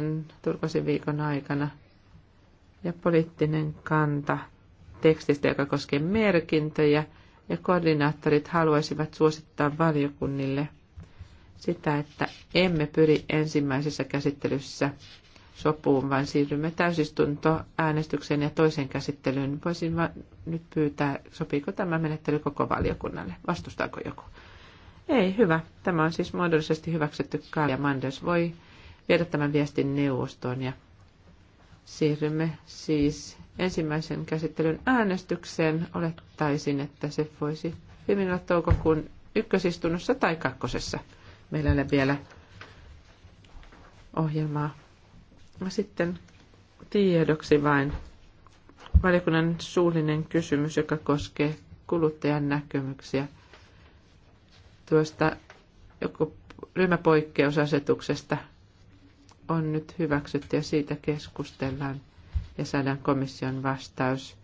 sen turkosin viikon aikana. Ja poliittinen kanta tekstistä, joka koskee merkintöjä, ja koordinaattorit haluaisivat suosittaa valiokunnille sitä, että emme pyri ensimmäisessä käsittelyssä sopuun, vaan siirrymme täysistunto äänestykseen ja toisen käsittelyyn. Voisin va- nyt pyytää, sopiiko tämä menettely koko valiokunnalle? Vastustaako joku? Ei, hyvä. Tämä on siis muodollisesti hyväksytty Kaali ja Manders voi viedä tämän viestin neuvostoon ja siirrymme siis ensimmäisen käsittelyn äänestykseen. Olettaisin, että se voisi hyvin olla toukokuun ykkösistunnossa tai kakkosessa. Meillä ei ole vielä ohjelmaa. No sitten tiedoksi vain valiokunnan suullinen kysymys, joka koskee kuluttajan näkemyksiä tuosta joku ryhmäpoikkeusasetuksesta – on nyt hyväksytty ja siitä keskustellaan ja saadaan komission vastaus.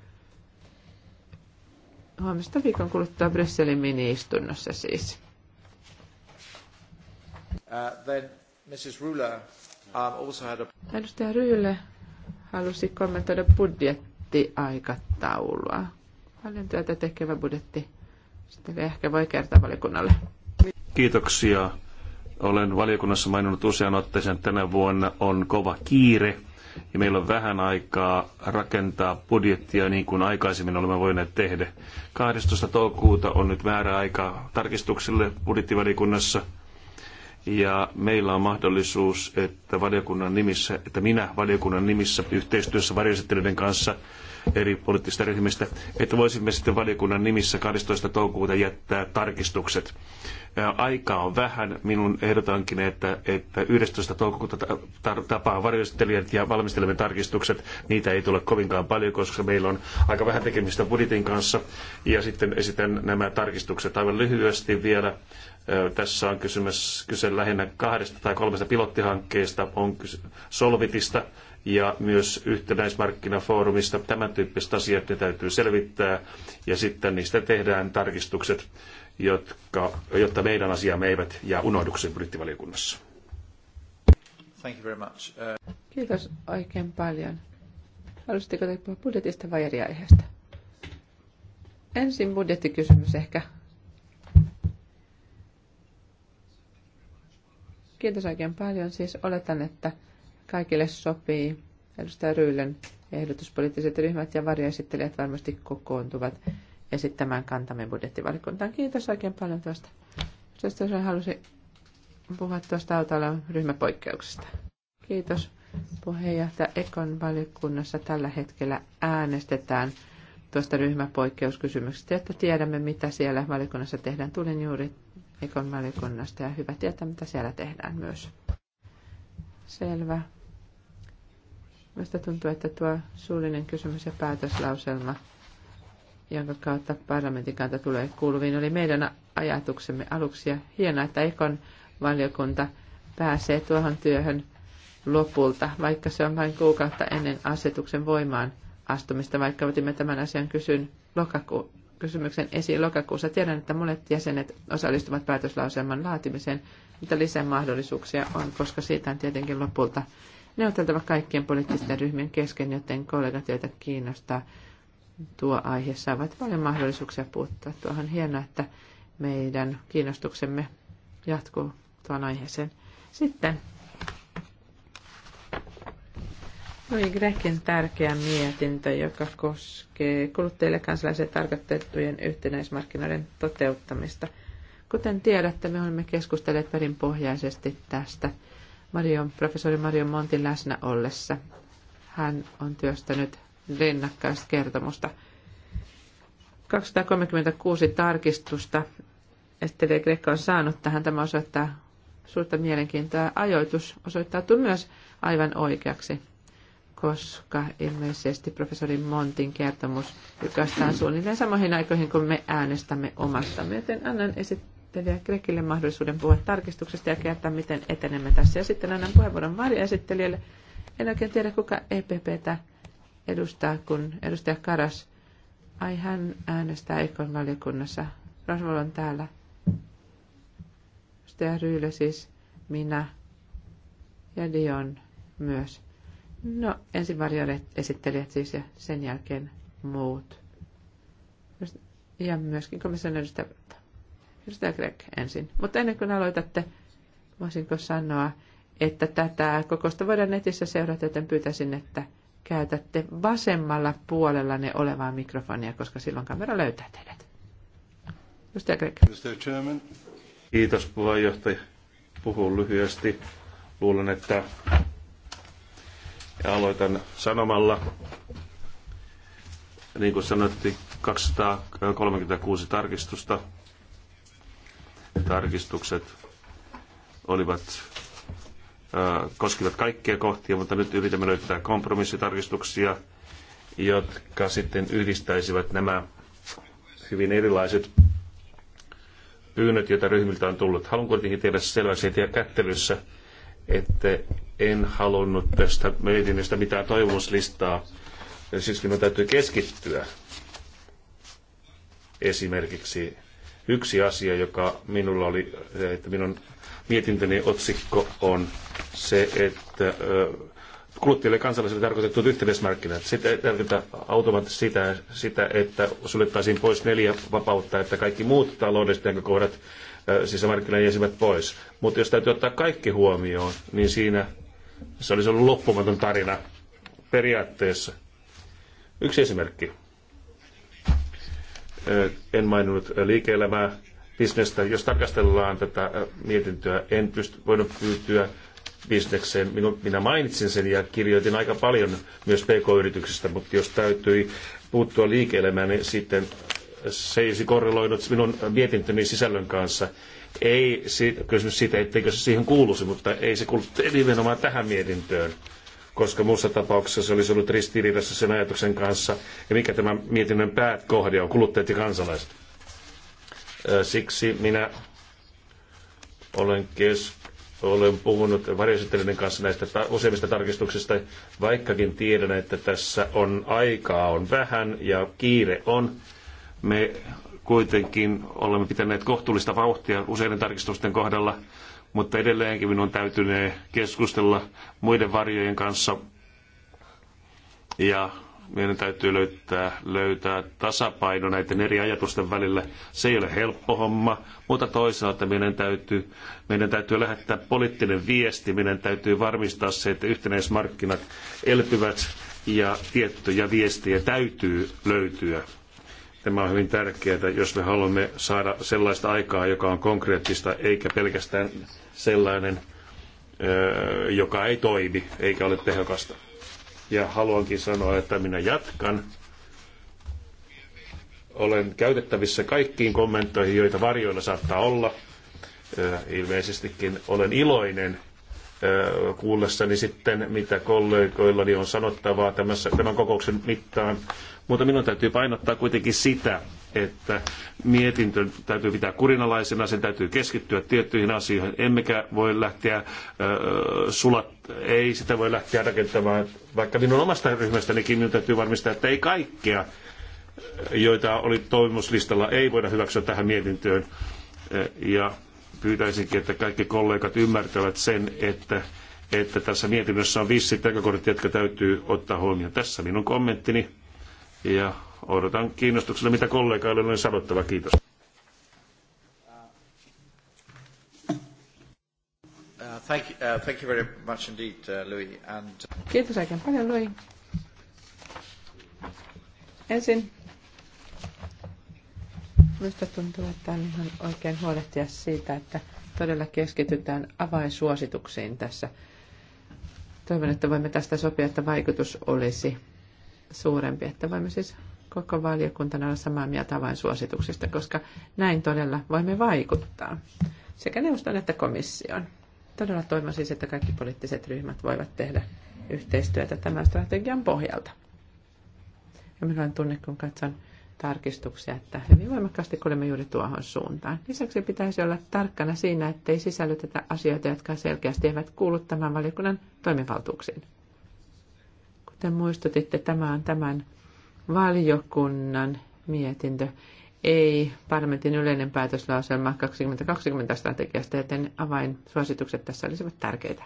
Huomista viikon kuluttua Brysselin mini-istunnossa siis. Uh, then Mrs. um, also had a... Edustaja Ryyle halusi kommentoida budjettiaikataulua. Paljon työtä tekevä budjetti. Sitten ehkä voi kertoa valikunnalle. Kiitoksia olen valiokunnassa maininnut usean otteeseen, että tänä vuonna on kova kiire ja meillä on vähän aikaa rakentaa budjettia niin kuin aikaisemmin olemme voineet tehdä. 12. toukokuuta on nyt aika tarkistuksille budjettivaliokunnassa ja meillä on mahdollisuus, että valiokunnan nimissä, että minä valiokunnan nimissä yhteistyössä varjoesittelyiden kanssa eri poliittisista ryhmistä, että voisimme sitten valiokunnan nimissä 12. toukokuuta jättää tarkistukset. Aikaa on vähän. Minun ehdotankin, että, että 11. toukokuuta tapaa varjostelijat ja valmistelemme tarkistukset. Niitä ei tule kovinkaan paljon, koska meillä on aika vähän tekemistä budjetin kanssa. Ja sitten esitän nämä tarkistukset aivan lyhyesti vielä. Tässä on kysymys, kyse lähinnä kahdesta tai kolmesta pilottihankkeesta. On kyse Solvitista, ja myös yhtenäismarkkinafoorumista. Tämän tyyppiset asiat ne täytyy selvittää ja sitten niistä tehdään tarkistukset, jotka, jotta meidän asiamme eivät jää unohduksi budjettivaliokunnassa. Thank you very much. Uh... Kiitos oikein paljon. Haluaisitteko te puhua budjetista vai eri aiheesta? Ensin budjettikysymys ehkä. Kiitos oikein paljon. Siis oletan, että kaikille sopii. Edustaja Ryylän ehdotuspoliittiset ryhmät ja varjoesittelijät varmasti kokoontuvat esittämään kantamme budjettivalikuntaan. Kiitos oikein paljon tuosta. Jos halusi puhua tuosta autolla ryhmäpoikkeuksesta. Kiitos puheenjohtaja Ekon valiokunnassa tällä hetkellä äänestetään tuosta ryhmäpoikkeuskysymyksestä, jotta tiedämme, mitä siellä valiokunnassa tehdään. Tulin juuri Ekon valiokunnasta ja hyvä tietää, mitä siellä tehdään myös. Selvä. Minusta tuntuu, että tuo suullinen kysymys ja päätöslauselma, jonka kautta parlamentin kanta tulee kuuluviin, oli meidän ajatuksemme aluksi. Ja hienoa, että Ekon valiokunta pääsee tuohon työhön lopulta, vaikka se on vain kuukautta ennen asetuksen voimaan astumista, vaikka otimme tämän asian kysyn lokaku- kysymyksen esiin lokakuussa. Tiedän, että monet jäsenet osallistuvat päätöslauselman laatimiseen, mitä lisää mahdollisuuksia on, koska siitä on tietenkin lopulta neuvoteltava kaikkien poliittisten ryhmien kesken, joten kollegat, joita kiinnostaa tuo aihe, saavat paljon mahdollisuuksia puuttua. Tuohon hienoa, että meidän kiinnostuksemme jatkuu tuon aiheeseen. Sitten Louis Grekin tärkeä mietintö, joka koskee kuluttajille kansalaisille tarkoitettujen yhtenäismarkkinoiden toteuttamista. Kuten tiedätte, me olemme keskustelleet perinpohjaisesti tästä – Mario professori Mario Montin läsnä ollessa. Hän on työstänyt rinnakkaista kertomusta. 236 tarkistusta Estelia Grekka on saanut tähän. Tämä osoittaa suurta mielenkiintoa. Ajoitus osoittautuu myös aivan oikeaksi, koska ilmeisesti professori Montin kertomus julkaistaan suunnilleen samoihin aikoihin, kun me äänestämme omastamme. Joten annan esittää esittelijä Grekille mahdollisuuden puhua tarkistuksesta ja kertoa, miten etenemme tässä. Ja sitten annan puheenvuoron esittelijälle. En oikein tiedä, kuka EPPtä edustaa, kun edustaja Karas, ai hän äänestää Ekon valiokunnassa. Rosvol on täällä. Edustaja Ryylä siis, minä ja Dion myös. No, ensin esittelijät siis ja sen jälkeen muut. Ja myöskin komission edustaja Edustaja Greg ensin. Mutta ennen kuin aloitatte, voisinko sanoa, että tätä kokousta voidaan netissä seurata, joten pyytäisin, että käytätte vasemmalla puolella ne olevaa mikrofonia, koska silloin kamera löytää teidät. Mr. Greg. Kiitos puheenjohtaja. Puhun lyhyesti. Luulen, että ja aloitan sanomalla, niin kuin sanottiin, 236 tarkistusta tarkistukset olivat äh, koskivat kaikkia kohtia, mutta nyt yritämme löytää kompromissitarkistuksia, jotka sitten yhdistäisivät nämä hyvin erilaiset pyynnöt, joita ryhmiltä on tullut. Haluan kuitenkin tehdä selväksi heti kättelyssä, että en halunnut tästä mietinnöstä mitään toivomuslistaa. Siksi minun täytyy keskittyä esimerkiksi Yksi asia, joka minulla oli, että minun mietintöni otsikko on se, että kuluttajille kansalaisille tarkoitettu yhteydesmarkkinat. Sitä ei tarkoita automaattisesti sitä, sitä, että suljettaisiin pois neljä vapautta, että kaikki muut taloudelliset näkökohdat sisämarkkinat jäisivät pois. Mutta jos täytyy ottaa kaikki huomioon, niin siinä se olisi ollut loppumaton tarina periaatteessa. Yksi esimerkki en maininnut liike-elämää, bisnestä. Jos tarkastellaan tätä mietintöä, en pysty, voinut pyytyä bisnekseen. minä mainitsin sen ja kirjoitin aika paljon myös PK-yrityksistä, mutta jos täytyi puuttua liike-elämään, niin sitten se ei korreloinut minun mietintöni sisällön kanssa. Ei kysymys siitä, etteikö se siihen kuuluisi, mutta ei se kuulu nimenomaan tähän mietintöön koska muussa tapauksessa se olisi ollut ristiriidassa sen ajatuksen kanssa, ja mikä tämä mietinnön päätkohde on, kuluttajat ja kansalaiset. Siksi minä olen, kes, olen puhunut varjoesittelijöiden kanssa näistä ta- useimmista tarkistuksista, vaikkakin tiedän, että tässä on aikaa on vähän ja kiire on. Me kuitenkin olemme pitäneet kohtuullista vauhtia useiden tarkistusten kohdalla mutta edelleenkin minun täytynee keskustella muiden varjojen kanssa ja meidän täytyy löytää, löytää tasapaino näiden eri ajatusten välillä. Se ei ole helppo homma, mutta toisaalta meidän täytyy, meidän täytyy lähettää poliittinen viesti, meidän täytyy varmistaa se, että yhtenäismarkkinat elpyvät ja tiettyjä viestejä täytyy löytyä. Tämä on hyvin tärkeää, jos me haluamme saada sellaista aikaa, joka on konkreettista, eikä pelkästään sellainen, joka ei toimi eikä ole tehokasta. Ja haluankin sanoa, että minä jatkan. Olen käytettävissä kaikkiin kommentoihin, joita varjoilla saattaa olla. Ilmeisestikin olen iloinen kuullessani sitten, mitä kollegoillani on sanottavaa tämän kokouksen mittaan. Mutta minun täytyy painottaa kuitenkin sitä, että mietintö täytyy pitää kurinalaisena, sen täytyy keskittyä tiettyihin asioihin, emmekä voi lähteä äh, sulat, ei sitä voi lähteä rakentamaan, vaikka minun omasta ryhmästänikin minun täytyy varmistaa, että ei kaikkea, joita oli toimimuslistalla, ei voida hyväksyä tähän mietintöön. Ja pyytäisinkin, että kaikki kollegat ymmärtävät sen, että että tässä mietinnössä on viisi näkökohdat, jotka täytyy ottaa huomioon. Tässä minun kommenttini ja odotan kiinnostuksella, mitä kollegaille on sanottava. Kiitos. Kiitos oikein paljon, Louis. Ensin Minusta tuntuu, että on ihan oikein huolehtia siitä, että todella keskitytään avainsuosituksiin tässä. Toivon, että voimme tästä sopia, että vaikutus olisi suurempi, että voimme siis koko valiokuntana olla samaa mieltä avainsuosituksista, koska näin todella voimme vaikuttaa sekä neuvoston että komission. Todella toivon siis, että kaikki poliittiset ryhmät voivat tehdä yhteistyötä tämän strategian pohjalta. Ja minulla on tunne, kun katson tarkistuksia, että hyvin voimakkaasti kuulemme juuri tuohon suuntaan. Lisäksi pitäisi olla tarkkana siinä, ettei sisällytetä asioita, jotka selkeästi eivät kuulu tämän valiokunnan toimivaltuuksiin. Kuten muistutitte, tämä on tämän valiokunnan mietintö ei parlamentin yleinen päätöslauselma 2020 strategiasta, joten avainsuositukset tässä olisivat tärkeitä.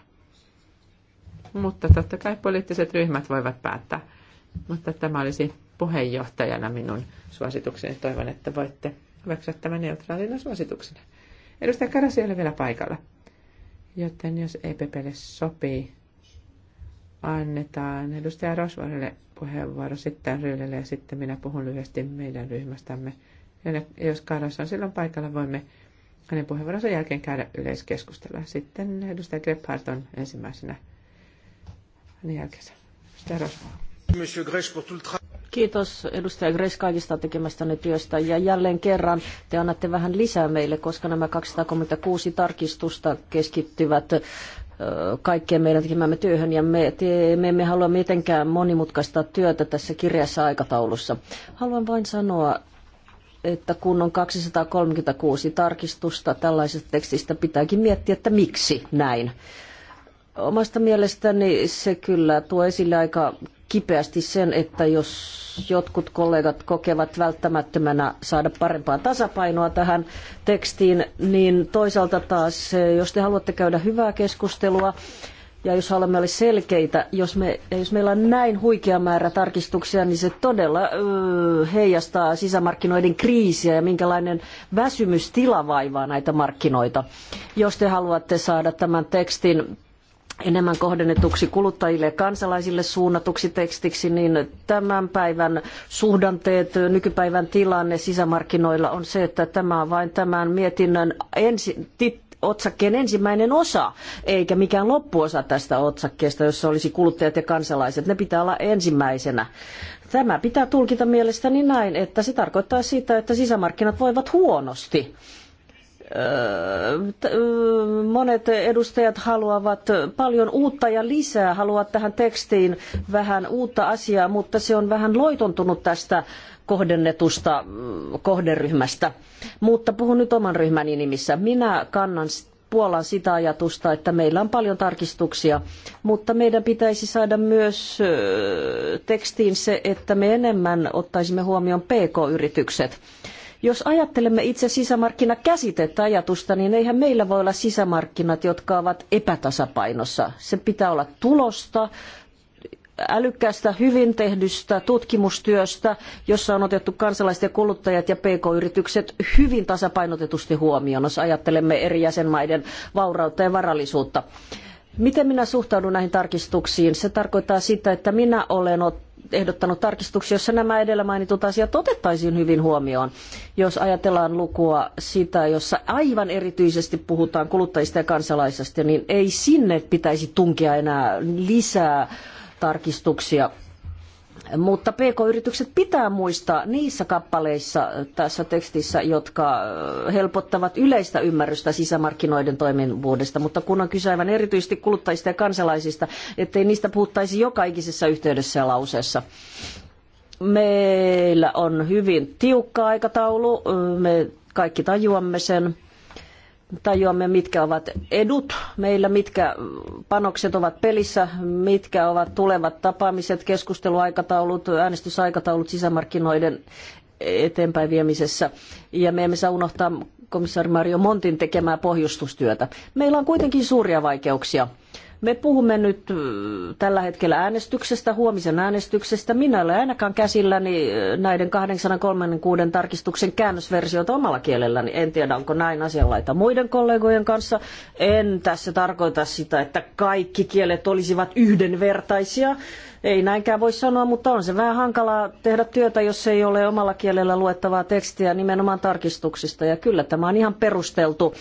Mutta totta kai poliittiset ryhmät voivat päättää. Mutta tämä olisi puheenjohtajana minun suositukseni. Toivon, että voitte hyväksyä tämän neutraalina suosituksena. Edustaja Karas ei ole vielä paikalla. Joten jos EPPlle sopii, annetaan edustaja Rosvarille puheenvuoro sitten Ryylille ja sitten minä puhun lyhyesti meidän ryhmästämme. Ja jos Karas on silloin paikalla, voimme hänen puheenvuoronsa jälkeen käydä yleiskeskustelua. Sitten edustaja Grebhardt on ensimmäisenä hänen jälkeensä. Kiitos edustaja Gres kaikista tekemästänne työstä ja jälleen kerran te annatte vähän lisää meille, koska nämä 236 tarkistusta keskittyvät kaikkeen meidän tekemämme työhön ja me, te, me emme halua mitenkään monimutkaistaa työtä tässä kirjassa aikataulussa. Haluan vain sanoa, että kun on 236 tarkistusta tällaisesta tekstistä, pitääkin miettiä, että miksi näin. Omasta mielestäni se kyllä tuo esille aika kipeästi sen, että jos jotkut kollegat kokevat välttämättömänä saada parempaa tasapainoa tähän tekstiin, niin toisaalta taas, eh, jos te haluatte käydä hyvää keskustelua, ja jos haluamme olla selkeitä, jos, me, jos meillä on näin huikea määrä tarkistuksia, niin se todella öö, heijastaa sisämarkkinoiden kriisiä ja minkälainen väsymystila vaivaa näitä markkinoita. Jos te haluatte saada tämän tekstin enemmän kohdennetuksi kuluttajille ja kansalaisille suunnatuksi tekstiksi, niin tämän päivän suhdanteet, nykypäivän tilanne sisämarkkinoilla on se, että tämä on vain tämän mietinnön ensi, tit, otsakkeen ensimmäinen osa, eikä mikään loppuosa tästä otsakkeesta, jossa olisi kuluttajat ja kansalaiset. Ne pitää olla ensimmäisenä. Tämä pitää tulkita mielestäni näin, että se tarkoittaa sitä, että sisämarkkinat voivat huonosti monet edustajat haluavat paljon uutta ja lisää, haluavat tähän tekstiin vähän uutta asiaa, mutta se on vähän loitontunut tästä kohdennetusta kohderyhmästä. Mutta puhun nyt oman ryhmäni nimissä. Minä kannan puolan sitä ajatusta, että meillä on paljon tarkistuksia, mutta meidän pitäisi saada myös tekstiin se, että me enemmän ottaisimme huomioon PK-yritykset. Jos ajattelemme itse sisämarkkinakäsitettä ajatusta, niin eihän meillä voi olla sisämarkkinat, jotka ovat epätasapainossa. Se pitää olla tulosta, älykkäästä, hyvin tehdystä tutkimustyöstä, jossa on otettu kansalaiset ja kuluttajat ja pk-yritykset hyvin tasapainotetusti huomioon, jos ajattelemme eri jäsenmaiden vaurautta ja varallisuutta. Miten minä suhtaudun näihin tarkistuksiin? Se tarkoittaa sitä, että minä olen ehdottanut tarkistuksia, jossa nämä edellä mainitut asiat otettaisiin hyvin huomioon. Jos ajatellaan lukua sitä, jossa aivan erityisesti puhutaan kuluttajista ja kansalaisista, niin ei sinne pitäisi tunkea enää lisää tarkistuksia mutta PK-yritykset pitää muistaa niissä kappaleissa äh, tässä tekstissä, jotka äh, helpottavat yleistä ymmärrystä sisämarkkinoiden toimivuudesta. Mutta kun on kyse aivan erityisesti kuluttajista ja kansalaisista, ettei niistä puhuttaisi joka ikisessä yhteydessä ja lauseessa. Meillä on hyvin tiukka aikataulu, äh, me kaikki tajuamme sen tajuamme, mitkä ovat edut meillä, mitkä panokset ovat pelissä, mitkä ovat tulevat tapaamiset, keskusteluaikataulut, äänestysaikataulut sisämarkkinoiden eteenpäin viemisessä. Ja me emme saa unohtaa komissaari Mario Montin tekemää pohjustustyötä. Meillä on kuitenkin suuria vaikeuksia me puhumme nyt tällä hetkellä äänestyksestä, huomisen äänestyksestä. Minä olen ainakaan käsilläni näiden 836 tarkistuksen käännösversiota omalla kielelläni. En tiedä, onko näin asianlaita muiden kollegojen kanssa. En tässä tarkoita sitä, että kaikki kielet olisivat yhdenvertaisia. Ei näinkään voi sanoa, mutta on se vähän hankalaa tehdä työtä, jos ei ole omalla kielellä luettavaa tekstiä nimenomaan tarkistuksista. Ja kyllä tämä on ihan perusteltu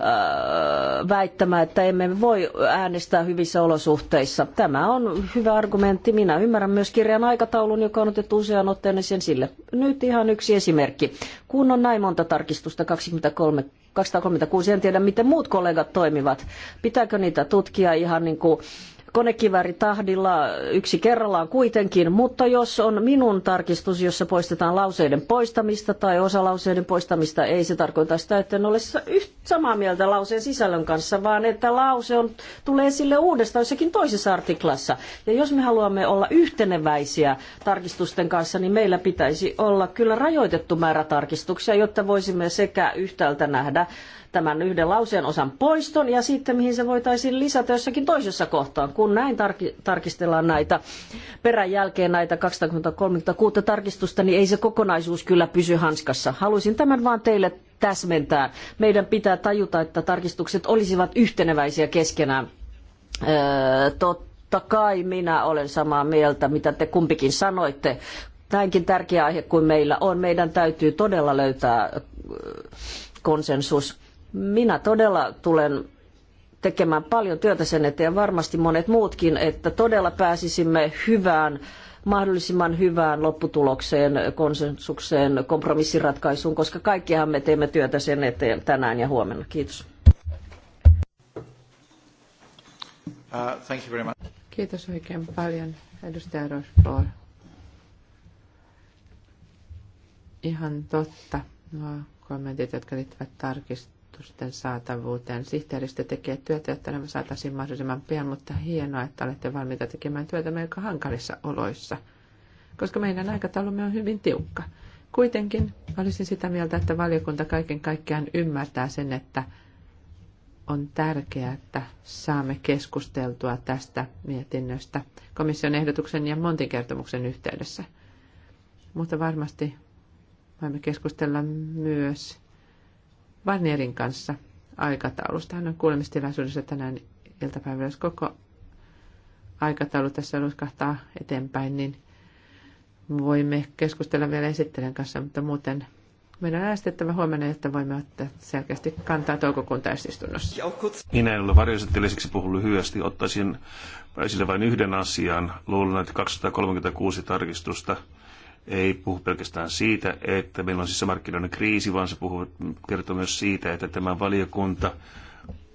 Äh, väittämä, että emme voi äänestää hyvissä olosuhteissa. Tämä on hyvä argumentti. Minä ymmärrän myös kirjan aikataulun, joka on otettu useaan otteeseen sille. Nyt ihan yksi esimerkki. Kun on näin monta tarkistusta, 23 236, en tiedä miten muut kollegat toimivat. Pitääkö niitä tutkia ihan niin kuin konekiväritahdilla yksi kerrallaan kuitenkin, mutta jos on minun tarkistus, jossa poistetaan lauseiden poistamista tai osa lauseiden poistamista, ei se tarkoita sitä, että en ole samaa mieltä lauseen sisällön kanssa, vaan että lause on, tulee sille uudestaan jossakin toisessa artiklassa. Ja jos me haluamme olla yhteneväisiä tarkistusten kanssa, niin meillä pitäisi olla kyllä rajoitettu määrä tarkistuksia, jotta voisimme sekä yhtäältä nähdä tämän yhden lauseen osan poiston ja sitten mihin se voitaisiin lisätä jossakin toisessa kohtaan, kun näin tarkistellaan näitä peräjälkeen näitä 236 tarkistusta, niin ei se kokonaisuus kyllä pysy hanskassa. Haluaisin tämän vaan teille täsmentää. Meidän pitää tajuta, että tarkistukset olisivat yhteneväisiä keskenään. Öö, totta kai minä olen samaa mieltä, mitä te kumpikin sanoitte. Näinkin tärkeä aihe kuin meillä on, meidän täytyy todella löytää öö, konsensus. Minä todella tulen tekemään paljon työtä sen eteen, varmasti monet muutkin, että todella pääsisimme hyvään, mahdollisimman hyvään lopputulokseen, konsensukseen, kompromissiratkaisuun, koska kaikkihan me teemme työtä sen eteen tänään ja huomenna. Kiitos. Uh, thank you very much. Kiitos oikein paljon, edustaja Rosbor. Ihan totta, nuo kommentit, jotka liittyvät sitten saatavuuteen. Sihteeristö tekee työtä, jotta nämä saataisiin mahdollisimman pian, mutta hienoa, että olette valmiita tekemään työtä melko hankalissa oloissa, koska meidän aikataulumme on hyvin tiukka. Kuitenkin olisin sitä mieltä, että valiokunta kaiken kaikkiaan ymmärtää sen, että on tärkeää, että saamme keskusteltua tästä mietinnöstä komission ehdotuksen ja Montin kertomuksen yhteydessä. Mutta varmasti voimme keskustella myös Varnierin kanssa aikataulusta. Hän on kuulemistilaisuudessa tänään iltapäivällä, jos koko aikataulu tässä ruskahtaa eteenpäin, niin voimme keskustella vielä esittelen kanssa, mutta muuten meidän on äästettävä huomenna, että voimme ottaa selkeästi kantaa toukokuun täysistunnossa. Minä en ole varjoesitteliseksi puhu lyhyesti. Ottaisin esille vain yhden asian. Luulen, että 236 tarkistusta ei puhu pelkästään siitä, että meillä on sisämarkkinoiden kriisi, vaan se puhuu, kertoo myös siitä, että tämä valiokunta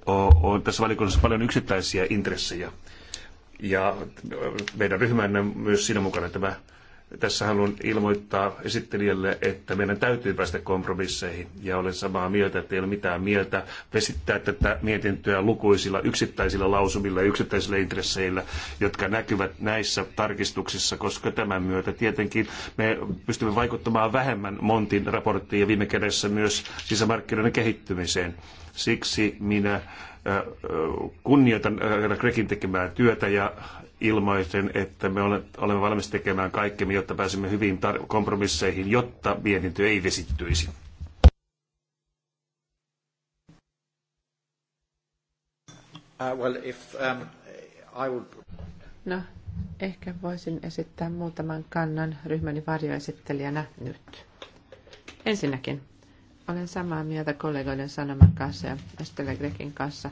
on, on tässä valiokunnassa paljon yksittäisiä intressejä. Ja meidän ryhmänne myös siinä mukana tämä tässä haluan ilmoittaa esittelijälle, että meidän täytyy päästä kompromisseihin ja olen samaa mieltä, että ei ole mitään mieltä vesittää tätä mietintöä lukuisilla yksittäisillä lausumilla ja yksittäisillä intresseillä, jotka näkyvät näissä tarkistuksissa, koska tämän myötä tietenkin me pystymme vaikuttamaan vähemmän Montin raporttiin ja viime kädessä myös sisämarkkinoiden kehittymiseen. Siksi minä äh, äh, kunnioitan äh, Grekin tekemää työtä ja ilmaisen, että me olemme valmis tekemään kaikkemme, jotta pääsemme hyviin kompromisseihin, jotta mietintö ei vesittyisi. Uh, well, if, um, I would... No, ehkä voisin esittää muutaman kannan ryhmäni varjoesittelijänä nyt. Ensinnäkin, olen samaa mieltä kollegoiden sanoman kanssa ja Estelle Grekin kanssa,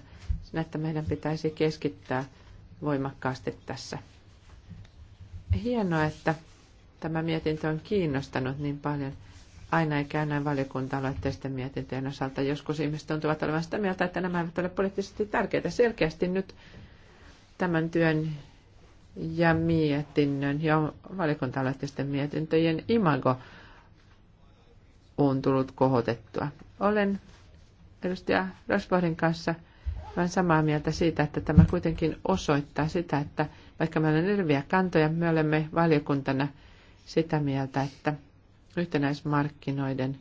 että meidän pitäisi keskittää – voimakkaasti tässä. Hienoa, että tämä mietintö on kiinnostanut niin paljon. Aina ei käy näin valiokunta-aloitteisten mietintöjen osalta. Joskus ihmiset tuntuvat olevan sitä mieltä, että nämä eivät ole poliittisesti tärkeitä. Selkeästi nyt tämän työn ja mietinnön ja valiokunta-aloitteisten mietintöjen imago on tullut kohotettua. Olen edustaja Rosbohdin kanssa – olen samaa mieltä siitä, että tämä kuitenkin osoittaa sitä, että vaikka meillä on eriviä kantoja, me olemme valiokuntana sitä mieltä, että yhtenäismarkkinoiden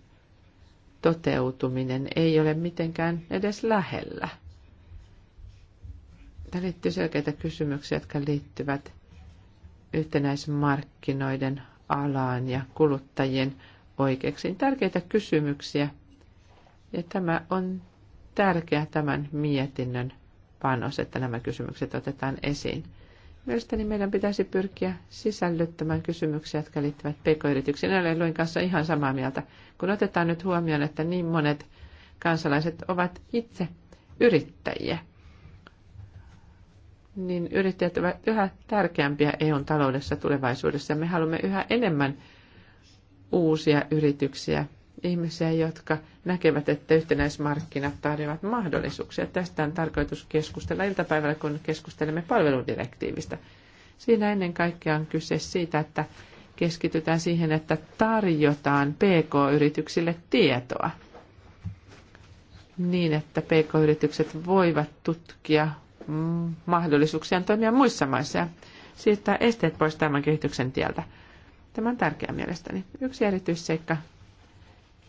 toteutuminen ei ole mitenkään edes lähellä. Tämä liittyy selkeitä kysymyksiä, jotka liittyvät yhtenäismarkkinoiden alaan ja kuluttajien oikeuksiin. Tärkeitä kysymyksiä. Ja tämä on tärkeä tämän mietinnön panos, että nämä kysymykset otetaan esiin. Mielestäni meidän pitäisi pyrkiä sisällyttämään kysymyksiä, jotka liittyvät pk-yrityksiin. Luin kanssa ihan samaa mieltä, kun otetaan nyt huomioon, että niin monet kansalaiset ovat itse yrittäjiä. Niin yrittäjät ovat yhä tärkeämpiä EUn taloudessa tulevaisuudessa. Me haluamme yhä enemmän uusia yrityksiä ihmisiä, jotka näkevät, että yhtenäismarkkinat tarjoavat mahdollisuuksia. Tästä on tarkoitus keskustella iltapäivällä, kun keskustelemme palveludirektiivistä. Siinä ennen kaikkea on kyse siitä, että keskitytään siihen, että tarjotaan PK-yrityksille tietoa niin, että PK-yritykset voivat tutkia mahdollisuuksia toimia muissa maissa ja siirtää esteet pois tämän kehityksen tieltä. Tämä on tärkeää mielestäni. Yksi erityisseikka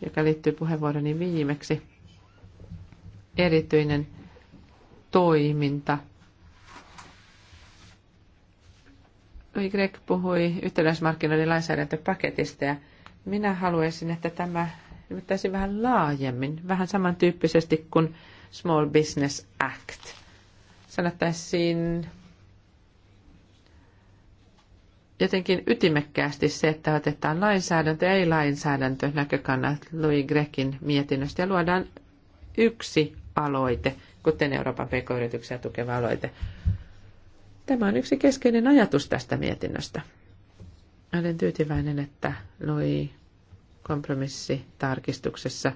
joka liittyy puheenvuoroni viimeksi, erityinen toiminta. Greg puhui yhtenäismarkkinoiden lainsäädäntöpaketista ja minä haluaisin, että tämä nimittäisi vähän laajemmin, vähän samantyyppisesti kuin Small Business Act. Sanottaisiin jotenkin ytimekkäästi se, että otetaan lainsäädäntö ei lainsäädäntö näkökannat Louis Grekin mietinnöstä ja luodaan yksi aloite, kuten Euroopan pk-yrityksiä tukeva aloite. Tämä on yksi keskeinen ajatus tästä mietinnöstä. Olen tyytyväinen, että Louis kompromissitarkistuksessa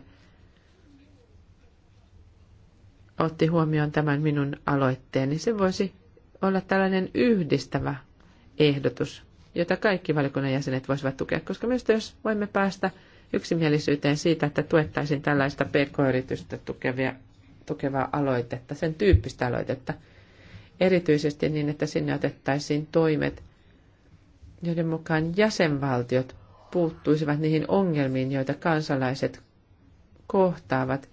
otti huomioon tämän minun aloitteeni. Se voisi olla tällainen yhdistävä ehdotus jota kaikki valiokunnan jäsenet voisivat tukea, koska myös jos voimme päästä yksimielisyyteen siitä, että tuettaisiin tällaista pk-yritystä tukevia, tukevaa aloitetta, sen tyyppistä aloitetta, erityisesti niin, että sinne otettaisiin toimet, joiden mukaan jäsenvaltiot puuttuisivat niihin ongelmiin, joita kansalaiset kohtaavat,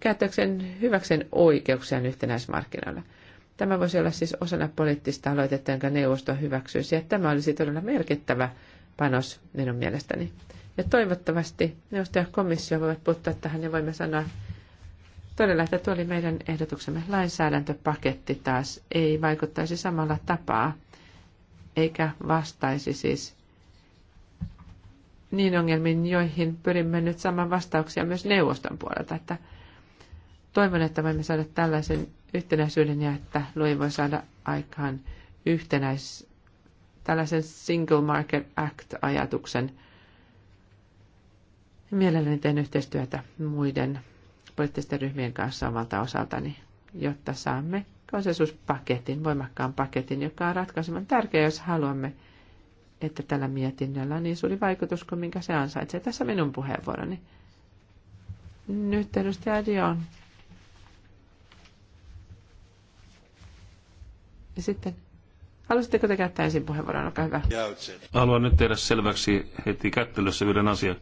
käyttäkseen hyväksen oikeuksiaan yhtenäismarkkinoilla – Tämä voisi olla siis osana poliittista aloitetta, jonka neuvosto hyväksyisi. Ja tämä olisi todella merkittävä panos minun mielestäni. Ja toivottavasti neuvosto ja komissio voivat puuttua tähän ja voimme sanoa todella, että tuo oli meidän ehdotuksemme lainsäädäntöpaketti taas ei vaikuttaisi samalla tapaa, eikä vastaisi siis niin ongelmiin, joihin pyrimme nyt saamaan vastauksia myös neuvoston puolelta, että Toivon, että voimme saada tällaisen yhtenäisyyden ja että Lui voi saada aikaan yhtenäis, tällaisen Single Market Act-ajatuksen. Mielelläni teen yhteistyötä muiden poliittisten ryhmien kanssa omalta osaltani, jotta saamme konsensuspaketin, voimakkaan paketin, joka on ratkaisevan tärkeä, jos haluamme, että tällä mietinnöllä on niin suuri vaikutus kuin minkä se ansaitsee. Tässä minun puheenvuoroni. Nyt edustaja Dion. Ja sitten, halusitteko te käyttää ensin puheenvuoron? Olkaa hyvä. Haluan nyt tehdä selväksi heti kättelyssä yhden asian.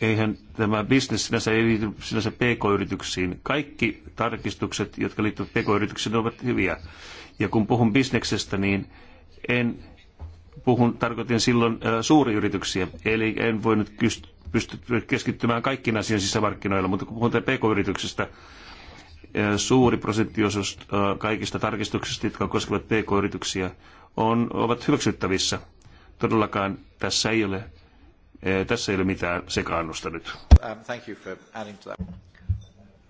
Eihän tämä bisnes sinänsä ei liity sinänsä pk-yrityksiin. Kaikki tarkistukset, jotka liittyvät pk-yrityksiin, ovat hyviä. Ja kun puhun bisneksestä, niin en puhun, tarkoitin silloin äh, suuriyrityksiä, eli en voi nyt kyst, pysty keskittymään kaikkiin asioihin sisämarkkinoilla, mutta kun puhutaan pk-yrityksistä, suuri prosenttiosuus kaikista tarkistuksista, jotka koskevat pk-yrityksiä, on, ovat hyväksyttävissä. Todellakaan tässä ei ole, tässä ei ole mitään sekaannusta nyt. Um,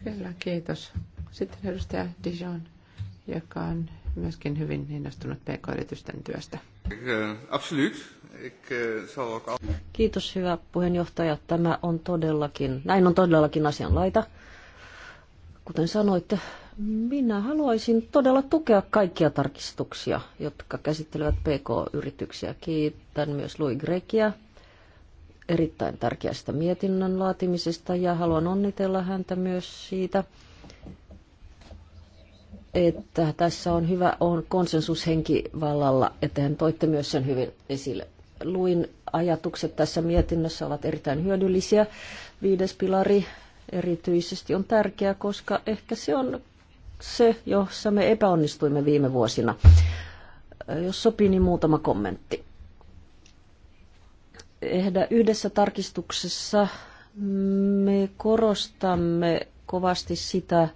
Kyllä, kiitos. Sitten edustaja Dijon, joka on myöskin hyvin innostunut pk-yritysten työstä. Eh, absoluut. Eh, kiitos hyvä puheenjohtaja. Tämä on todellakin, näin on todellakin asianlaita kuten sanoitte, minä haluaisin todella tukea kaikkia tarkistuksia, jotka käsittelevät PK-yrityksiä. Kiitän myös Louis Grekia erittäin tärkeästä mietinnön laatimisesta ja haluan onnitella häntä myös siitä, että tässä on hyvä on konsensushenki vallalla, että hän toitte myös sen hyvin esille. Luin ajatukset tässä mietinnössä ovat erittäin hyödyllisiä. Viides pilari, erityisesti on tärkeää, koska ehkä se on se, jossa me epäonnistuimme viime vuosina. Jos sopii, niin muutama kommentti. Ehdä yhdessä tarkistuksessa me korostamme kovasti sitä,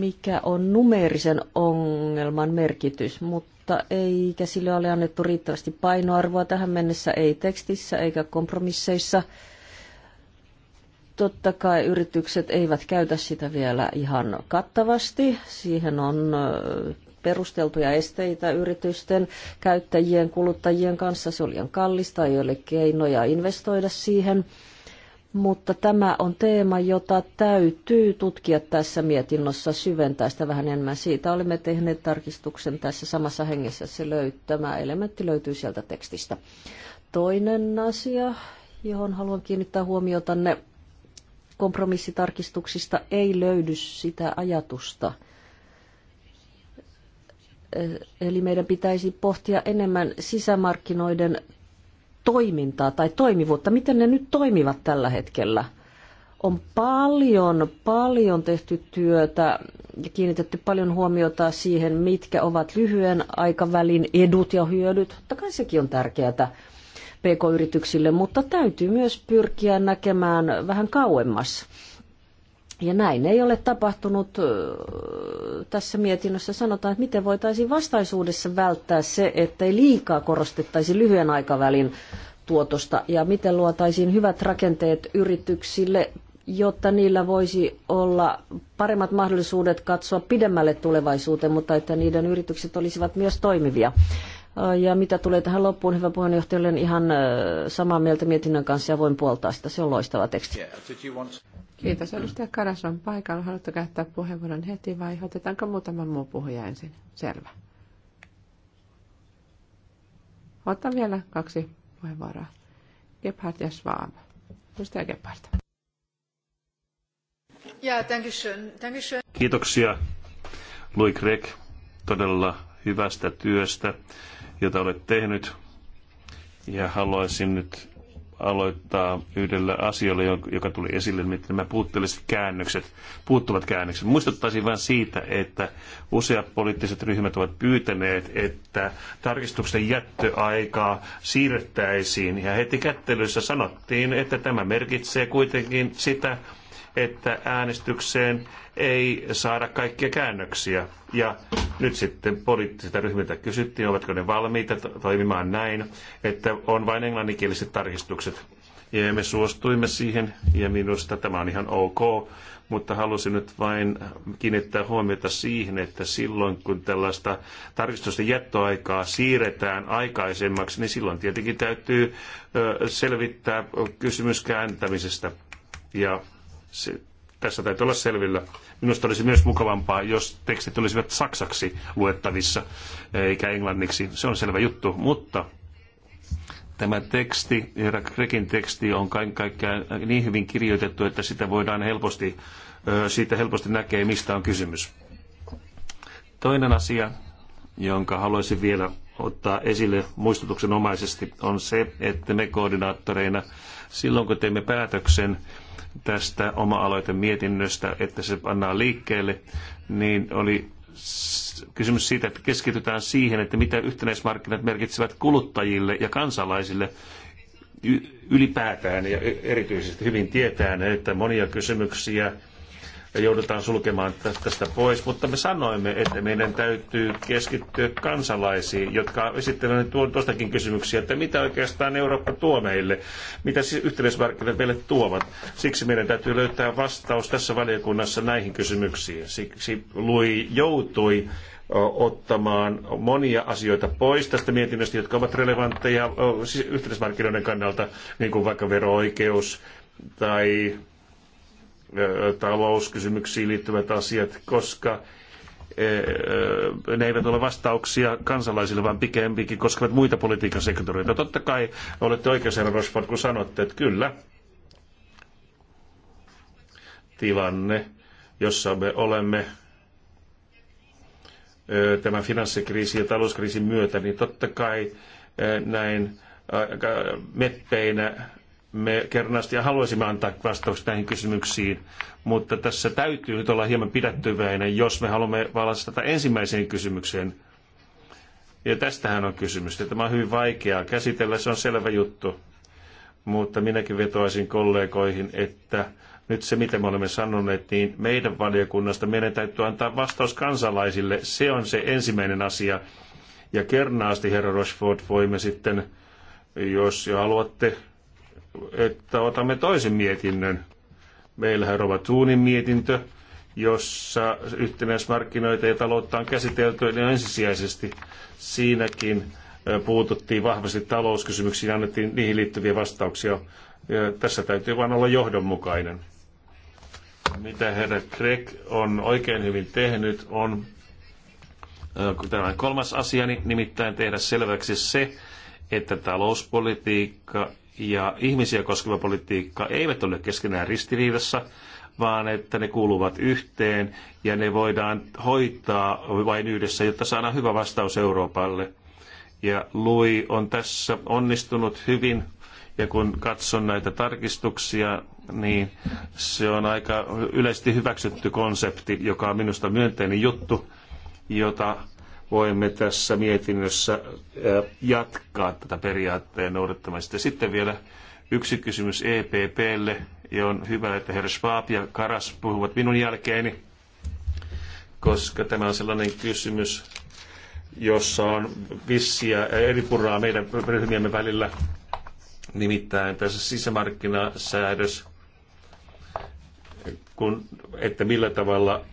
mikä on numeerisen ongelman merkitys, mutta eikä sille ole annettu riittävästi painoarvoa tähän mennessä, ei tekstissä eikä kompromisseissa. Totta kai yritykset eivät käytä sitä vielä ihan kattavasti. Siihen on perusteltuja esteitä yritysten, käyttäjien, kuluttajien kanssa. Se oli liian kallista, ei ole keinoja investoida siihen. Mutta tämä on teema, jota täytyy tutkia tässä mietinnossa, syventää sitä vähän enemmän. Siitä olemme tehneet tarkistuksen tässä samassa hengessä. Se löytyy, tämä elementti löytyy sieltä tekstistä. Toinen asia, johon haluan kiinnittää huomiota ne kompromissitarkistuksista ei löydy sitä ajatusta. Eh, eli meidän pitäisi pohtia enemmän sisämarkkinoiden toimintaa tai toimivuutta. Miten ne nyt toimivat tällä hetkellä? On paljon, paljon tehty työtä ja kiinnitetty paljon huomiota siihen, mitkä ovat lyhyen aikavälin edut ja hyödyt. Totta kai sekin on tärkeää pk-yrityksille, mutta täytyy myös pyrkiä näkemään vähän kauemmas. Ja näin ei ole tapahtunut tässä mietinnössä. Sanotaan, että miten voitaisiin vastaisuudessa välttää se, ettei liikaa korostettaisi lyhyen aikavälin tuotosta ja miten luotaisiin hyvät rakenteet yrityksille, jotta niillä voisi olla paremmat mahdollisuudet katsoa pidemmälle tulevaisuuteen, mutta että niiden yritykset olisivat myös toimivia. Äh, ja mitä tulee tähän loppuun, hyvä puheenjohtaja, olen ihan äh, samaa mieltä mietinnön kanssa ja voin puoltaa sitä. Se on loistava teksti. Kiitos. Edustaja Karas on paikalla. Haluatko käyttää puheenvuoron heti vai otetaanko muutama muu puhuja ensin? Selvä. Otan vielä kaksi puheenvuoroa. Gebhardt ja Schwab. Edustaja Gebhardt. Ja, Kiitoksia, Louis Gregg, todella hyvästä työstä jota olet tehnyt. Ja haluaisin nyt aloittaa yhdellä asialla, joka tuli esille, miten nämä puutteelliset käännökset, puuttuvat käännökset. Muistuttaisin vain siitä, että useat poliittiset ryhmät ovat pyytäneet, että tarkistuksen jättöaikaa siirrettäisiin. Ja heti kättelyssä sanottiin, että tämä merkitsee kuitenkin sitä, että äänestykseen ei saada kaikkia käännöksiä. Ja nyt sitten poliittisilta ryhmiltä kysyttiin, ovatko ne valmiita toimimaan näin, että on vain englanninkieliset tarkistukset. Ja me suostuimme siihen, ja minusta tämä on ihan ok, mutta halusin nyt vain kiinnittää huomiota siihen, että silloin kun tällaista tarkistusten jättöaikaa siirretään aikaisemmaksi, niin silloin tietenkin täytyy selvittää kysymys kääntämisestä. Ja se, tässä täytyy olla selvillä. Minusta olisi myös mukavampaa, jos tekstit olisivat saksaksi luettavissa, eikä englanniksi. Se on selvä juttu, mutta tämä teksti, Krekin teksti, on kaiken kaikkiaan niin hyvin kirjoitettu, että sitä voidaan helposti, siitä helposti näkee, mistä on kysymys. Toinen asia, jonka haluaisin vielä ottaa esille muistutuksenomaisesti, on se, että me koordinaattoreina, silloin kun teemme päätöksen, tästä oma-aloitemietinnöstä, että se pannaan liikkeelle, niin oli kysymys siitä, että keskitytään siihen, että mitä yhtenäismarkkinat merkitsevät kuluttajille ja kansalaisille ylipäätään ja e- erityisesti hyvin tietään, että monia kysymyksiä ja joudutaan sulkemaan tästä pois, mutta me sanoimme, että meidän täytyy keskittyä kansalaisiin, jotka esittävät tuostakin kysymyksiä, että mitä oikeastaan Eurooppa tuo meille, mitä siis yhteismarkkinat meille tuovat. Siksi meidän täytyy löytää vastaus tässä valiokunnassa näihin kysymyksiin. Siksi Lui joutui ottamaan monia asioita pois tästä mietinnöstä, jotka ovat relevantteja yhteismarkkinoiden kannalta, niin kuin vaikka vero-oikeus tai talouskysymyksiin liittyvät asiat, koska ne eivät ole vastauksia kansalaisille, vaan pikemminkin koskevat muita politiikan sektoreita. Totta kai olette oikeassa, herra Rosford, kun sanotte, että kyllä, tilanne, jossa me olemme tämän finanssikriisin ja talouskriisin myötä, niin totta kai näin meppeinä me kernaasti haluaisimme antaa vastaukset näihin kysymyksiin, mutta tässä täytyy nyt olla hieman pidättyväinen, jos me haluamme vastata ensimmäiseen kysymykseen. Ja tästähän on kysymys. Ja tämä on hyvin vaikeaa käsitellä, se on selvä juttu. Mutta minäkin vetoaisin kollegoihin, että nyt se, mitä me olemme sanoneet, niin meidän valiokunnasta meidän täytyy antaa vastaus kansalaisille. Se on se ensimmäinen asia. Ja kernaasti, herra Rochefort, voimme sitten, jos jo haluatte että otamme toisen mietinnön. Meillähän on Tuunin mietintö, jossa yhtenäismarkkinoita ja taloutta on käsitelty niin ensisijaisesti. Siinäkin puututtiin vahvasti talouskysymyksiin ja annettiin niihin liittyviä vastauksia. Ja tässä täytyy vain olla johdonmukainen. Mitä herra Greg on oikein hyvin tehnyt, on tämä kolmas asia, niin nimittäin tehdä selväksi se, että talouspolitiikka ja ihmisiä koskeva politiikka eivät ole keskenään ristiriidassa, vaan että ne kuuluvat yhteen ja ne voidaan hoitaa vain yhdessä, jotta saadaan hyvä vastaus Euroopalle. Ja Lui on tässä onnistunut hyvin ja kun katson näitä tarkistuksia, niin se on aika yleisesti hyväksytty konsepti, joka on minusta myönteinen juttu, jota voimme tässä mietinnössä jatkaa tätä periaatteen noudattamista. Sitten vielä yksi kysymys EPPlle, ja on hyvä, että herra Schwab ja Karas puhuvat minun jälkeeni, koska tämä on sellainen kysymys, jossa on vissiä eri purraa meidän ryhmiemme välillä. Nimittäin tässä sisämarkkinasäädös, kun, että millä tavalla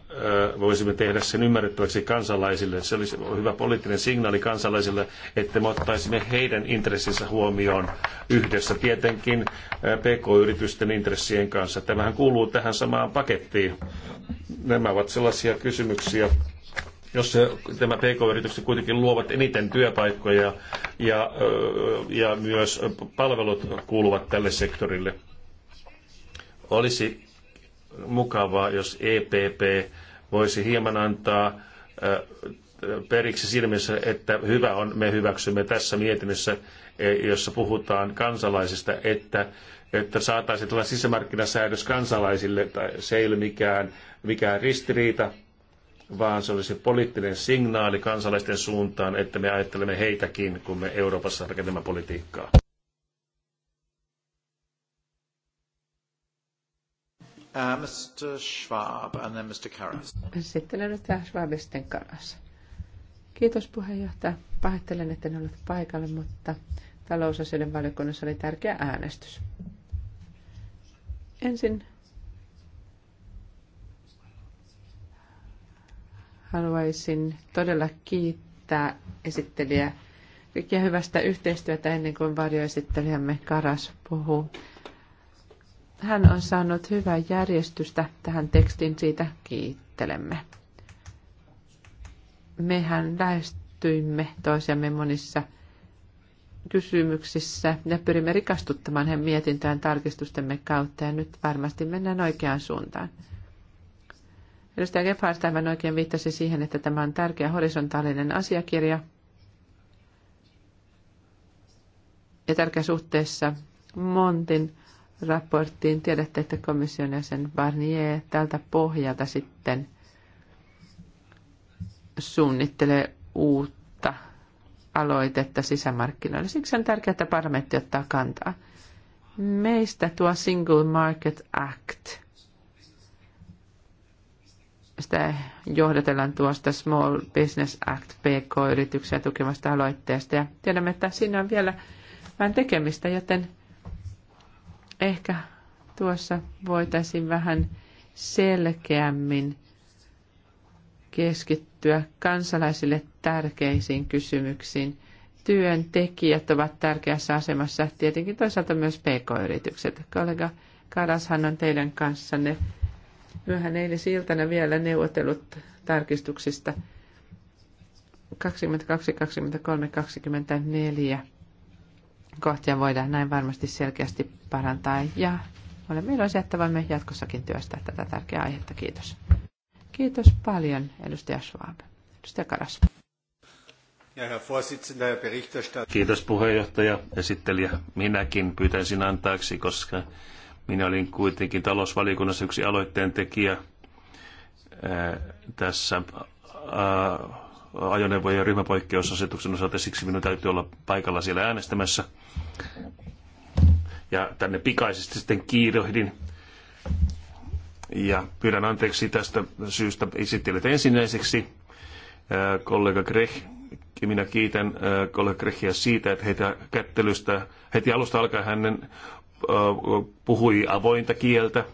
voisimme tehdä sen ymmärrettäväksi kansalaisille. Se olisi hyvä poliittinen signaali kansalaisille, että me ottaisimme heidän intressinsä huomioon yhdessä tietenkin PK-yritysten intressien kanssa. Tämähän kuuluu tähän samaan pakettiin. Nämä ovat sellaisia kysymyksiä, jos tämä PK-yritykset kuitenkin luovat eniten työpaikkoja ja, ja myös palvelut kuuluvat tälle sektorille. Olisi mukavaa, jos EPP voisi hieman antaa periksi siinä mielessä, että hyvä on, me hyväksymme tässä mietinnössä, e, jossa puhutaan kansalaisista, että, että saataisiin tällainen sisämarkkinasäädös kansalaisille. Se ei ole mikään, mikään ristiriita, vaan se olisi poliittinen signaali kansalaisten suuntaan, että me ajattelemme heitäkin, kun me Euroopassa rakennamme politiikkaa. Uh, Mr. Schwab and then Mr. Karas. Sitten edustaja Schwab ja sitten Karas. Kiitos puheenjohtaja. Pahoittelen, että en ollut paikalla, mutta talousasioiden valiokunnassa oli tärkeä äänestys. Ensin haluaisin todella kiittää esittelijä kaikkia hyvästä yhteistyötä ennen kuin varjoesittelijämme Karas puhuu. Hän on saanut hyvää järjestystä tähän tekstin, siitä kiittelemme. Mehän lähestyimme toisiamme monissa kysymyksissä ja pyrimme rikastuttamaan hän mietintään tarkistustemme kautta ja nyt varmasti mennään oikeaan suuntaan. Edustaja Gebhardt aivan oikein viittasi siihen, että tämä on tärkeä horisontaalinen asiakirja ja tärkeä suhteessa Montin raporttiin. Tiedätte, että komission jäsen Barnier tältä pohjalta sitten suunnittelee uutta aloitetta sisämarkkinoille. Siksi on tärkeää, että parlamentti ottaa kantaa. Meistä tuo Single Market Act, sitä johdatellaan tuosta Small Business Act PK-yrityksiä tukevasta aloitteesta ja tiedämme, että siinä on vielä vähän tekemistä, joten Ehkä tuossa voitaisiin vähän selkeämmin keskittyä kansalaisille tärkeisiin kysymyksiin. Työntekijät ovat tärkeässä asemassa, tietenkin toisaalta myös pk-yritykset. Kollega Karashan on teidän kanssanne myöhän eilisiltana vielä neuvotellut tarkistuksista 22, 23, 24 kohtia voidaan näin varmasti selkeästi parantaa ja olemme iloisia, että voimme jatkossakin työstää tätä tärkeää aihetta. Kiitos. Kiitos paljon, edustaja Schwab. Edustaja Karas. Kiitos puheenjohtaja, esittelijä. Minäkin pyytäisin antaaksi, koska minä olin kuitenkin talousvaliokunnassa yksi aloitteen tekijä tässä ajoneuvojen ryhmäpoikkeusasetuksen osalta, siksi minun täytyy olla paikalla siellä äänestämässä. Ja tänne pikaisesti sitten kiirohdin. Ja pyydän anteeksi tästä syystä esittelyt ensimmäiseksi. Kollega Greh, minä kiitän kollega Grehia siitä, että heitä kättelystä heti alusta alkaen hänen puhui avointa kieltä,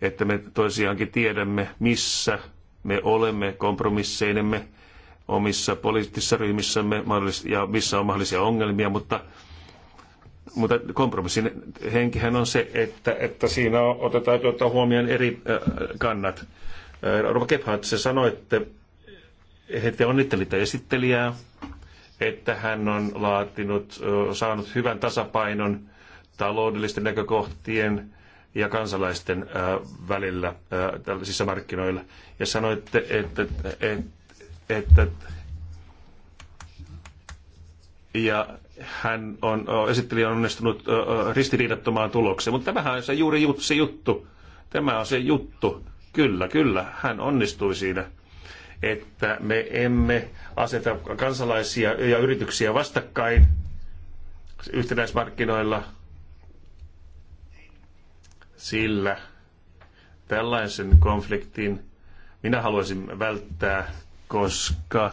että me toisiaankin tiedämme, missä me olemme kompromisseinemme omissa poliittisissa ryhmissämme ja missä on mahdollisia ongelmia, mutta, mutta kompromissin henkihän on se, että, että siinä otetaan ottaa huomioon eri kannat. Rova Gebhardt, se sanoi, että te onnittelitte esittelijää, että hän on laatinut, saanut hyvän tasapainon taloudellisten näkökohtien ja kansalaisten välillä tällaisissa markkinoilla. Ja sanoitte, että, että että ja hän on, esitteli on onnistunut ristiriidattomaan tulokseen. Mutta tämähän on se juuri jut, se juttu. Tämä on se juttu. Kyllä, kyllä, hän onnistui siinä, että me emme aseta kansalaisia ja yrityksiä vastakkain yhtenäismarkkinoilla, sillä tällaisen konfliktin minä haluaisin välttää koska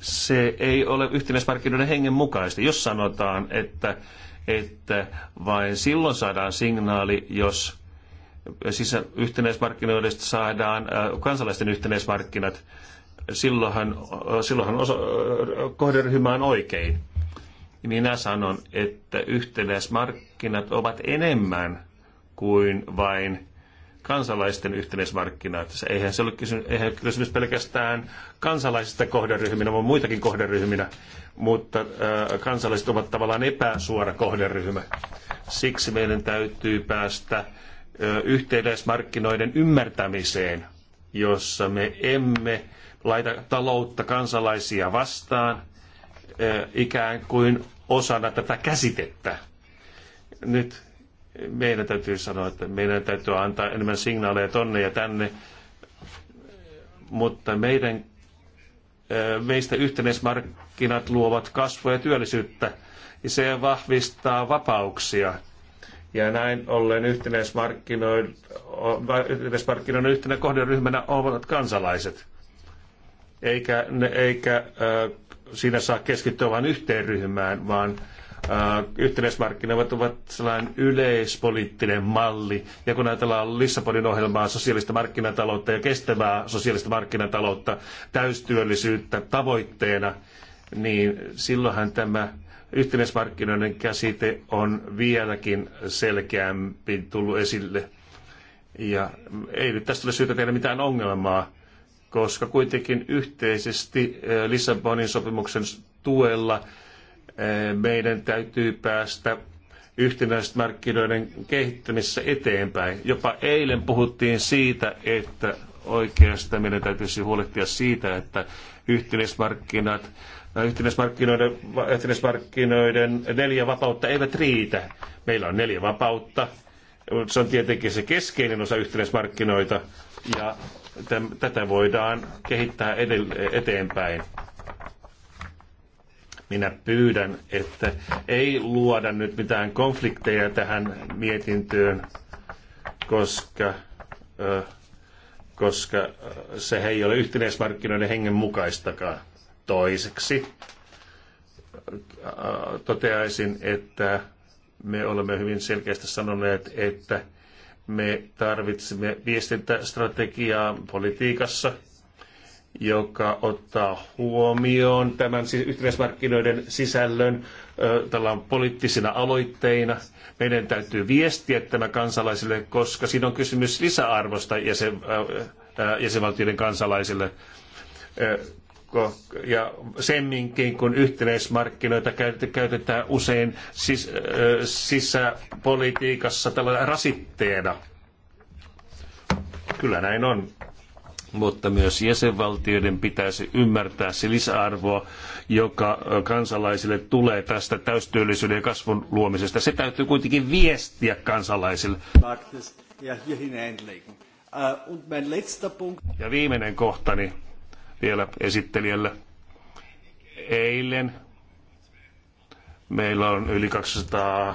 se ei ole yhtenäismarkkinoiden hengen mukaista. Jos sanotaan, että, että vain silloin saadaan signaali, jos siis yhtenäismarkkinoidesta saadaan kansalaisten yhtenäismarkkinat, silloinhan, silloinhan osa, kohderyhmä on oikein. Minä sanon, että yhtenäismarkkinat ovat enemmän kuin vain kansalaisten yhteismarkkina. Tässä eihän se ole kysymys, eihän ole kysymys pelkästään kansalaisista kohderyhminä, vaan muitakin kohderyhminä, mutta äh, kansalaiset ovat tavallaan epäsuora kohderyhmä. Siksi meidän täytyy päästä äh, yhteismarkkinoiden ymmärtämiseen, jossa me emme laita taloutta kansalaisia vastaan äh, ikään kuin osana tätä käsitettä. Nyt meidän täytyy sanoa, että meidän täytyy antaa enemmän signaaleja tonne ja tänne, mutta meidän, meistä yhtenäismarkkinat luovat kasvua ja työllisyyttä ja se vahvistaa vapauksia. Ja näin ollen yhtenäismarkkinoiden, yhtenä kohderyhmänä ovat kansalaiset. Eikä, ne eikä siinä saa keskittyä vain yhteen ryhmään, vaan yhtenäismarkkinat ovat sellainen yleispoliittinen malli. Ja kun ajatellaan Lissabonin ohjelmaa, sosiaalista markkinataloutta ja kestävää sosiaalista markkinataloutta, täystyöllisyyttä tavoitteena, niin silloinhan tämä yhtenäismarkkinoiden käsite on vieläkin selkeämpi tullut esille. Ja ei nyt tästä ole syytä tehdä mitään ongelmaa, koska kuitenkin yhteisesti Lissabonin sopimuksen tuella Eh, meidän täytyy päästä markkinoiden kehittämisessä eteenpäin. Jopa eilen puhuttiin siitä, että oikeastaan meidän täytyisi huolehtia siitä, että yhtenäismarkkinat, yhtenäismarkkinoiden, yhtenäismarkkinoiden neljä vapautta eivät riitä. Meillä on neljä vapautta. Se on tietenkin se keskeinen osa yhtenäismarkkinoita ja tätä voidaan kehittää edelle, eteenpäin. Minä pyydän, että ei luoda nyt mitään konflikteja tähän mietintöön, koska, koska se ei ole yhtenäismarkkinoiden hengen mukaistakaan. Toiseksi toteaisin, että me olemme hyvin selkeästi sanoneet, että me tarvitsemme viestintästrategiaa politiikassa – joka ottaa huomioon tämän yhteismarkkinoiden sisällön tällä poliittisina aloitteina. Meidän täytyy viestiä tämä kansalaisille, koska siinä on kysymys lisäarvosta jäsen, jäsenvaltioiden kansalaisille ja semminkin, kun yhteismarkkinoita käytetään usein sis, sisäpolitiikassa tällä rasitteena. Kyllä näin on mutta myös jäsenvaltioiden pitäisi ymmärtää se lisäarvo, joka kansalaisille tulee tästä täystyöllisyyden ja kasvun luomisesta. Se täytyy kuitenkin viestiä kansalaisille. Ja viimeinen kohtani vielä esittelijälle. Eilen meillä on yli 200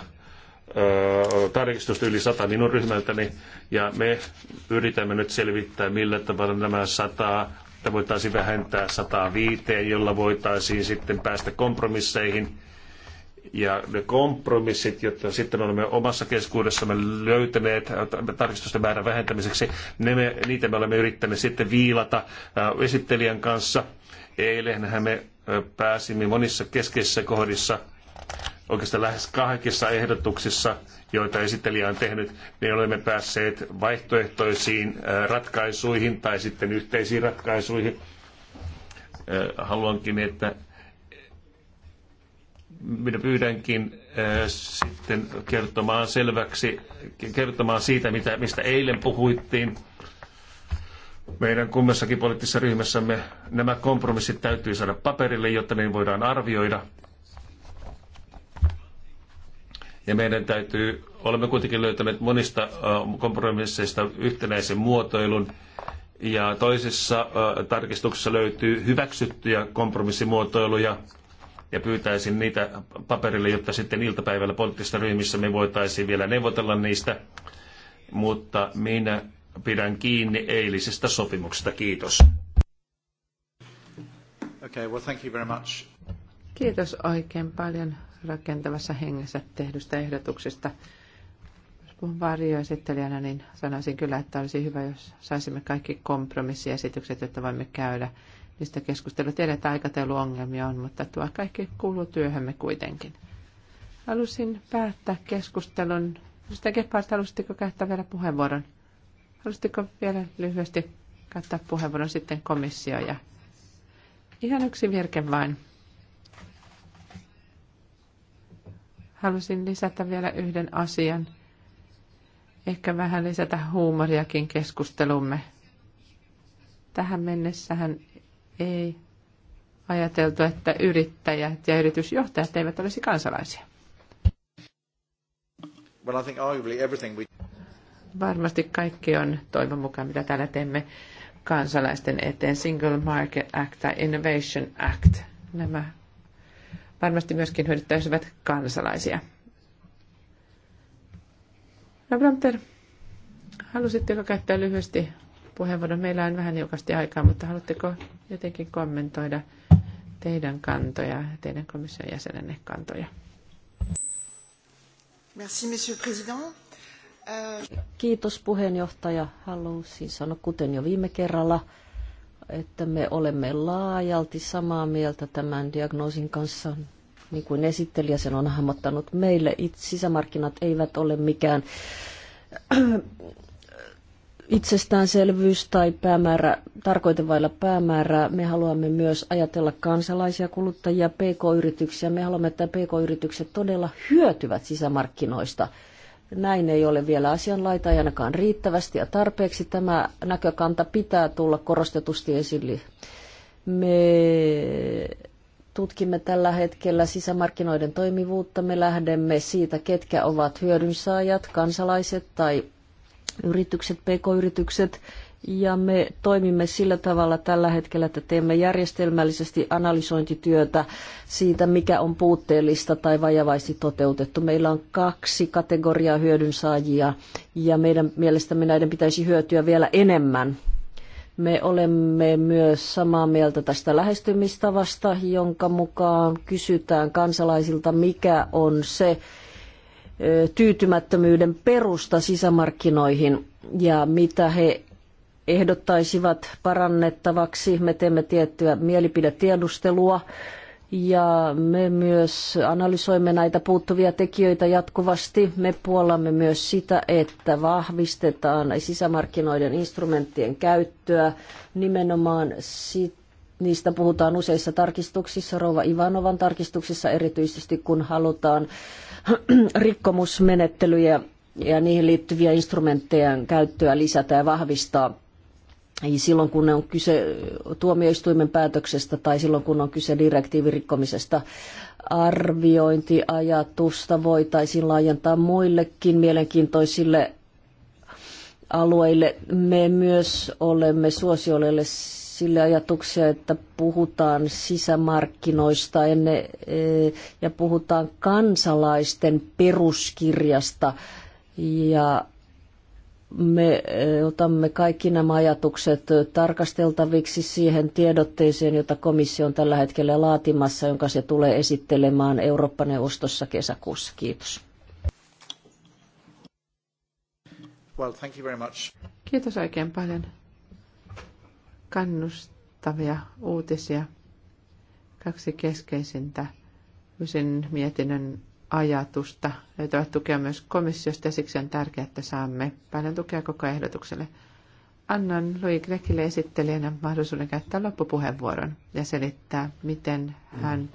tarkistusta yli sata minun ryhmältäni, ja me yritämme nyt selvittää, millä tavalla nämä sata että voitaisiin vähentää 105, jolla voitaisiin sitten päästä kompromisseihin. Ja ne kompromissit, jotka sitten olemme omassa keskuudessamme löytäneet tarkistusten määrän vähentämiseksi, ne me, niitä me olemme yrittäneet sitten viilata esittelijän kanssa. Eilenhän me pääsimme monissa keskeisissä kohdissa oikeastaan lähes kaikissa ehdotuksissa, joita esittelijä on tehnyt, me olemme päässeet vaihtoehtoisiin äh, ratkaisuihin tai sitten yhteisiin ratkaisuihin. Äh, haluankin, että minä pyydänkin äh, sitten kertomaan selväksi, kertomaan siitä, mitä, mistä eilen puhuittiin. Meidän kummassakin poliittisessa ryhmässämme nämä kompromissit täytyy saada paperille, jotta ne voidaan arvioida ja meidän täytyy, olemme kuitenkin löytäneet monista kompromisseista yhtenäisen muotoilun. Ja toisessa tarkistuksessa löytyy hyväksyttyjä kompromissimuotoiluja, ja pyytäisin niitä paperille, jotta sitten iltapäivällä poliittisissa ryhmissä me voitaisiin vielä neuvotella niistä. Mutta minä pidän kiinni eilisestä sopimuksesta. Kiitos. Okay, well, thank you very much. Kiitos oikein paljon rakentavassa hengessä tehdystä ehdotuksesta. Jos puhun varjoesittelijänä, niin sanoisin kyllä, että olisi hyvä, jos saisimme kaikki kompromissiesitykset, jotta voimme käydä niistä keskustelua. Tiedän, että aikatauluongelmia on, mutta tuo kaikki kuuluu työhömme kuitenkin. Halusin päättää keskustelun. Mistä Gephardt, halusitteko käyttää vielä puheenvuoron? Halusitteko vielä lyhyesti käyttää puheenvuoron sitten komissio ja ihan yksi virke vain. Halusin lisätä vielä yhden asian. Ehkä vähän lisätä huumoriakin keskustelumme. Tähän mennessähän ei ajateltu, että yrittäjät ja yritysjohtajat eivät olisi kansalaisia. Well, I think we... Varmasti kaikki on toivon mukaan, mitä täällä teemme kansalaisten eteen. Single Market Act tai Innovation Act. Nämä varmasti myöskin hyödyttäisivät kansalaisia. Abramter, halusitteko käyttää lyhyesti puheenvuoron? Meillä on vähän niukasti aikaa, mutta haluatteko jotenkin kommentoida teidän kantoja, teidän komission jäsenenne kantoja? Merci, monsieur le président. Euh, Kiitos puheenjohtaja. Haluaisin sanoa, kuten jo viime kerralla, että me olemme laajalti samaa mieltä tämän diagnoosin kanssa, niin kuin esittelijä sen on hahmottanut meille. Itse sisämarkkinat eivät ole mikään itsestäänselvyys tai päämäärä, tarkoitevailla päämäärää. Me haluamme myös ajatella kansalaisia, kuluttajia, pk-yrityksiä. Me haluamme, että pk-yritykset todella hyötyvät sisämarkkinoista – näin ei ole vielä asianlaita, ainakaan riittävästi ja tarpeeksi. Tämä näkökanta pitää tulla korostetusti esille. Me tutkimme tällä hetkellä sisämarkkinoiden toimivuutta. Me lähdemme siitä, ketkä ovat hyödynsaajat, kansalaiset tai yritykset, pk-yritykset, ja me toimimme sillä tavalla tällä hetkellä, että teemme järjestelmällisesti analysointityötä siitä, mikä on puutteellista tai vajavaisesti toteutettu. Meillä on kaksi kategoriaa hyödynsaajia ja meidän mielestämme näiden pitäisi hyötyä vielä enemmän. Me olemme myös samaa mieltä tästä lähestymistavasta, jonka mukaan kysytään kansalaisilta, mikä on se tyytymättömyyden perusta sisämarkkinoihin ja mitä he ehdottaisivat parannettavaksi. Me teemme tiettyä mielipidetiedustelua ja me myös analysoimme näitä puuttuvia tekijöitä jatkuvasti. Me puolamme myös sitä, että vahvistetaan sisämarkkinoiden instrumenttien käyttöä. Nimenomaan sit, niistä puhutaan useissa tarkistuksissa, Rova Ivanovan tarkistuksissa erityisesti, kun halutaan rikkomusmenettelyjä ja niihin liittyviä instrumentteja käyttöä lisätä ja vahvistaa silloin kun on kyse tuomioistuimen päätöksestä tai silloin kun on kyse direktiivin rikkomisesta. Arviointiajatusta voitaisiin laajentaa muillekin mielenkiintoisille alueille. Me myös olemme suosiolle sille ajatuksia, että puhutaan sisämarkkinoista ennen, eh, ja puhutaan kansalaisten peruskirjasta ja me eh, otamme kaikki nämä ajatukset eh, tarkasteltaviksi siihen tiedotteeseen, jota komissio on tällä hetkellä laatimassa, jonka se tulee esittelemään Eurooppa-neuvostossa kesäkuussa. Kiitos. Well, thank you very much. Kiitos oikein paljon. Kannustavia uutisia. Kaksi keskeisintä Ysin mietinnön ajatusta löytävät tukea myös komissiosta ja siksi on tärkeää, että saamme paljon tukea koko ehdotukselle. Annan Louis Grekille esittelijänä mahdollisuuden käyttää loppupuheenvuoron ja selittää, miten hän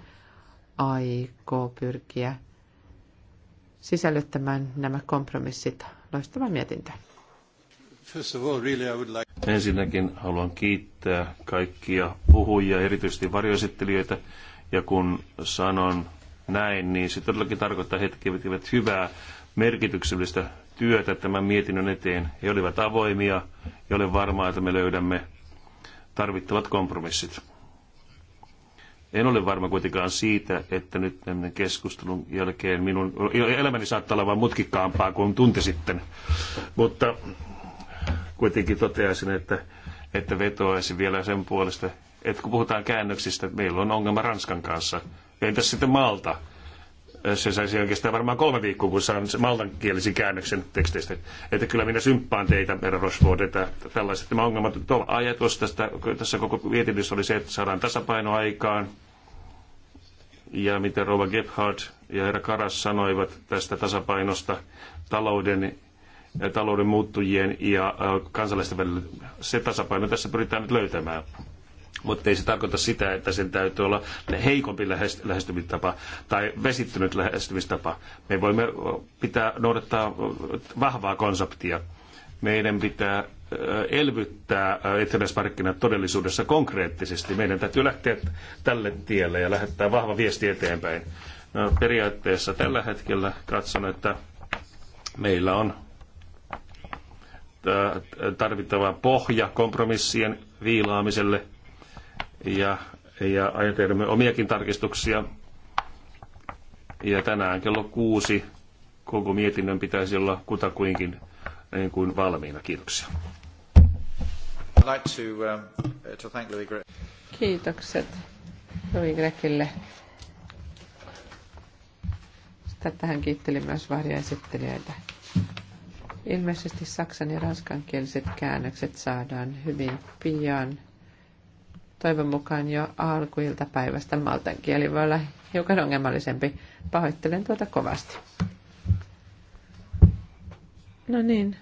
aikoo pyrkiä sisällyttämään nämä kompromissit loistava mietintö. Ensinnäkin haluan kiittää kaikkia puhujia, erityisesti varjoesittelijöitä. Ja kun sanon näin, niin se todellakin tarkoittaa, että he tekevät hyvää merkityksellistä työtä tämän mietinnön eteen. He olivat avoimia ja olen varma, että me löydämme tarvittavat kompromissit. En ole varma kuitenkaan siitä, että nyt tämän keskustelun jälkeen minun elämäni saattaa olla vain mutkikkaampaa kuin tunti sitten. Mutta kuitenkin toteaisin, että, että vetoaisin vielä sen puolesta, että kun puhutaan käännöksistä, meillä on ongelma Ranskan kanssa – niin, entäs sitten Malta? Äh, se saisi oikeastaan varmaan kolme viikkoa, kun saan maltankielisen käännöksen teksteistä. Että kyllä minä symppaan teitä, herra Rosford, että tällaiset nämä ongelmat on ajatus tästä, tässä koko mietinnössä oli se, että saadaan tasapaino aikaan. Ja mitä Rova Gebhardt ja herra Karas sanoivat tästä tasapainosta talouden äh, talouden muuttujien ja äh, kansalaisten välillä. Se tasapaino tässä pyritään nyt löytämään mutta ei se tarkoita sitä, että sen täytyy olla heikompi lähestymistapa tai vesittynyt lähestymistapa. Me voimme pitää noudattaa vahvaa konseptia. Meidän pitää elvyttää eteläismarkkinat todellisuudessa konkreettisesti. Meidän täytyy lähteä tälle tielle ja lähettää vahva viesti eteenpäin. No, periaatteessa tällä hetkellä katson, että meillä on tarvittava pohja kompromissien viilaamiselle – ja, ja aion tehdä omiakin tarkistuksia. Ja tänään kello kuusi koko mietinnön pitäisi olla kutakuinkin niin kuin valmiina. Kiitoksia. Um, Kiitokset Louis Grekille. Tätä hän kiitteli myös esittelijöitä. Ilmeisesti saksan ja ranskankieliset käännökset saadaan hyvin pian toivon mukaan jo päivästä maltan kieli voi olla hiukan ongelmallisempi. Pahoittelen tuota kovasti. No niin.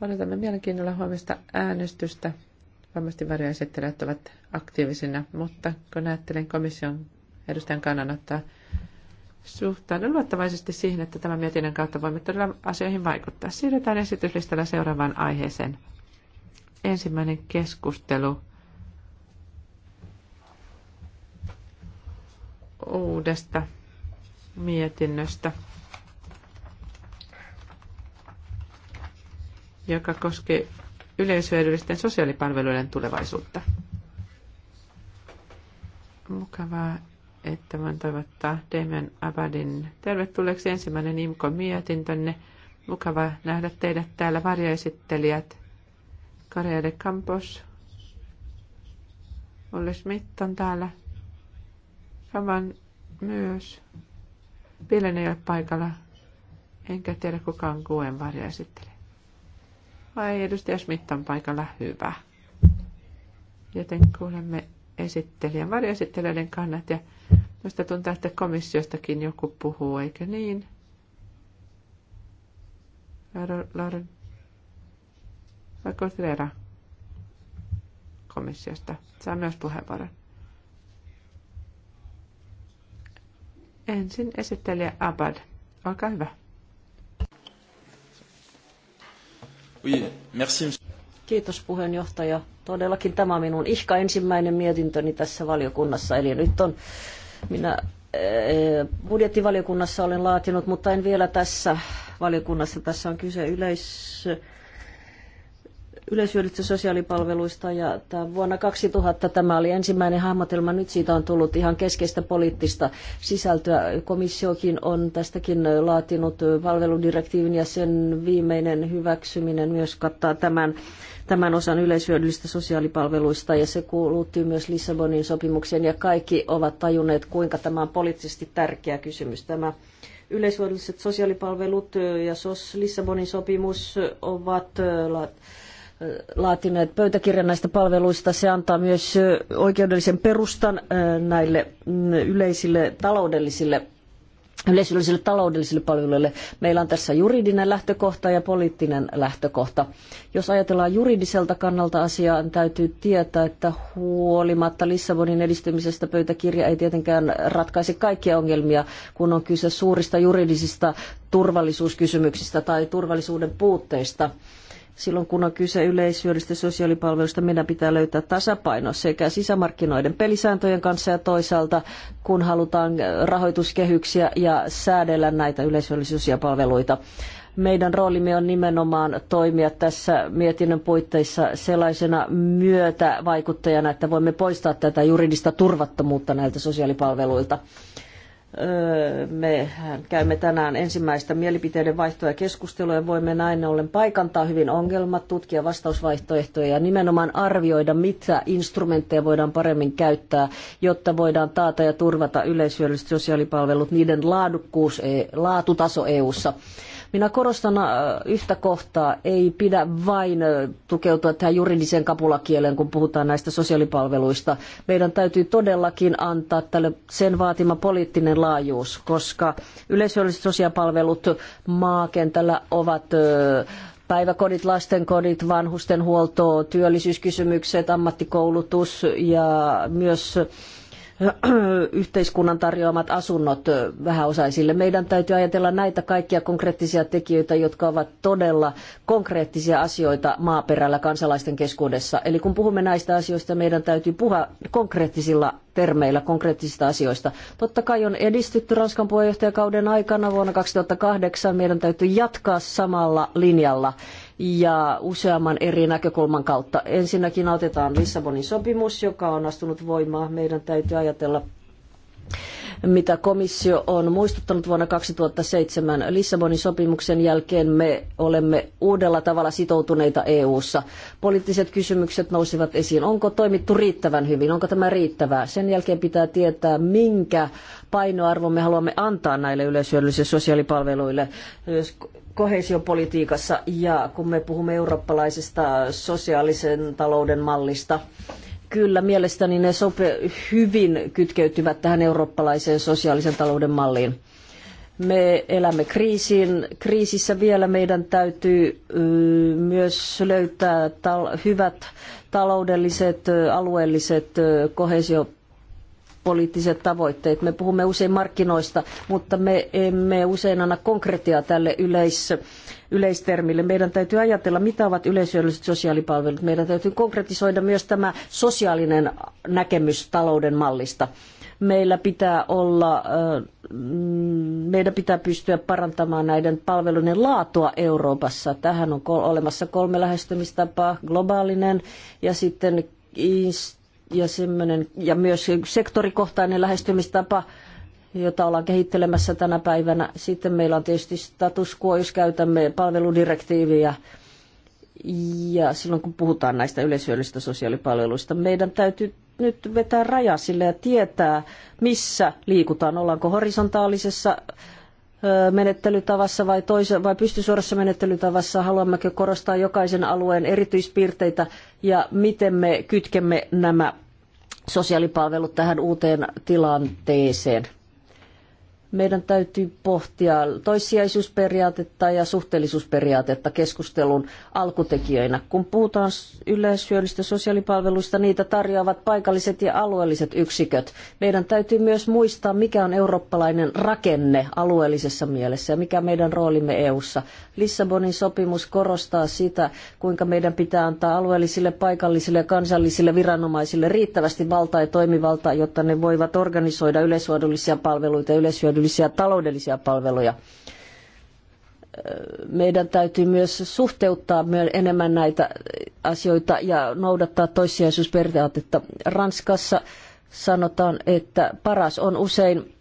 Odotamme mielenkiinnolla huomista äänestystä. Varmasti varjoesittelijät ovat aktiivisina, mutta kun ajattelen komission edustajan kannanottaa, suhtaudun luottavaisesti siihen, että tämän mietinnön kautta voimme todella asioihin vaikuttaa. Siirrytään esityslistalla seuraavaan aiheeseen. Ensimmäinen keskustelu uudesta mietinnöstä, joka koskee yleishyödyllisten sosiaalipalveluiden tulevaisuutta. Mukavaa, että voin toivottaa Damien Abadin tervetulleeksi ensimmäinen IMKO-mietintönne. Mukava nähdä teidät täällä varjoesittelijät. Karja de Campos. Olle Schmidt on täällä. Ravan myös. Pielen ei ole paikalla, enkä tiedä kukaan kuen varja esittelee. Vai edustaja Schmidt on paikalla hyvä. Joten kuulemme esittelijän varjoesittelijöiden kannat ja Minusta tuntuu, että komissiostakin joku puhuu, eikö niin? Lauren vai Cotrera komissiosta saa myös puheenvuoron. Ensin esittelijä Abad. Olkaa hyvä. Kiitos puheenjohtaja. Todellakin tämä on minun ihka ensimmäinen mietintöni tässä valiokunnassa. Eli nyt on minä eh, budjettivaliokunnassa olen laatinut, mutta en vielä tässä valiokunnassa. Tässä on kyse yleis yleishyödyllistä sosiaalipalveluista ja vuonna 2000 tämä oli ensimmäinen hahmotelma. Nyt siitä on tullut ihan keskeistä poliittista sisältöä. Komissiokin on tästäkin laatinut palveludirektiivin ja sen viimeinen hyväksyminen myös kattaa tämän, tämän osan yleishyödyllistä sosiaalipalveluista ja se kuuluu myös Lissabonin sopimukseen ja kaikki ovat tajunneet, kuinka tämä on poliittisesti tärkeä kysymys. Tämä yleishyödylliset sosiaalipalvelut ja SOS Lissabonin sopimus ovat laatineet pöytäkirjan näistä palveluista. Se antaa myös oikeudellisen perustan näille mm, yleisille taloudellisille yleisöllisille taloudellisille palveluille. Meillä on tässä juridinen lähtökohta ja poliittinen lähtökohta. Jos ajatellaan juridiselta kannalta asiaa, niin täytyy tietää, että huolimatta Lissabonin edistymisestä pöytäkirja ei tietenkään ratkaise kaikkia ongelmia, kun on kyse suurista juridisista turvallisuuskysymyksistä tai turvallisuuden puutteista. Silloin kun on kyse yleishyödyllistä sosiaalipalveluista, meidän pitää löytää tasapaino sekä sisämarkkinoiden pelisääntöjen kanssa ja toisaalta, kun halutaan rahoituskehyksiä ja säädellä näitä yleishyödyllisiä sosiaalipalveluita meidän roolimme on nimenomaan toimia tässä mietinnön puitteissa sellaisena myötävaikuttajana, että voimme poistaa tätä juridista turvattomuutta näiltä sosiaalipalveluilta me käymme tänään ensimmäistä mielipiteiden vaihtoa ja keskustelua ja voimme näin ollen paikantaa hyvin ongelmat, tutkia vastausvaihtoehtoja ja nimenomaan arvioida, mitä instrumentteja voidaan paremmin käyttää, jotta voidaan taata ja turvata yleishyödylliset sosiaalipalvelut, niiden laadukkuus, e, laatutaso EU-ssa. Minä korostan äh, yhtä kohtaa, ei pidä vain äh, tukeutua tähän juridiseen kapulakieleen, kun puhutaan näistä sosiaalipalveluista. Meidän täytyy todellakin antaa tälle sen vaatima poliittinen laajuus, koska yleisölliset sosiaalipalvelut maakentällä ovat äh, päiväkodit, lastenkodit, vanhustenhuolto, työllisyyskysymykset, ammattikoulutus ja myös yhteiskunnan tarjoamat asunnot vähäosaisille. Meidän täytyy ajatella näitä kaikkia konkreettisia tekijöitä, jotka ovat todella konkreettisia asioita maaperällä kansalaisten keskuudessa. Eli kun puhumme näistä asioista, meidän täytyy puhua konkreettisilla termeillä konkreettisista asioista. Totta kai on edistytty Ranskan puheenjohtajakauden aikana vuonna 2008. Meidän täytyy jatkaa samalla linjalla ja useamman eri näkökulman kautta. Ensinnäkin otetaan Lissabonin sopimus, joka on astunut voimaan. Meidän täytyy ajatella mitä komissio on muistuttanut vuonna 2007 Lissabonin sopimuksen jälkeen me olemme uudella tavalla sitoutuneita EU:ssa. Poliittiset kysymykset nousivat esiin. Onko toimittu riittävän hyvin? Onko tämä riittävää? Sen jälkeen pitää tietää, minkä painoarvon me haluamme antaa näille yleishyödyllisille sosiaalipalveluille kohesiopolitiikassa ja kun me puhumme eurooppalaisesta sosiaalisen talouden mallista, Kyllä, mielestäni ne sope hyvin kytkeytyvät tähän eurooppalaiseen sosiaalisen talouden malliin. Me elämme kriisin, kriisissä vielä. Meidän täytyy myös löytää tal hyvät taloudelliset, alueelliset kohesio poliittiset tavoitteet. Me puhumme usein markkinoista, mutta me emme usein anna konkretiaa tälle yleis, yleistermille. Meidän täytyy ajatella, mitä ovat yleishyödylliset sosiaalipalvelut. Meidän täytyy konkretisoida myös tämä sosiaalinen näkemys talouden mallista meillä pitää olla, mm, meidän pitää pystyä parantamaan näiden palveluiden laatua Euroopassa. Tähän on olemassa kolme lähestymistapaa, globaalinen ja sitten ja, semmoinen, ja myös sektorikohtainen lähestymistapa, jota ollaan kehittelemässä tänä päivänä. Sitten meillä on tietysti status quo, jos käytämme palveludirektiiviä ja silloin kun puhutaan näistä yleishyödyllisistä sosiaalipalveluista, meidän täytyy nyt vetää raja sille ja tietää, missä liikutaan. Ollaanko horisontaalisessa menettelytavassa vai, toisa, vai pystysuorassa menettelytavassa? Haluammeko korostaa jokaisen alueen erityispiirteitä ja miten me kytkemme nämä sosiaalipalvelut tähän uuteen tilanteeseen? meidän täytyy pohtia toissijaisuusperiaatetta ja suhteellisuusperiaatetta keskustelun alkutekijöinä. Kun puhutaan yleishyödyllistä sosiaalipalveluista, niitä tarjoavat paikalliset ja alueelliset yksiköt. Meidän täytyy myös muistaa, mikä on eurooppalainen rakenne alueellisessa mielessä ja mikä meidän roolimme EU:ssa. Lissabonin sopimus korostaa sitä, kuinka meidän pitää antaa alueellisille, paikallisille ja kansallisille viranomaisille riittävästi valtaa ja toimivaltaa, jotta ne voivat organisoida yleishyödyllisiä palveluita yleishyödyllisiä hyödyllisiä taloudellisia palveluja. Meidän täytyy myös suhteuttaa enemmän näitä asioita ja noudattaa toissijaisuusperiaatetta. Ranskassa sanotaan, että paras on usein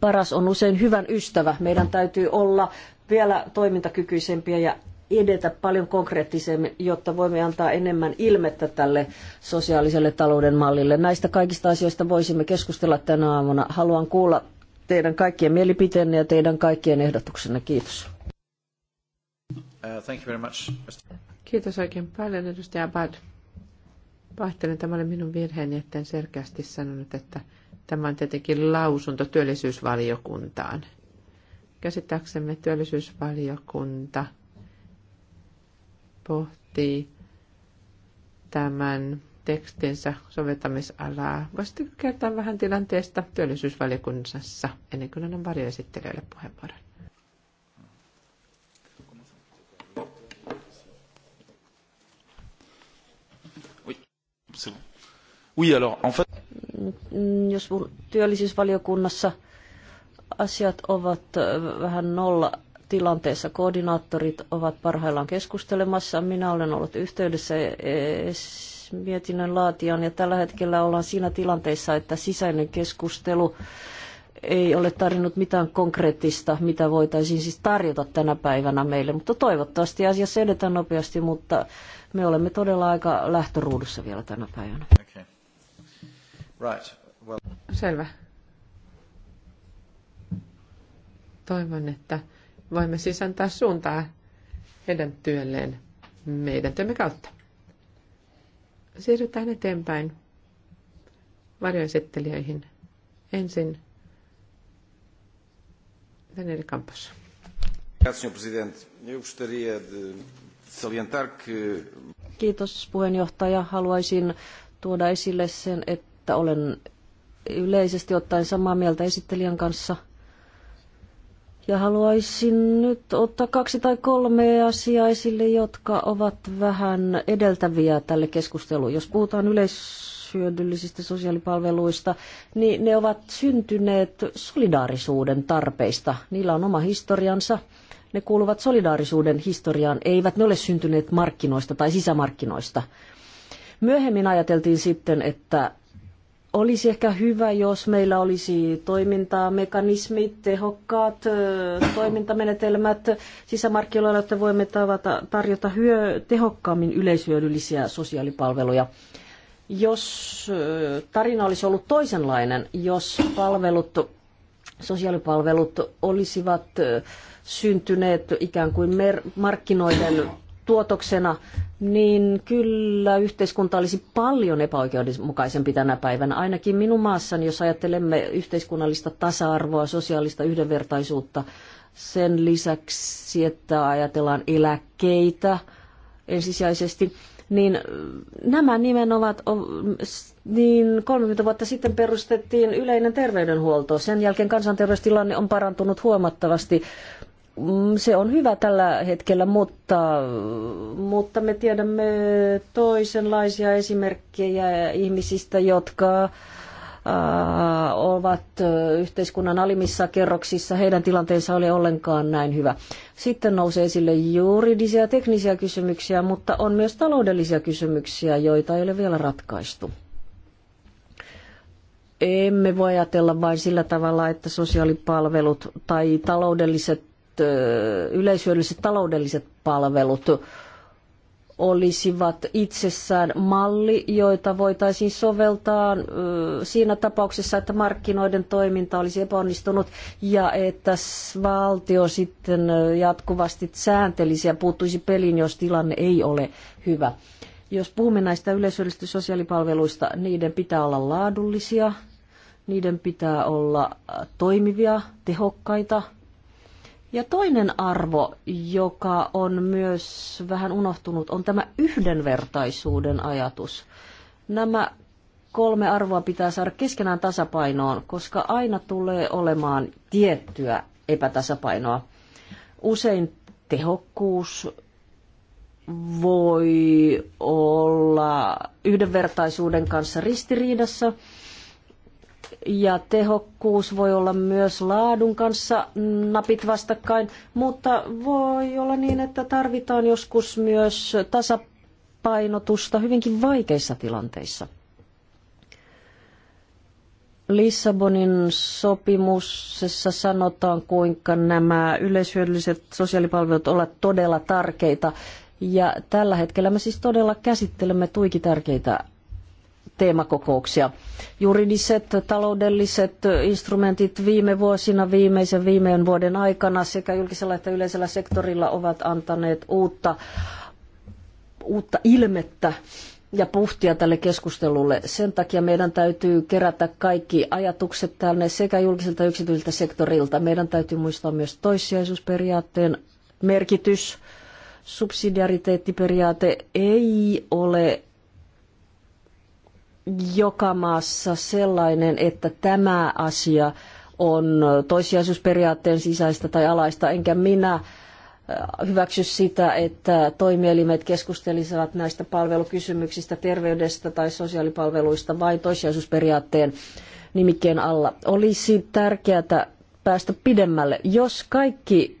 paras on usein hyvän ystävä. Meidän täytyy olla vielä toimintakykyisempiä ja edetä paljon konkreettisemmin, jotta voimme antaa enemmän ilmettä tälle sosiaaliselle talouden mallille. Näistä kaikista asioista voisimme keskustella tänä aamuna. Haluan kuulla teidän kaikkien mielipiteenne ja teidän kaikkien ehdotuksenne. Kiitos. Uh, thank you very much. Kiitos oikein paljon, edustaja Bad. Pahtelen, tämä oli minun virheeni, etten selkeästi sanonut, että tämä on tietenkin lausunto työllisyysvaliokuntaan. Käsittääksemme työllisyysvaliokunta pohtii tämän tekstinsä soveltamisalaa. Voisitteko kertoa vähän tilanteesta työllisyysvaliokunnassa ennen kuin annan esittelijöille puheenvuoron? Oui, alors, en fait... Jos työllisyysvaliokunnassa asiat ovat äh, vähän nolla tilanteessa koordinaattorit ovat parhaillaan keskustelemassa. Minä olen ollut yhteydessä mietinnön laatijan ja tällä hetkellä ollaan siinä tilanteessa, että sisäinen keskustelu ei ole tarjonnut mitään konkreettista, mitä voitaisiin siis tarjota tänä päivänä meille, mutta toivottavasti asiassa edetään nopeasti, mutta me olemme todella aika lähtöruudussa vielä tänä päivänä. Okay. Right. Well. Selvä. Toivon, että voimme sisäntää suuntaa heidän työlleen meidän työmme kautta. Siirrytään eteenpäin varjoesittelijöihin. Ensin Daniel Campos. Kiitos puheenjohtaja. Haluaisin tuoda esille sen, että olen yleisesti ottaen samaa mieltä esittelijän kanssa – ja haluaisin nyt ottaa kaksi tai kolme asiaa esille, jotka ovat vähän edeltäviä tälle keskusteluun. Jos puhutaan yleishyödyllisistä sosiaalipalveluista, niin ne ovat syntyneet solidaarisuuden tarpeista. Niillä on oma historiansa. Ne kuuluvat solidaarisuuden historiaan, eivät ne ole syntyneet markkinoista tai sisämarkkinoista. Myöhemmin ajateltiin sitten, että olisi ehkä hyvä, jos meillä olisi toimintamekanismit, tehokkaat toimintamenetelmät sisämarkkinoilla, että voimme tavata, tarjota hyö, tehokkaammin yleishyödyllisiä sosiaalipalveluja jos tarina olisi ollut toisenlainen, jos palvelut, sosiaalipalvelut olisivat syntyneet ikään kuin mer- markkinoiden tuotoksena, niin kyllä yhteiskunta olisi paljon epäoikeudenmukaisempi tänä päivänä. Ainakin minun maassani, jos ajattelemme yhteiskunnallista tasa-arvoa, sosiaalista yhdenvertaisuutta, sen lisäksi, että ajatellaan eläkkeitä ensisijaisesti, niin nämä nimen ovat, niin 30 vuotta sitten perustettiin yleinen terveydenhuolto. Sen jälkeen kansanterveystilanne on parantunut huomattavasti, Mm, se on hyvä tällä hetkellä, mutta, mutta me tiedämme toisenlaisia esimerkkejä ihmisistä, jotka äh, ovat yhteiskunnan alimmissa kerroksissa, heidän tilanteensa oli ollenkaan näin hyvä. Sitten nousee esille juridisia ja teknisiä kysymyksiä, mutta on myös taloudellisia kysymyksiä, joita ei ole vielä ratkaistu. Emme voi ajatella vain sillä tavalla, että sosiaalipalvelut tai taloudelliset Äh, yleishyödylliset taloudelliset palvelut olisivat itsessään malli, joita voitaisiin soveltaa äh, siinä tapauksessa, että markkinoiden toiminta olisi epäonnistunut ja että valtio sitten äh, jatkuvasti sääntelisi ja puuttuisi peliin, jos tilanne ei ole hyvä. Jos puhumme näistä yleisöllisistä sosiaalipalveluista, niiden pitää olla laadullisia, niiden pitää olla toimivia, tehokkaita – ja toinen arvo, joka on myös vähän unohtunut, on tämä yhdenvertaisuuden ajatus. Nämä kolme arvoa pitää saada keskenään tasapainoon, koska aina tulee olemaan tiettyä epätasapainoa. Usein tehokkuus voi olla yhdenvertaisuuden kanssa ristiriidassa – ja tehokkuus voi olla myös laadun kanssa napit vastakkain, mutta voi olla niin, että tarvitaan joskus myös tasapainotusta hyvinkin vaikeissa tilanteissa. Lissabonin sopimuksessa sanotaan, kuinka nämä yleishyödylliset sosiaalipalvelut ovat todella tärkeitä. Ja tällä hetkellä me siis todella käsittelemme tuiki tärkeitä teemakokouksia. Juridiset, taloudelliset instrumentit viime vuosina, viimeisen viimeen vuoden aikana sekä julkisella että yleisellä sektorilla ovat antaneet uutta, uutta ilmettä ja puhtia tälle keskustelulle. Sen takia meidän täytyy kerätä kaikki ajatukset tänne sekä julkiselta että yksityiseltä sektorilta. Meidän täytyy muistaa myös toissijaisuusperiaatteen merkitys subsidiariteettiperiaate ei ole joka maassa sellainen, että tämä asia on toissijaisuusperiaatteen sisäistä tai alaista, enkä minä äh, hyväksy sitä, että toimielimet keskustelisivat näistä palvelukysymyksistä, terveydestä tai sosiaalipalveluista vain toissijaisuusperiaatteen nimikkeen alla. Olisi tärkeää päästä pidemmälle, jos kaikki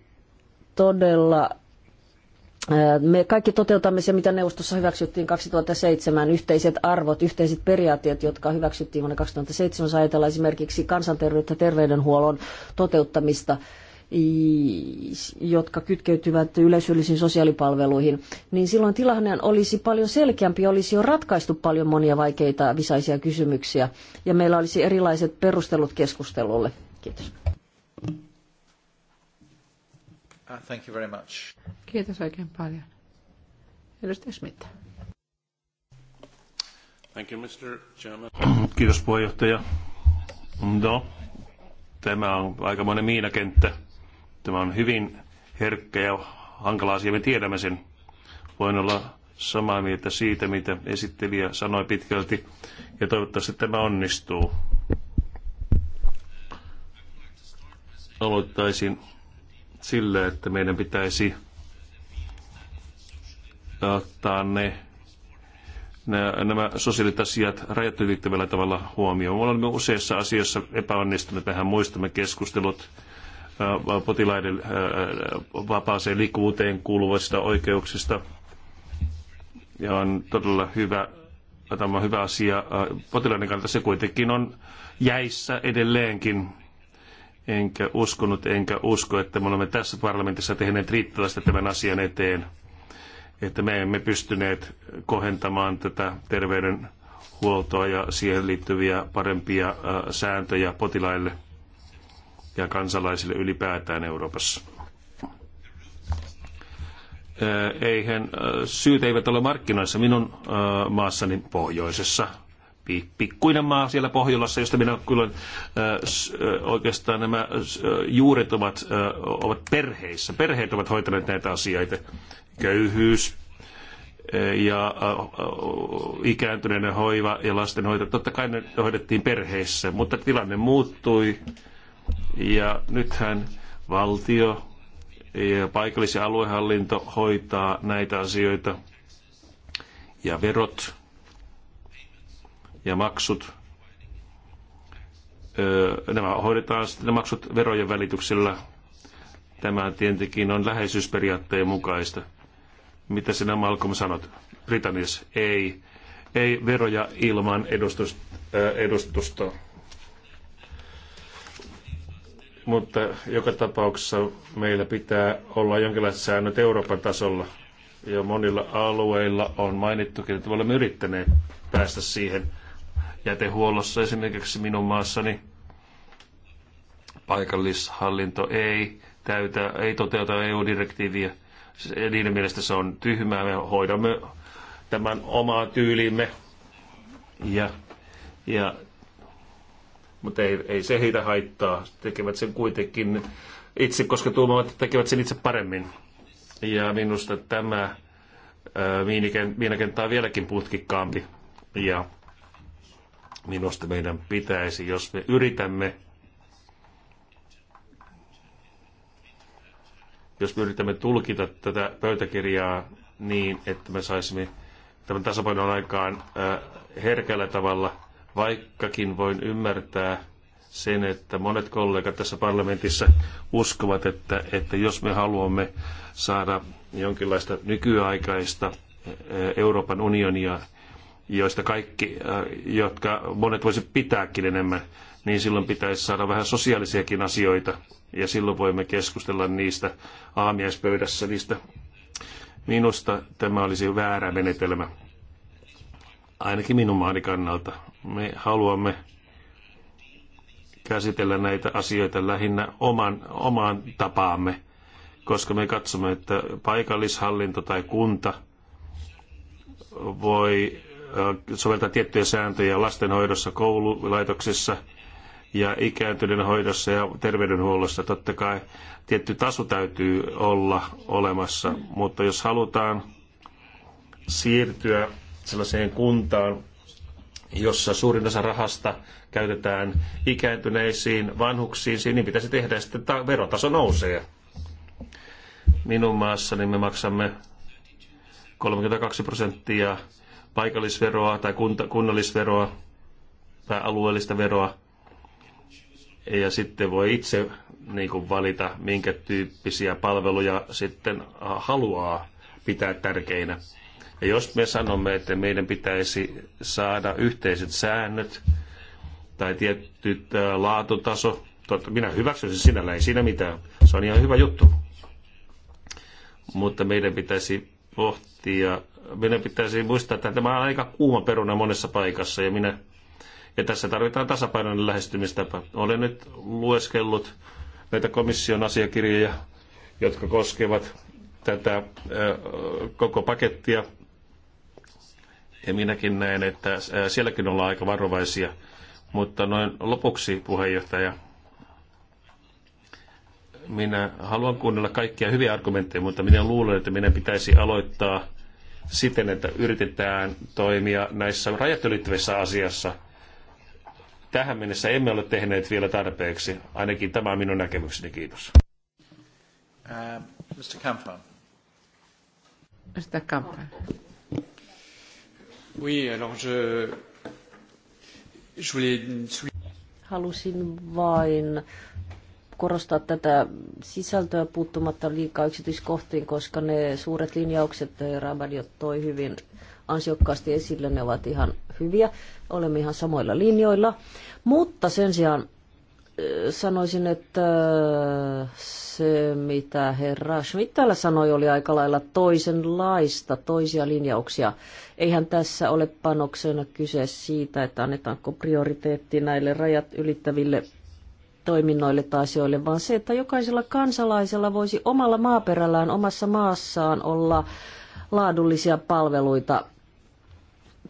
todella me kaikki toteutamme se, mitä neuvostossa hyväksyttiin 2007, yhteiset arvot, yhteiset periaatteet, jotka hyväksyttiin vuonna 2007, jos ajatellaan esimerkiksi kansanterveyttä, terveydenhuollon toteuttamista, jotka kytkeytyvät yleisöllisiin sosiaalipalveluihin, niin silloin tilanne olisi paljon selkeämpi, olisi jo ratkaistu paljon monia vaikeita visaisia kysymyksiä, ja meillä olisi erilaiset perustelut keskustelulle. Kiitos. Uh, thank you very much. Kiitos oikein paljon. Edustaja Smith. Thank you, Mr. Chairman. Kiitos puheenjohtaja. No, tämä on aikamoinen miinakenttä. Tämä on hyvin herkkä ja hankala asia, me tiedämme sen. Voin olla samaa mieltä siitä, mitä esittelijä sanoi pitkälti, ja toivottavasti tämä onnistuu. Aloittaisin sille, että meidän pitäisi ottaa ne, nämä sosiaaliset asiat rajat ylittävällä tavalla huomioon. Me olemme useissa asioissa epäonnistuneet. Mehän muistamme keskustelut potilaiden vapaaseen liikkuvuuteen kuuluvista oikeuksista. Ja on todella hyvä, tämä on hyvä asia. Potilaiden kannalta se kuitenkin on jäissä edelleenkin enkä uskonut, enkä usko, että me olemme tässä parlamentissa tehneet riittävästi tämän asian eteen, että me emme pystyneet kohentamaan tätä terveydenhuoltoa ja siihen liittyviä parempia äh, sääntöjä potilaille ja kansalaisille ylipäätään Euroopassa. Äh, eihän äh, syyt eivät ole markkinoissa minun maassani pohjoisessa, pikkuinen maa siellä Pohjolassa, josta minä kyllä äh, oikeastaan nämä äh, juuret ovat, äh, ovat perheissä. Perheet ovat hoitaneet näitä asioita. Köyhyys ja ikääntyneiden hoiva ja lastenhoito, totta kai ne hoidettiin perheissä, mutta tilanne muuttui ja nythän valtio ja paikallis- ja aluehallinto hoitaa näitä asioita ja verot ja maksut, nämä hoidetaan sitten ne maksut verojen välityksellä. Tämä tietenkin on läheisyysperiaatteen mukaista. Mitä sinä Malcolm sanot? Britanniassa ei. Ei veroja ilman edustusta. Mutta joka tapauksessa meillä pitää olla jonkinlaiset säännöt Euroopan tasolla. Ja monilla alueilla on mainittukin, että olemme yrittäneet päästä siihen jätehuollossa esimerkiksi minun maassani paikallishallinto ei täytä, ei toteuta EU-direktiiviä. Niiden mielestä se on tyhmää. Me hoidamme tämän omaa tyylimme. Ja, ja, mutta ei, ei se heitä haittaa. Tekevät sen kuitenkin itse, koska tuomaat tekevät sen itse paremmin. Ja minusta tämä miinakenttä on vieläkin putkikkaampi. Ja Minusta meidän pitäisi, jos me yritämme jos me yritämme tulkita tätä pöytäkirjaa niin, että me saisimme tämän tasapainon aikaan äh, herkällä tavalla, vaikkakin voin ymmärtää sen, että monet kollegat tässä parlamentissa uskovat, että, että jos me haluamme saada jonkinlaista nykyaikaista äh, Euroopan unionia, joista kaikki, äh, jotka monet voisi pitääkin enemmän, niin silloin pitäisi saada vähän sosiaalisiakin asioita. Ja silloin voimme keskustella niistä aamiaispöydässä, niistä. Minusta tämä olisi väärä menetelmä, ainakin minun maani kannalta. Me haluamme käsitellä näitä asioita lähinnä oman, omaan tapaamme, koska me katsomme, että paikallishallinto tai kunta voi soveltaa tiettyjä sääntöjä lastenhoidossa, koululaitoksissa ja ikääntyneiden hoidossa ja terveydenhuollossa. Totta kai tietty taso täytyy olla olemassa, mutta jos halutaan siirtyä sellaiseen kuntaan, jossa suurin osa rahasta käytetään ikääntyneisiin, vanhuksiin, niin pitäisi tehdä ja sitten ta- verotaso nousee. Minun maassani me maksamme 32 prosenttia paikallisveroa tai kunta, kunnallisveroa tai alueellista veroa. Ja sitten voi itse niin kuin valita, minkä tyyppisiä palveluja sitten haluaa pitää tärkeinä. Ja jos me sanomme, että meidän pitäisi saada yhteiset säännöt tai tietty laatutaso, totta, minä hyväksyn sen sinällä, ei siinä mitään. Se on ihan hyvä juttu. Mutta meidän pitäisi pohtia meidän pitäisi muistaa, että tämä on aika kuuma peruna monessa paikassa ja minä ja tässä tarvitaan tasapainoinen lähestymistapa. Olen nyt lueskellut näitä komission asiakirjoja, jotka koskevat tätä koko pakettia. Ja minäkin näen, että sielläkin ollaan aika varovaisia. Mutta noin lopuksi, puheenjohtaja, minä haluan kuunnella kaikkia hyviä argumentteja, mutta minä luulen, että minä pitäisi aloittaa siten, että yritetään toimia näissä rajat ylittävissä asiassa. Tähän mennessä emme ole tehneet vielä tarpeeksi. Ainakin tämä on minun näkemykseni. Kiitos. Uh, Mr. Kampan. Mr. Kampan. Oui, alors je, je voulais... Halusin vain korostaa tätä sisältöä puuttumatta liikaa yksityiskohtiin, koska ne suuret linjaukset Rabadi toi hyvin ansiokkaasti esille, ne ovat ihan hyviä. Olemme ihan samoilla linjoilla. Mutta sen sijaan sanoisin, että se mitä herra Schmidt täällä sanoi oli aika lailla toisenlaista, toisia linjauksia. Eihän tässä ole panoksena kyse siitä, että annetaanko prioriteetti näille rajat ylittäville toiminnoille tai asioille, vaan se, että jokaisella kansalaisella voisi omalla maaperällään, omassa maassaan olla laadullisia palveluita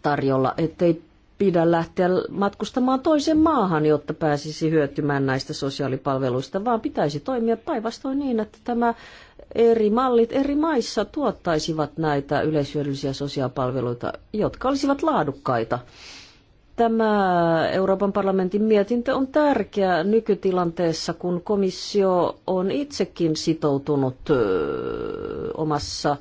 tarjolla, ettei pidä lähteä matkustamaan toiseen maahan, jotta pääsisi hyötymään näistä sosiaalipalveluista, vaan pitäisi toimia päinvastoin niin, että tämä eri mallit eri maissa tuottaisivat näitä yleishyödyllisiä sosiaalipalveluita, jotka olisivat laadukkaita. Tämä Euroopan parlamentin mietintö on tärkeä nykytilanteessa, kun komissio on itsekin sitoutunut omassa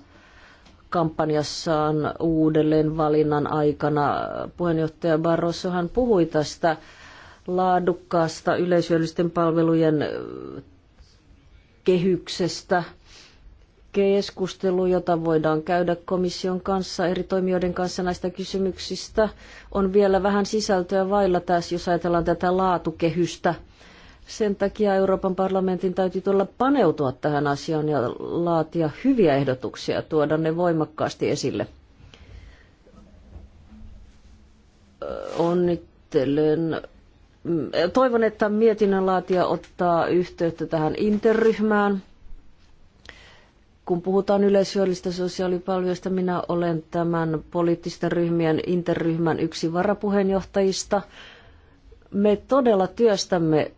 kampanjassaan uudelleen valinnan aikana. Puheenjohtaja Barrosohan puhui tästä laadukkaasta yleishyödyllisten palvelujen kehyksestä – keskustelu, jota voidaan käydä komission kanssa, eri toimijoiden kanssa näistä kysymyksistä, on vielä vähän sisältöä vailla tässä, jos ajatellaan tätä laatukehystä. Sen takia Euroopan parlamentin täytyy tulla paneutua tähän asiaan ja laatia hyviä ehdotuksia ja tuoda ne voimakkaasti esille. Onnittelen toivon, että laatija ottaa yhteyttä tähän interryhmään kun puhutaan yleishyödyllistä sosiaalipalveluista, minä olen tämän poliittisten ryhmien interryhmän yksi varapuheenjohtajista. Me todella työstämme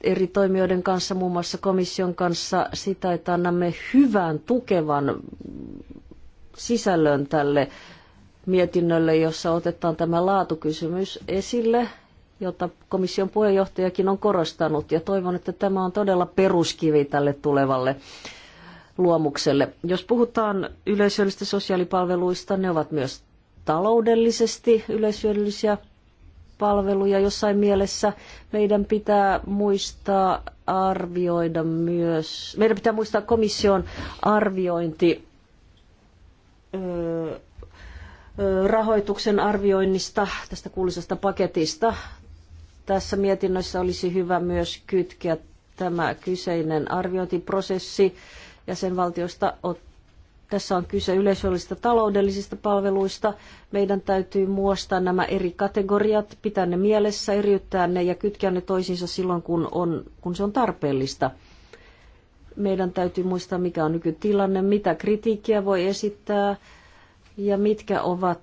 eri toimijoiden kanssa, muun muassa komission kanssa, sitä, että annamme hyvän, tukevan sisällön tälle mietinnölle, jossa otetaan tämä laatukysymys esille, jota komission puheenjohtajakin on korostanut, ja toivon, että tämä on todella peruskivi tälle tulevalle luomukselle. Jos puhutaan yleisöllistä sosiaalipalveluista, ne ovat myös taloudellisesti yleisöllisiä palveluja jossain mielessä. Meidän pitää muistaa arvioida myös, meidän pitää muistaa komission arviointi rahoituksen arvioinnista, tästä kuuluisasta paketista. Tässä mietinnössä olisi hyvä myös kytkeä tämä kyseinen arviointiprosessi jäsenvaltioista tässä on kyse yleisöllisistä taloudellisista palveluista. Meidän täytyy muostaa nämä eri kategoriat, pitää ne mielessä, eriyttää ne ja kytkeä ne toisiinsa silloin, kun, on, kun se on tarpeellista. Meidän täytyy muistaa, mikä on nykytilanne, mitä kritiikkiä voi esittää ja mitkä ovat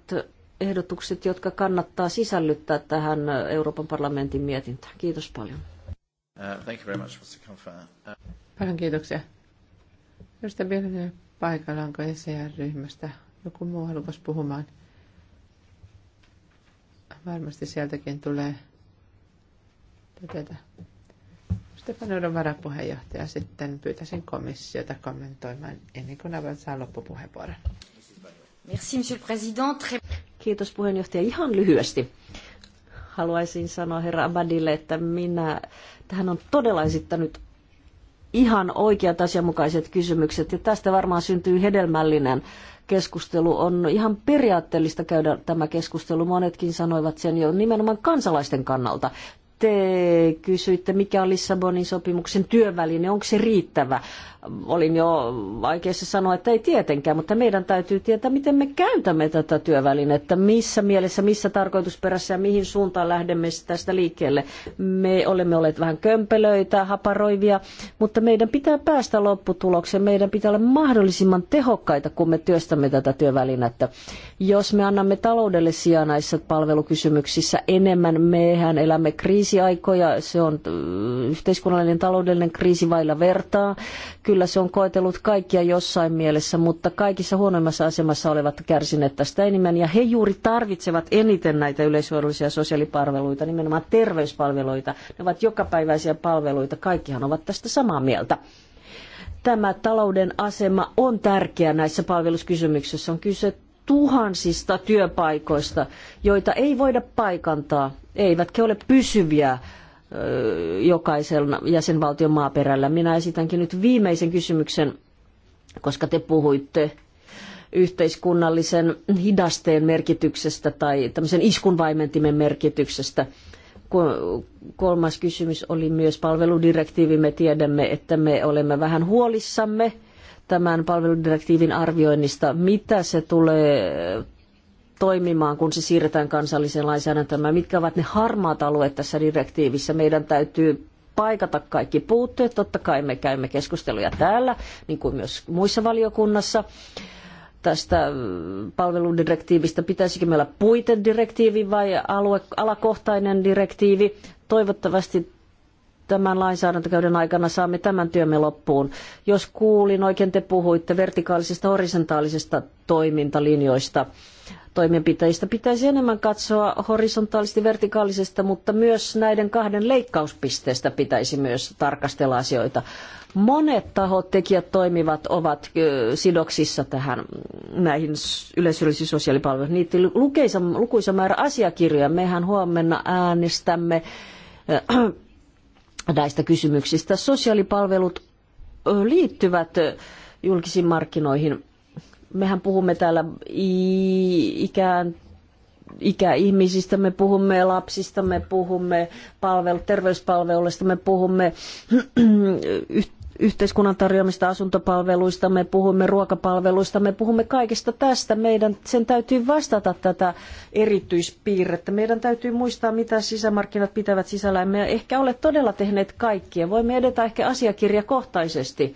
ehdotukset, jotka kannattaa sisällyttää tähän Euroopan parlamentin mietintään. Kiitos paljon. Uh, thank you very much, uh, Paljon kiitoksia. Josta Bielinen paikalla, onko ECR-ryhmästä joku muu halukas puhumaan? Varmasti sieltäkin tulee tätä. Oudon varapuheenjohtaja sitten pyytäisin komissiota kommentoimaan ennen kuin avaan saa loppupuheenvuoron. Merci, monsieur le président. Kiitos puheenjohtaja. Ihan lyhyesti haluaisin sanoa herra Abadille, että minä, tähän on todella esittänyt ihan oikeat asianmukaiset kysymykset. Ja tästä varmaan syntyy hedelmällinen keskustelu. On ihan periaatteellista käydä tämä keskustelu. Monetkin sanoivat sen jo nimenomaan kansalaisten kannalta te kysyitte, mikä on Lissabonin sopimuksen työväline, onko se riittävä? Olin jo vaikeassa sanoa, että ei tietenkään, mutta meidän täytyy tietää, miten me käytämme tätä työvälinettä, missä mielessä, missä tarkoitusperässä ja mihin suuntaan lähdemme tästä liikkeelle. Me olemme olleet vähän kömpelöitä, haparoivia, mutta meidän pitää päästä lopputulokseen. Meidän pitää olla mahdollisimman tehokkaita, kun me työstämme tätä työvälinettä. Jos me annamme taloudelle sijaa näissä palvelukysymyksissä enemmän, mehän elämme kriisiä kriisiaikoja, se on yhteiskunnallinen taloudellinen kriisi vailla vertaa. Kyllä se on koetellut kaikkia jossain mielessä, mutta kaikissa huonoimmassa asemassa olevat kärsineet tästä enemmän. Ja he juuri tarvitsevat eniten näitä yleishyödyllisiä sosiaalipalveluita, nimenomaan terveyspalveluita. Ne ovat jokapäiväisiä palveluita, kaikkihan ovat tästä samaa mieltä tämä talouden asema on tärkeä näissä palveluskysymyksissä. On kyse tuhansista työpaikoista, joita ei voida paikantaa eivätkä ole pysyviä jokaisen jäsenvaltion maaperällä. Minä esitänkin nyt viimeisen kysymyksen, koska te puhuitte yhteiskunnallisen hidasteen merkityksestä tai tämmöisen iskunvaimentimen merkityksestä. Kolmas kysymys oli myös palveludirektiivi. Me tiedämme, että me olemme vähän huolissamme tämän palveludirektiivin arvioinnista. Mitä se tulee toimimaan, kun se siirretään kansalliseen lainsäädäntöön? Mitkä ovat ne harmaat alueet tässä direktiivissä? Meidän täytyy paikata kaikki puutteet. Totta kai me käymme keskusteluja täällä, niin kuin myös muissa valiokunnassa tästä mm, palveludirektiivistä, pitäisikö meillä puitedirektiivi vai alue, alakohtainen direktiivi. Toivottavasti tämän lainsäädäntökäyden aikana saamme tämän työmme loppuun. Jos kuulin oikein, te puhuitte vertikaalisista horisontaalisista toimintalinjoista. Toimenpiteistä pitäisi enemmän katsoa horisontaalisesti vertikaalisesta, mutta myös näiden kahden leikkauspisteestä pitäisi myös tarkastella asioita. Monet tahot, tekijät toimivat, ovat sidoksissa tähän näihin yleisöllisiin sosiaalipalveluihin. Niitä lukuisa, lukuisa määrä asiakirjoja. Mehän huomenna äänestämme näistä kysymyksistä. Sosiaalipalvelut liittyvät julkisiin markkinoihin. Mehän puhumme täällä ikään ikäihmisistä, me puhumme lapsista, me puhumme palvelu, terveyspalveluista, me puhumme yhteiskunnan tarjoamista asuntopalveluista, me puhumme ruokapalveluista, me puhumme kaikesta tästä. Meidän sen täytyy vastata tätä erityispiirrettä. Meidän täytyy muistaa, mitä sisämarkkinat pitävät sisällään. Me ehkä ole todella tehneet kaikkia. Voimme edetä ehkä asiakirjakohtaisesti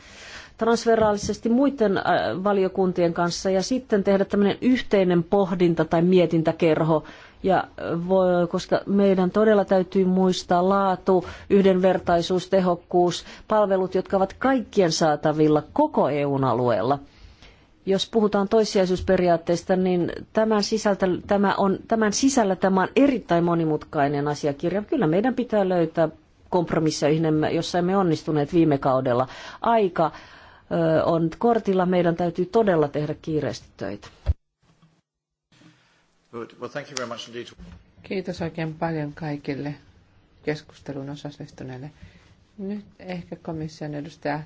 transferaalisesti muiden äh, valiokuntien kanssa ja sitten tehdä tämmöinen yhteinen pohdinta tai mietintäkerho ja voi, koska meidän todella täytyy muistaa laatu, yhdenvertaisuus, tehokkuus, palvelut, jotka ovat kaikkien saatavilla koko EUn alueella jos puhutaan toissijaisuusperiaatteesta, niin tämän, sisältä, tämä on, tämän sisällä tämä on erittäin monimutkainen asiakirja. Kyllä meidän pitää löytää kompromisseja, jossa emme onnistuneet viime kaudella. Aika on kortilla, meidän täytyy todella tehdä kiireesti töitä. Good. Well, thank you very much indeed. Kiitos oikein paljon kaikille keskustelun osallistuneille. Nyt ehkä komission edustaja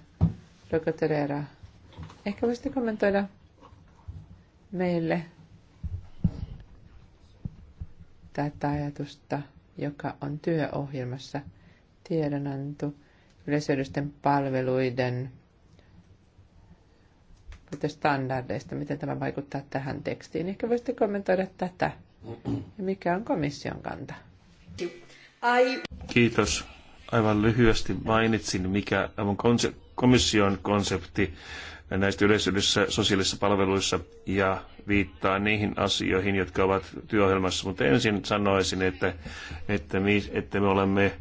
Roka Terera. Ehkä voisitte kommentoida meille tätä ajatusta, joka on työohjelmassa tiedonanto yleisöydysten palveluiden puhutte standardeista, miten tämä vaikuttaa tähän tekstiin. Ehkä voisitte kommentoida tätä. Ja mikä on komission kanta? Kiitos. Aivan lyhyesti mainitsin, mikä on komission konsepti näistä yleisyydessä sosiaalisissa palveluissa ja viittaa niihin asioihin, jotka ovat työohjelmassa. Mutta ensin sanoisin, että, että, me, että me olemme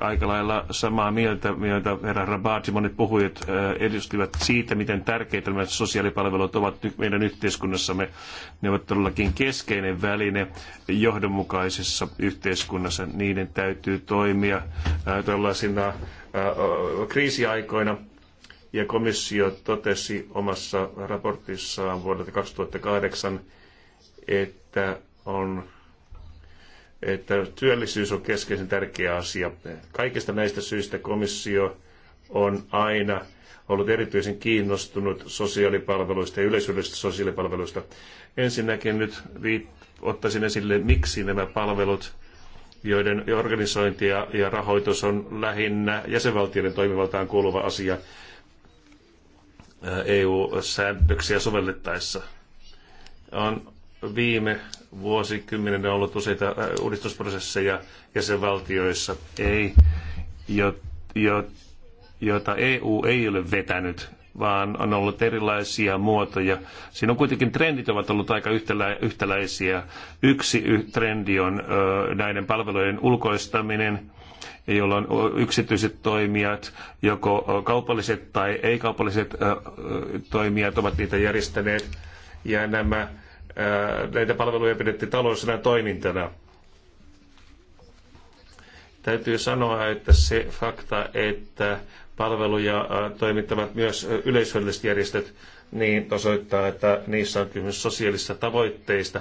aika lailla samaa mieltä, mitä herra Rabat ja monet puhujat edustivat siitä, miten tärkeitä nämä sosiaalipalvelut ovat meidän yhteiskunnassamme. Ne ovat todellakin keskeinen väline johdonmukaisessa yhteiskunnassa. Niiden täytyy toimia tällaisina kriisiaikoina. Ja komissio totesi omassa raportissaan vuodelta 2008, että on että työllisyys on keskeisen tärkeä asia. Kaikista näistä syistä komissio on aina ollut erityisen kiinnostunut sosiaalipalveluista ja yleisöllisistä sosiaalipalveluista. Ensinnäkin nyt ottaisin esille, miksi nämä palvelut, joiden organisointi ja, ja rahoitus on lähinnä jäsenvaltioiden toimivaltaan kuuluva asia EU-säännöksiä sovellettaessa. On viime vuosikymmenen on ollut useita äh, uudistusprosesseja jäsenvaltioissa, ei, jo, jo, jota EU ei ole vetänyt, vaan on ollut erilaisia muotoja. Siinä on kuitenkin trendit ovat olleet aika yhtälä, yhtäläisiä. Yksi trendi on ö, näiden palvelujen ulkoistaminen, jolloin yksityiset toimijat, joko kaupalliset tai ei-kaupalliset toimijat ovat niitä järjestäneet. Ja nämä näitä palveluja pidettiin taloudellisena toimintana. Täytyy sanoa, että se fakta, että palveluja toimittavat myös yleisölliset järjestöt, niin osoittaa, että niissä on kysymys sosiaalisista tavoitteista,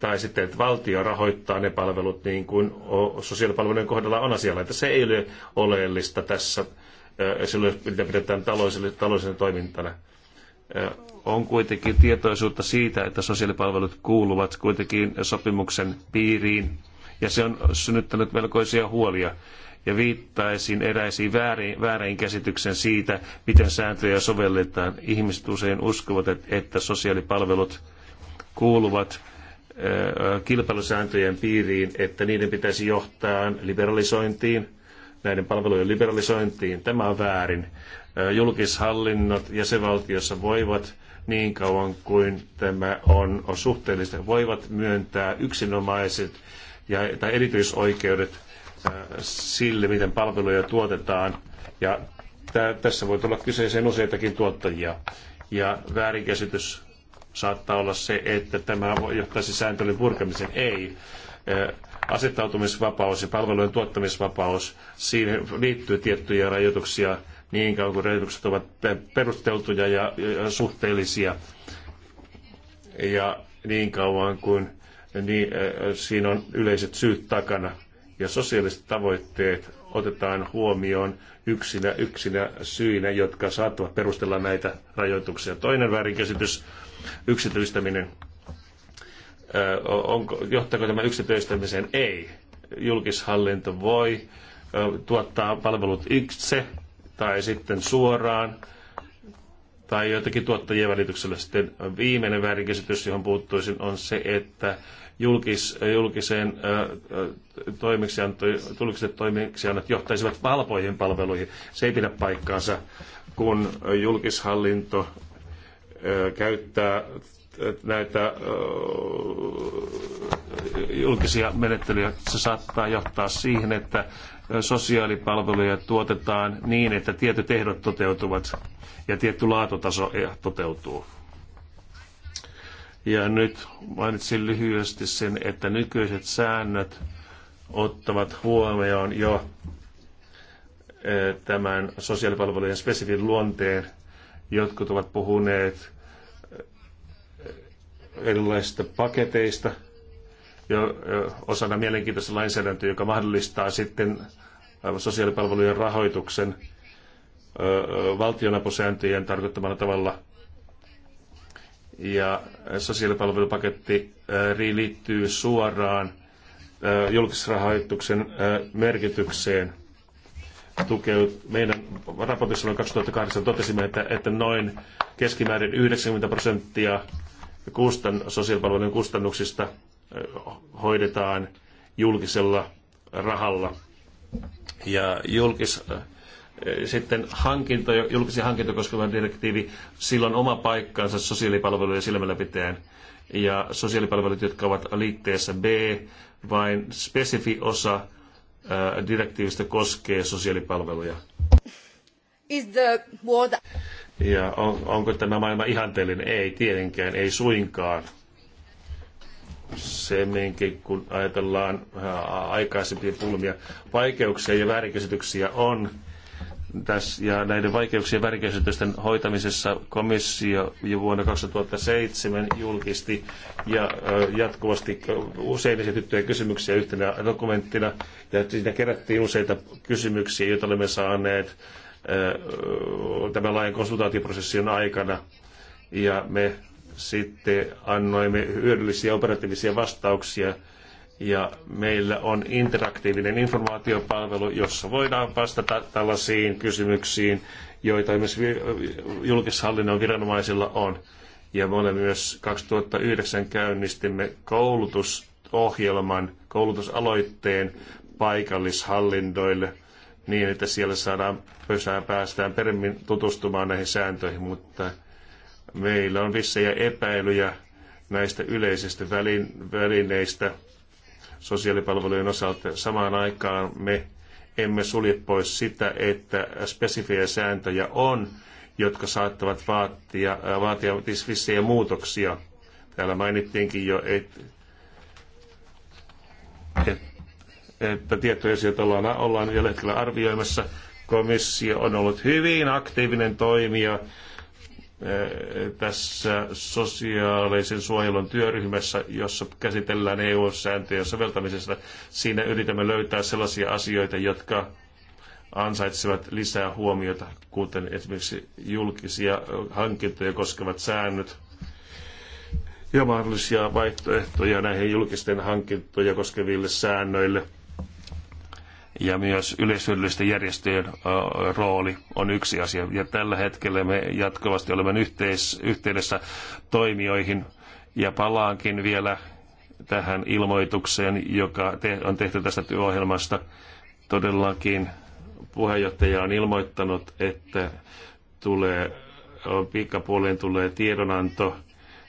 tai sitten, että valtio rahoittaa ne palvelut niin kuin sosiaalipalvelujen kohdalla on asialla. se ei ole oleellista tässä, silloin mitä pidetään taloudellisena toimintana on kuitenkin tietoisuutta siitä, että sosiaalipalvelut kuuluvat kuitenkin sopimuksen piiriin, ja se on synnyttänyt melkoisia huolia. Ja viittaisin eräisiin väärin, väärinkäsityksen siitä, miten sääntöjä sovelletaan. Ihmiset usein uskovat, että sosiaalipalvelut kuuluvat kilpailusääntöjen piiriin, että niiden pitäisi johtaa liberalisointiin, näiden palvelujen liberalisointiin. Tämä on väärin julkishallinnot jäsenvaltiossa voivat niin kauan kuin tämä on, on suhteellista, voivat myöntää yksinomaiset ja, tai erityisoikeudet sille, miten palveluja tuotetaan. Ja tässä voi tulla kyseeseen useitakin tuottajia. Ja väärinkäsitys saattaa olla se, että tämä johtaisi sääntelyn purkamisen. Ei. Asettautumisvapaus ja palvelujen tuottamisvapaus, siihen liittyy tiettyjä rajoituksia niin kauan kuin rajoitukset ovat perusteltuja ja, ja suhteellisia. Ja niin kauan kuin niin, siinä on yleiset syyt takana ja sosiaaliset tavoitteet otetaan huomioon yksinä, yksinä syinä, jotka saattavat perustella näitä rajoituksia. Toinen väärinkäsitys, yksityistäminen. Öö, onko, johtaako tämä yksityistämiseen? Ei. Julkishallinto voi äh, tuottaa palvelut itse tai sitten suoraan tai joitakin tuottajien välityksellä. Sitten viimeinen väärinkäsitys, johon puuttuisin, on se, että julkis, julkiseen julkiset toimeksiannot johtaisivat valpoihin palveluihin. Se ei pidä paikkaansa, kun julkishallinto käyttää näitä julkisia menettelyjä. Se saattaa johtaa siihen, että sosiaalipalveluja tuotetaan niin, että tietyt ehdot toteutuvat ja tietty laatutaso eh, toteutuu. Ja nyt mainitsin lyhyesti sen, että nykyiset säännöt ottavat huomioon jo tämän sosiaalipalvelujen spesifin luonteen. Jotkut ovat puhuneet erilaisista paketeista – jo osana mielenkiintoista lainsäädäntöä, joka mahdollistaa sitten sosiaalipalvelujen rahoituksen valtionapusääntöjen tarkoittamalla tavalla. Ja sosiaalipalvelupaketti liittyy suoraan julkisrahoituksen merkitykseen. meidän raportissa noin 2008 totesimme, että, että noin keskimäärin 90 prosenttia kustan, sosiaalipalvelujen kustannuksista – hoidetaan julkisella rahalla. Ja julkis, äh, sitten hankinto, julkisia hankintoja koskeva direktiivi, sillä on oma paikkansa sosiaalipalvelujen silmällä pitäen. Ja sosiaalipalvelut, jotka ovat liitteessä B, vain spesifi osa äh, direktiivistä koskee sosiaalipalveluja. Ja on, onko tämä maailma ihanteellinen? Ei tietenkään, ei suinkaan semminkin, kun ajatellaan äh, aikaisempia pulmia. Vaikeuksia ja väärinkäsityksiä on, tässä, ja näiden vaikeuksien väärinkäsitysten hoitamisessa komissio jo vuonna 2007 julkisti ja äh, jatkuvasti usein esitettyjä kysymyksiä yhtenä dokumenttina. Ja siinä kerättiin useita kysymyksiä, joita olemme saaneet äh, tämän laajan konsultaatioprosessin aikana. Ja me sitten annoimme hyödyllisiä operatiivisia vastauksia ja meillä on interaktiivinen informaatiopalvelu, jossa voidaan vastata tällaisiin kysymyksiin, joita myös julkishallinnon viranomaisilla on. Ja me olemme myös 2009 käynnistimme koulutusohjelman, koulutusaloitteen paikallishallinnoille niin, että siellä saadaan päästään paremmin tutustumaan näihin sääntöihin, mutta Meillä on vissejä epäilyjä näistä yleisistä välineistä sosiaalipalvelujen osalta. Samaan aikaan me emme sulje pois sitä, että spesifejä sääntöjä on, jotka saattavat vaatia, vaatia vissejä muutoksia. Täällä mainittiinkin jo, että että tiettyjä asioita ollaan, ollaan jo hetkellä arvioimassa. Komissio on ollut hyvin aktiivinen toimija tässä sosiaalisen suojelun työryhmässä, jossa käsitellään EU-sääntöjen soveltamisesta. Siinä yritämme löytää sellaisia asioita, jotka ansaitsevat lisää huomiota, kuten esimerkiksi julkisia hankintoja koskevat säännöt ja mahdollisia vaihtoehtoja näihin julkisten hankintoja koskeville säännöille – ja myös yleishyödyllisten järjestöjen rooli on yksi asia. Ja tällä hetkellä me jatkuvasti olemme yhteis- yhteydessä toimijoihin ja palaankin vielä tähän ilmoitukseen, joka te- on tehty tästä työohjelmasta. Todellakin puheenjohtaja on ilmoittanut, että tulee, pikkapuoleen tulee tiedonanto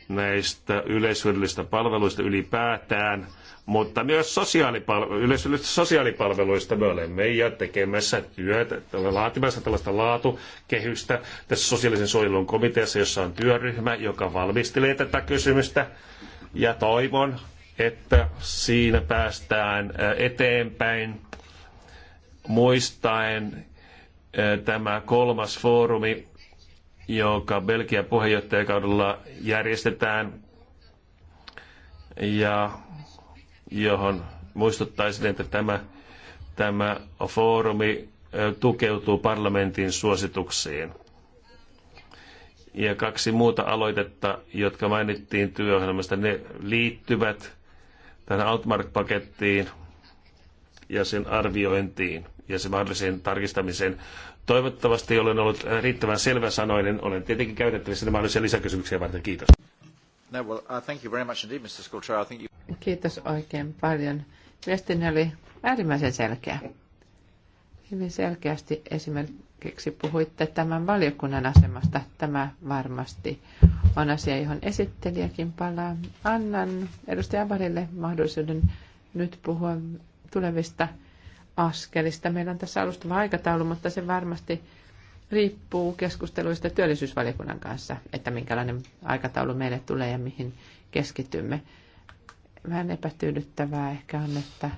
näistä yleishyödyllisistä palveluista ylipäätään – mutta myös sosiaalipal- yleisöllisistä sosiaalipalveluista me olemme ja tekemässä työtä, laatimassa tällaista laatukehystä tässä sosiaalisen suojelun komiteassa, jossa on työryhmä, joka valmistelee tätä kysymystä. Ja toivon, että siinä päästään eteenpäin muistaen tämä kolmas foorumi, joka Belgian puheenjohtajakaudella järjestetään. Ja johon muistuttaisin, että tämä, tämä foorumi tukeutuu parlamentin suosituksiin. Ja kaksi muuta aloitetta, jotka mainittiin työohjelmasta, ne liittyvät tähän altmark pakettiin ja sen arviointiin ja sen mahdolliseen tarkistamiseen. Toivottavasti olen ollut riittävän selväsanoinen. Olen tietenkin käytettävissä mahdollisia lisäkysymyksiä varten. Kiitos. No, well, uh, thank you very much indeed, Mr. I think you... Kiitos oikein paljon. Viestinne oli äärimmäisen selkeä. Hyvin selkeästi esimerkiksi puhuitte tämän valiokunnan asemasta. Tämä varmasti on asia, johon esittelijäkin palaa. Annan edustaja Abarille mahdollisuuden nyt puhua tulevista askelista. Meillä on tässä alustava aikataulu, mutta se varmasti riippuu keskusteluista työllisyysvaliokunnan kanssa, että minkälainen aikataulu meille tulee ja mihin keskitymme. Vähän epätyydyttävää ehkä on, että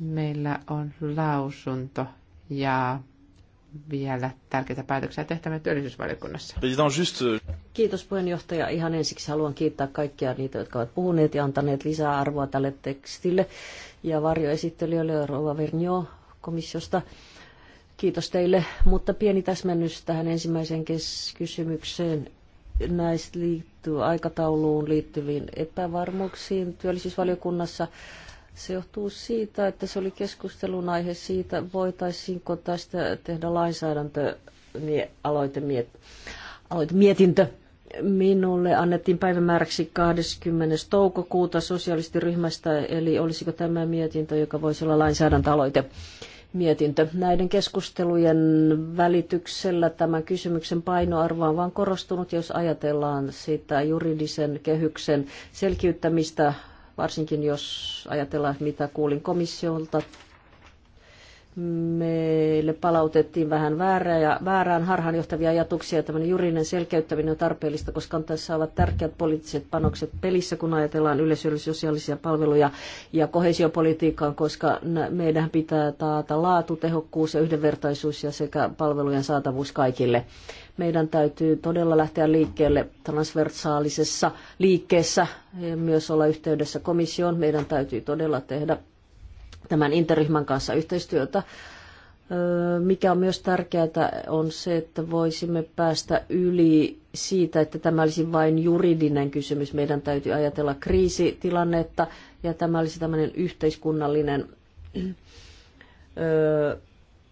meillä on lausunto ja vielä tärkeitä päätöksiä tehtävä työllisyysvaliokunnassa. Kiitos puheenjohtaja. Ihan ensiksi haluan kiittää kaikkia niitä, jotka ovat puhuneet ja antaneet lisää arvoa tälle tekstille. Ja varjoesittelijöille Rova Vernio komissiosta Kiitos teille, mutta pieni täsmennys tähän ensimmäiseen kysymykseen näistä liittyy aikatauluun liittyviin epävarmuuksiin työllisyysvaliokunnassa. Se johtuu siitä, että se oli keskustelun aihe siitä, voitaisiinko tästä tehdä lainsäädäntö aloitemietintö. Minulle annettiin päivämääräksi 20. toukokuuta sosialistiryhmästä, eli olisiko tämä mietintö, joka voisi olla lainsäädäntöaloite. aloite mietintö. Näiden keskustelujen välityksellä tämän kysymyksen painoarvo on vain korostunut, jos ajatellaan sitä juridisen kehyksen selkiyttämistä, varsinkin jos ajatellaan, mitä kuulin komissiolta meille palautettiin vähän väärää ja väärään harhaanjohtavia ajatuksia. Tämmöinen juridinen selkeyttäminen on tarpeellista, koska tässä ovat tärkeät poliittiset panokset pelissä, kun ajatellaan yleisöllisiä sosiaalisia palveluja ja kohesiopolitiikkaan, koska meidän pitää taata laatu, tehokkuus ja yhdenvertaisuus ja sekä palvelujen saatavuus kaikille. Meidän täytyy todella lähteä liikkeelle transversaalisessa liikkeessä, myös olla yhteydessä komissioon. Meidän täytyy todella tehdä tämän interryhmän kanssa yhteistyötä. Mikä on myös tärkeää on se, että voisimme päästä yli siitä, että tämä olisi vain juridinen kysymys. Meidän täytyy ajatella kriisitilannetta ja tämä olisi tämmöinen yhteiskunnallinen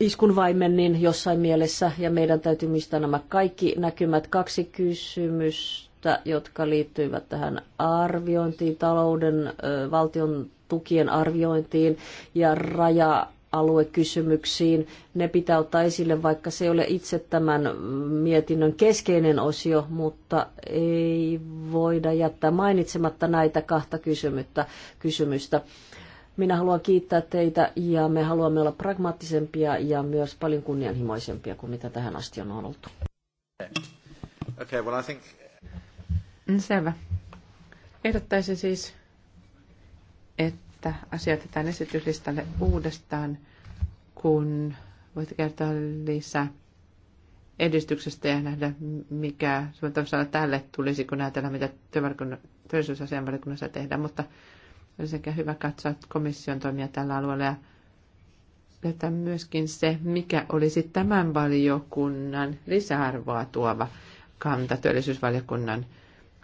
iskunvaimen niin jossain mielessä ja meidän täytyy muistaa nämä kaikki näkymät. Kaksi kysymystä, jotka liittyivät tähän arviointiin, talouden, valtion tukien arviointiin ja raja aluekysymyksiin. Ne pitää ottaa esille, vaikka se ei ole itse tämän mietinnön keskeinen osio, mutta ei voida jättää mainitsematta näitä kahta kysymystä. kysymystä. Minä haluan kiittää teitä ja me haluamme olla pragmaattisempia ja myös paljon kunnianhimoisempia kuin mitä tähän asti on ollut. Okay, well I think... Selvä. Ehdottaisin siis että asia otetaan esityslistalle uudestaan, kun voit kertoa lisää edistyksestä ja nähdä, mikä sanoa, tälle tulisi, kun ajatellaan, mitä työllisyysasianvalikunnassa tehdään, mutta olisi ehkä hyvä katsoa komission toimia tällä alueella ja löytää myöskin se, mikä olisi tämän valiokunnan lisäarvoa tuova kanta työllisyysvaliokunnan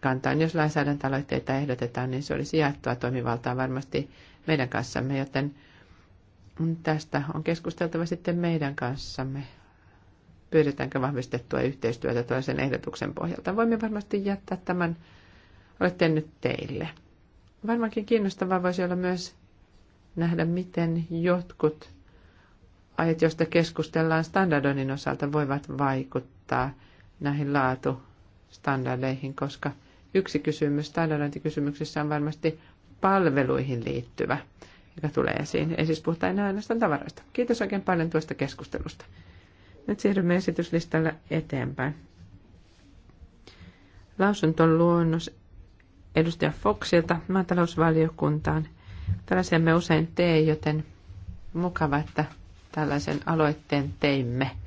kantaan. Jos lainsäädäntöaloitteita ehdotetaan, niin se olisi jaettua toimivaltaa varmasti meidän kanssamme, joten tästä on keskusteltava sitten meidän kanssamme. Pyydetäänkö vahvistettua yhteistyötä toisen ehdotuksen pohjalta? Voimme varmasti jättää tämän aloitteen nyt teille. Varmaankin kiinnostavaa voisi olla myös nähdä, miten jotkut ajat, joista keskustellaan standardoinnin osalta, voivat vaikuttaa näihin laatustandardeihin, koska Yksi kysymys standardointikysymyksessä on varmasti palveluihin liittyvä, joka tulee esiin. Ei siis puhuta enää ainoastaan tavaroista. Kiitos oikein paljon tuosta keskustelusta. Nyt siirrymme esityslistalla eteenpäin. Lausunton luonnos edustaja Foxilta maatalousvaliokuntaan. Tällaisia me usein tee, joten mukava, että tällaisen aloitteen teimme –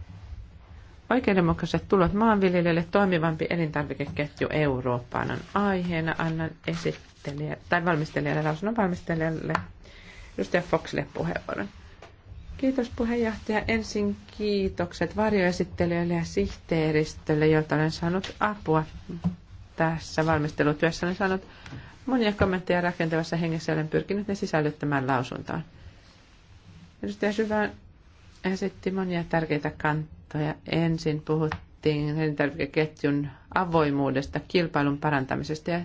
Oikeudenmukaiset tulot maanviljelijöille toimivampi elintarvikeketju Eurooppaan on aiheena. Annan esittelijä, tai valmistelijalle, lausunnon valmistelijalle, edustaja Foxille puheenvuoron. Kiitos puheenjohtaja. Ensin kiitokset varjoesittelijöille ja sihteeristölle, joilta olen saanut apua tässä valmistelutyössä. Olen saanut monia kommentteja rakentavassa hengessä olen pyrkinyt ne sisällyttämään lausuntoon. Edustaja Syvän esitti monia tärkeitä kantteja vaihtoehtoja. Ensin puhuttiin elintarvikeketjun avoimuudesta, kilpailun parantamisesta ja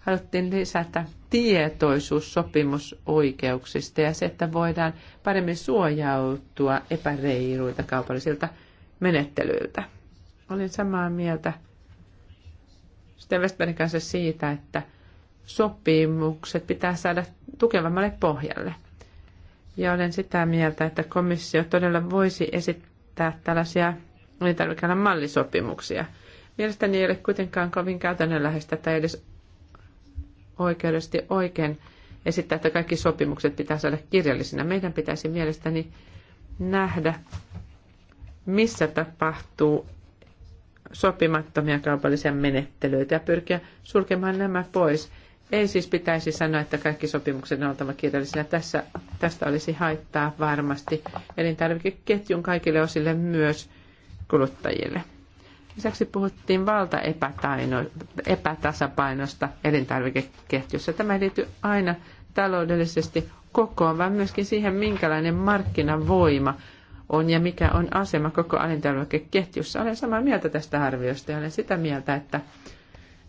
haluttiin lisätä tietoisuus sopimusoikeuksista ja se, että voidaan paremmin suojautua epäreiluilta kaupallisilta menettelyiltä. Olin samaa mieltä Sten Westbergin kanssa siitä, että sopimukset pitää saada tukevammalle pohjalle. Ja olen sitä mieltä, että komissio todella voisi esittää käyttää tällaisia elintarvikealan mallisopimuksia. Mielestäni ei ole kuitenkaan kovin käytännönläheistä tai edes oikeudellisesti oikein esittää, että kaikki sopimukset pitää saada kirjallisina. Meidän pitäisi mielestäni nähdä, missä tapahtuu sopimattomia kaupallisia menettelyitä ja pyrkiä sulkemaan nämä pois ei siis pitäisi sanoa, että kaikki sopimukset on oltava kirjallisina. Tässä, tästä olisi haittaa varmasti elintarvikeketjun kaikille osille myös kuluttajille. Lisäksi puhuttiin valtaepätasapainosta elintarvikeketjussa. Tämä ei liity aina taloudellisesti kokoon, vaan myöskin siihen, minkälainen markkinavoima on ja mikä on asema koko elintarvikeketjussa. Olen samaa mieltä tästä arviosta ja olen sitä mieltä, että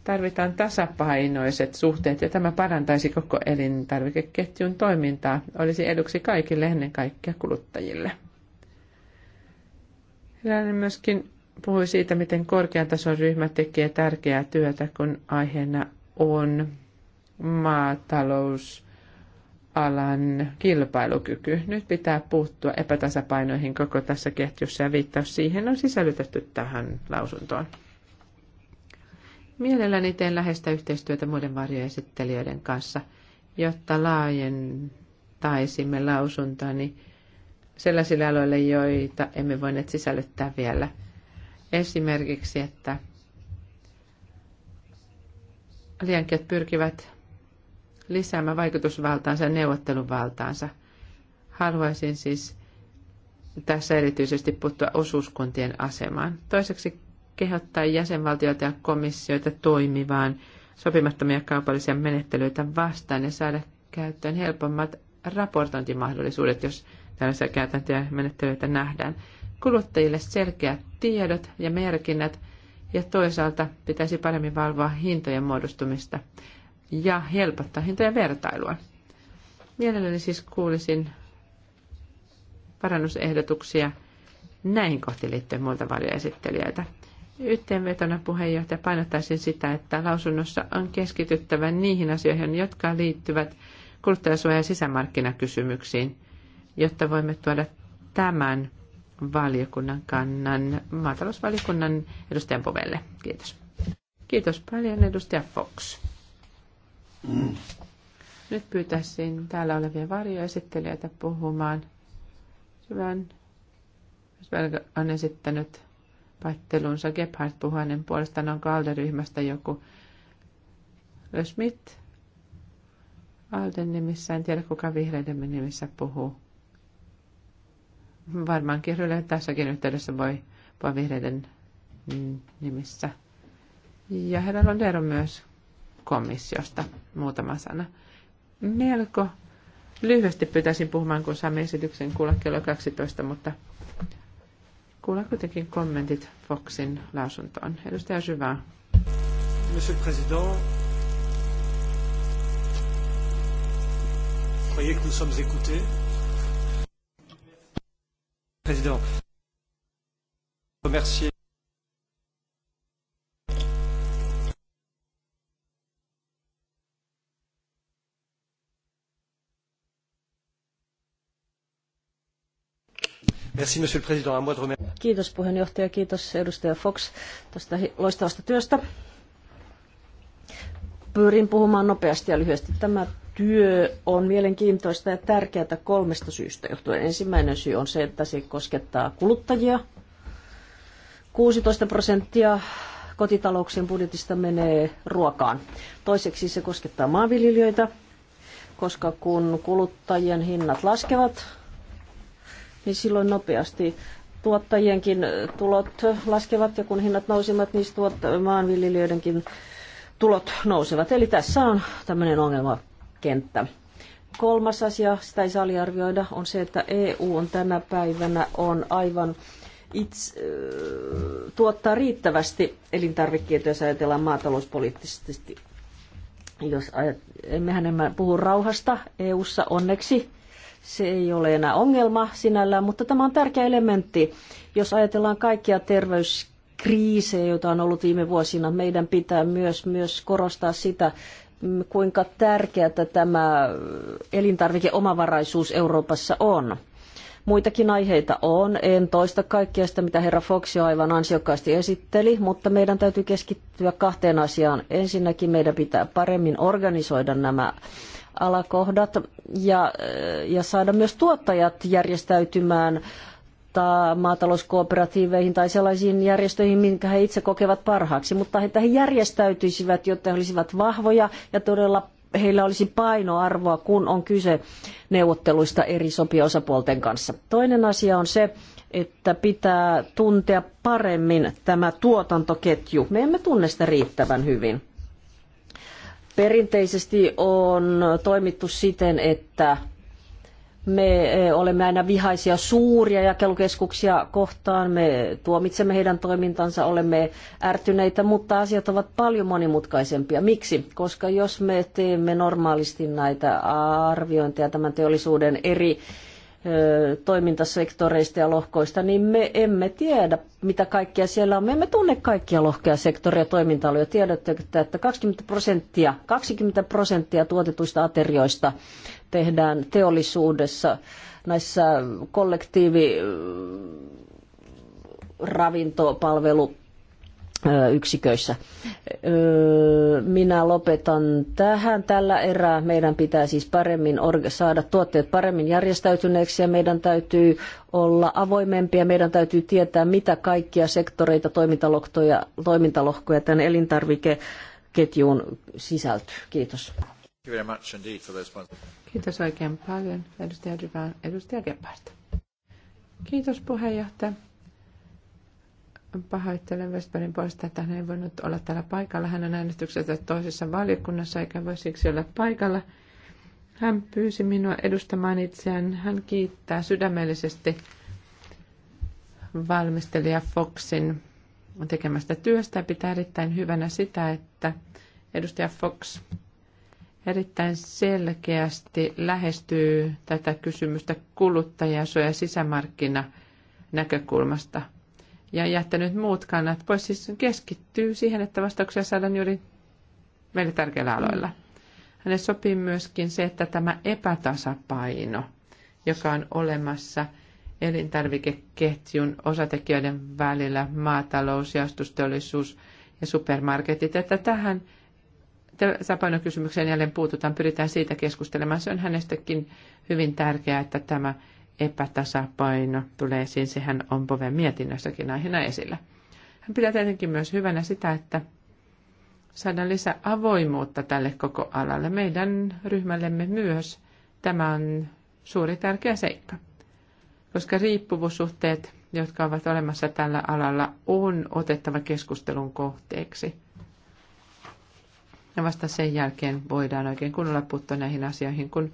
Tarvitaan tasapainoiset suhteet ja tämä parantaisi koko elintarvikeketjun toimintaa. Olisi eduksi kaikille ennen kaikkea kuluttajille. Hilainen myöskin puhui siitä, miten korkean tason ryhmä tekee tärkeää työtä, kun aiheena on maatalousalan kilpailukyky. Nyt pitää puuttua epätasapainoihin koko tässä ketjussa ja viittaus siihen on sisällytetty tähän lausuntoon. Mielelläni teen läheistä yhteistyötä muiden varjoesittelijöiden kanssa, jotta laajentaisimme lausuntani sellaisille aloille, joita emme voineet sisällyttää vielä. Esimerkiksi, että lienkiät pyrkivät lisäämään vaikutusvaltaansa ja neuvotteluvaltaansa. Haluaisin siis tässä erityisesti puuttua osuuskuntien asemaan. Toiseksi kehottaa jäsenvaltioita ja komissioita toimivaan sopimattomia kaupallisia menettelyitä vastaan ja saada käyttöön helpommat raportointimahdollisuudet, jos tällaisia käytäntöjä ja menettelyitä nähdään. Kuluttajille selkeät tiedot ja merkinnät ja toisaalta pitäisi paremmin valvoa hintojen muodostumista ja helpottaa hintojen vertailua. Mielelläni siis kuulisin parannusehdotuksia näihin kohti liittyen muilta valioesittelijöitä. Yhteenvetona puheenjohtaja painottaisin sitä, että lausunnossa on keskityttävä niihin asioihin, jotka liittyvät kuluttajasuoja- ja sisämarkkinakysymyksiin, jotta voimme tuoda tämän valiokunnan kannan maatalousvaliokunnan edustajan Povelle. Kiitos. Kiitos paljon edustaja Fox. Nyt pyytäisin täällä olevia varjoesittelijöitä puhumaan. Syvän on esittänyt pahoittelunsa. Gebhardt puhui hänen puolestaan, on kalderyhmästä joku. Schmidt ALDEn nimissä, en tiedä kuka vihreiden nimissä puhuu. Varmaankin Ryle tässäkin yhteydessä voi puhua vihreiden nimissä. Ja herra Londero myös komissiosta muutama sana. Melko lyhyesti pyytäisin puhumaan, kun saamme esityksen kuulla kello 12, mutta kuulla kuitenkin kommentit Foxin lausuntoon. Edustaja Syvää. Monsieur le Président, croyez que nous sommes écoutés Président, remercier Kiitos puheenjohtaja, kiitos edustaja Fox tästä loistavasta työstä. Pyrin puhumaan nopeasti ja lyhyesti. Tämä työ on mielenkiintoista ja tärkeää kolmesta syystä johtuen. Ensimmäinen syy on se, että se koskettaa kuluttajia. 16 prosenttia kotitalouksien budjetista menee ruokaan. Toiseksi se koskettaa maanviljelijöitä, koska kun kuluttajien hinnat laskevat, niin silloin nopeasti tuottajienkin tulot laskevat ja kun hinnat nousivat, niin tuot- maanviljelijöidenkin tulot nousevat. Eli tässä on tämmöinen ongelmakenttä. Kolmas asia, sitä ei saa aliarvioida, on se, että EU on tänä päivänä on aivan itse, tuottaa riittävästi elintarvikkeita, jos ajatellaan maatalouspoliittisesti. Jos ajat, emmehän emme puhu rauhasta EU:ssa onneksi, se ei ole enää ongelma sinällään, mutta tämä on tärkeä elementti. Jos ajatellaan kaikkia terveyskriisejä, joita on ollut viime vuosina, meidän pitää myös, myös korostaa sitä, kuinka tärkeää tämä elintarvikeomavaraisuus Euroopassa on. Muitakin aiheita on. En toista kaikkea sitä, mitä herra Fox jo aivan ansiokkaasti esitteli, mutta meidän täytyy keskittyä kahteen asiaan. Ensinnäkin meidän pitää paremmin organisoida nämä alakohdat ja, eh, ja saada myös tuottajat järjestäytymään maatalouskooperatiiveihin tai sellaisiin järjestöihin, minkä he itse kokevat parhaaksi, mutta että he järjestäytyisivät, jotta he olisivat vahvoja ja todella heillä olisi painoarvoa, kun on kyse neuvotteluista eri sopijaosapuolten kanssa. Toinen asia on se, että pitää tuntea paremmin tämä tuotantoketju. Me emme tunne sitä riittävän hyvin. Perinteisesti on toimittu siten, että me e, olemme aina vihaisia suuria jakelukeskuksia kohtaan, me tuomitsemme heidän toimintansa, olemme ärtyneitä, mutta asiat ovat paljon monimutkaisempia. Miksi? Koska jos me teemme normaalisti näitä arviointeja tämän teollisuuden eri toimintasektoreista ja lohkoista, niin me emme tiedä, mitä kaikkea siellä on. Me emme tunne kaikkia lohkoja sektoria ja toiminta-alueita. Tiedättekö, että 20 prosenttia, 20 prosenttia tuotetuista aterioista tehdään teollisuudessa näissä kollektiivi ravintopalvelu yksiköissä. Minä lopetan tähän tällä erää. Meidän pitää siis paremmin saada tuotteet paremmin järjestäytyneeksi ja meidän täytyy olla avoimempia. Meidän täytyy tietää, mitä kaikkia sektoreita, toimintalohkoja, toimintalohkoja tämän elintarvikeketjuun sisältyy. Kiitos. Kiitos oikein paljon, edustaja Gebhardt. Kiitos puheenjohtaja. Pahoittelen Vesperin puolesta, että hän ei voinut olla täällä paikalla. Hän on äänestyksessä toisessa valiokunnassa eikä voi siksi olla paikalla. Hän pyysi minua edustamaan itseään. Hän kiittää sydämellisesti valmistelija Foxin tekemästä työstä ja pitää erittäin hyvänä sitä, että edustaja Fox erittäin selkeästi lähestyy tätä kysymystä kuluttajasuoja sisämarkkina näkökulmasta – ja jättänyt muut kannat pois, siis keskittyy siihen, että vastauksia saadaan juuri meille tärkeillä aloilla. Hänelle sopii myöskin se, että tämä epätasapaino, joka on olemassa elintarvikeketjun osatekijöiden välillä, maatalous, jaostusteollisuus ja supermarketit, että tähän tasapainokysymykseen jälleen puututaan, pyritään siitä keskustelemaan. Se on hänestäkin hyvin tärkeää, että tämä epätasapaino tulee esiin. Sehän on Poven mietinnössäkin aiheena esillä. Hän pitää tietenkin myös hyvänä sitä, että saadaan lisää avoimuutta tälle koko alalle. Meidän ryhmällemme myös tämä on suuri tärkeä seikka, koska riippuvuussuhteet, jotka ovat olemassa tällä alalla, on otettava keskustelun kohteeksi. Ja vasta sen jälkeen voidaan oikein kunnolla puuttua näihin asioihin, kun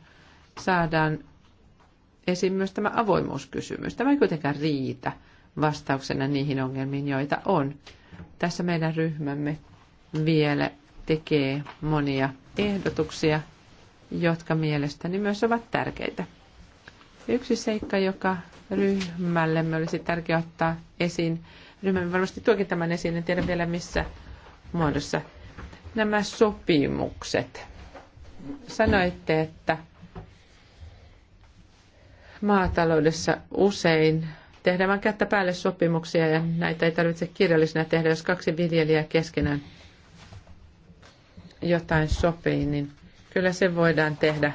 saadaan esiin myös tämä avoimuuskysymys. Tämä ei kuitenkaan riitä vastauksena niihin ongelmiin, joita on. Tässä meidän ryhmämme vielä tekee monia ehdotuksia, jotka mielestäni myös ovat tärkeitä. Yksi seikka, joka ryhmällemme olisi tärkeää ottaa esiin, ryhmämme varmasti tuokin tämän esiin, en tiedä vielä missä muodossa, nämä sopimukset. Sanoitte, että maataloudessa usein tehdään vain kättä päälle sopimuksia ja näitä ei tarvitse kirjallisena tehdä. Jos kaksi viljelijää keskenään jotain sopii, niin kyllä se voidaan tehdä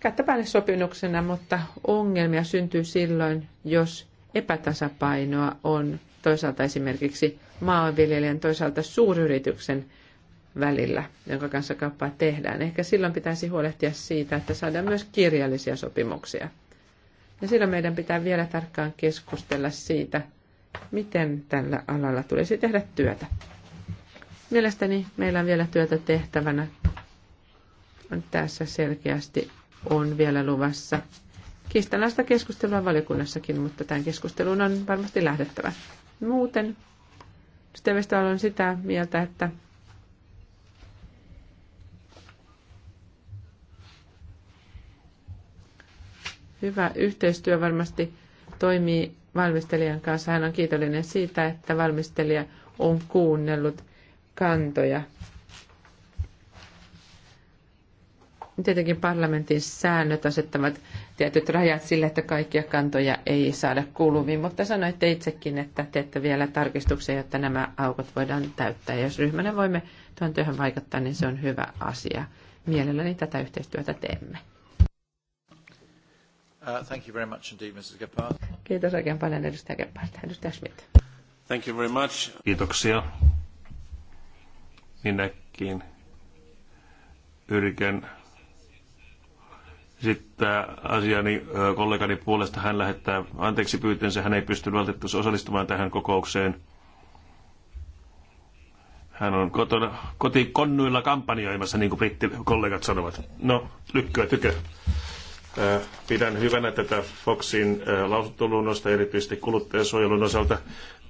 kättä päälle sopimuksena, mutta ongelmia syntyy silloin, jos epätasapainoa on toisaalta esimerkiksi maanviljelijän, toisaalta suuryrityksen välillä, jonka kanssa kauppaa tehdään. Ehkä silloin pitäisi huolehtia siitä, että saadaan myös kirjallisia sopimuksia. Ja silloin meidän pitää vielä tarkkaan keskustella siitä, miten tällä alalla tulisi tehdä työtä. Mielestäni meillä on vielä työtä tehtävänä. Tässä selkeästi on vielä luvassa kiistanlaista keskustelua valiokunnassakin, mutta tämän keskustelun on varmasti lähdettävä. Muuten Stevestal on sitä mieltä, että Hyvä yhteistyö varmasti toimii valmistelijan kanssa. Hän on kiitollinen siitä, että valmistelija on kuunnellut kantoja. Tietenkin parlamentin säännöt asettavat tietyt rajat sille, että kaikkia kantoja ei saada kuuluviin, mutta sanoitte itsekin, että teette vielä tarkistuksia, jotta nämä aukot voidaan täyttää. Ja jos ryhmänä voimme tuon työhön vaikuttaa, niin se on hyvä asia. Mielelläni tätä yhteistyötä teemme. Uh, thank you very much indeed, Mrs. Gephardt. Kiitos oikein paljon, edustaja Gephardt. Edustaja Schmidt. Thank you very much. Kiitoksia. Minäkin yritän sitten asiani kollegani puolesta hän lähettää anteeksi pyytänsä. Hän ei pystynyt valitettavasti osallistumaan tähän kokoukseen. Hän on kotona, kotikonnuilla kampanjoimassa, niin kuin brittikollegat sanovat. No, lykkyä tykö. Pidän hyvänä tätä Foxin lausuntoluunnosta erityisesti kuluttajasuojelun osalta.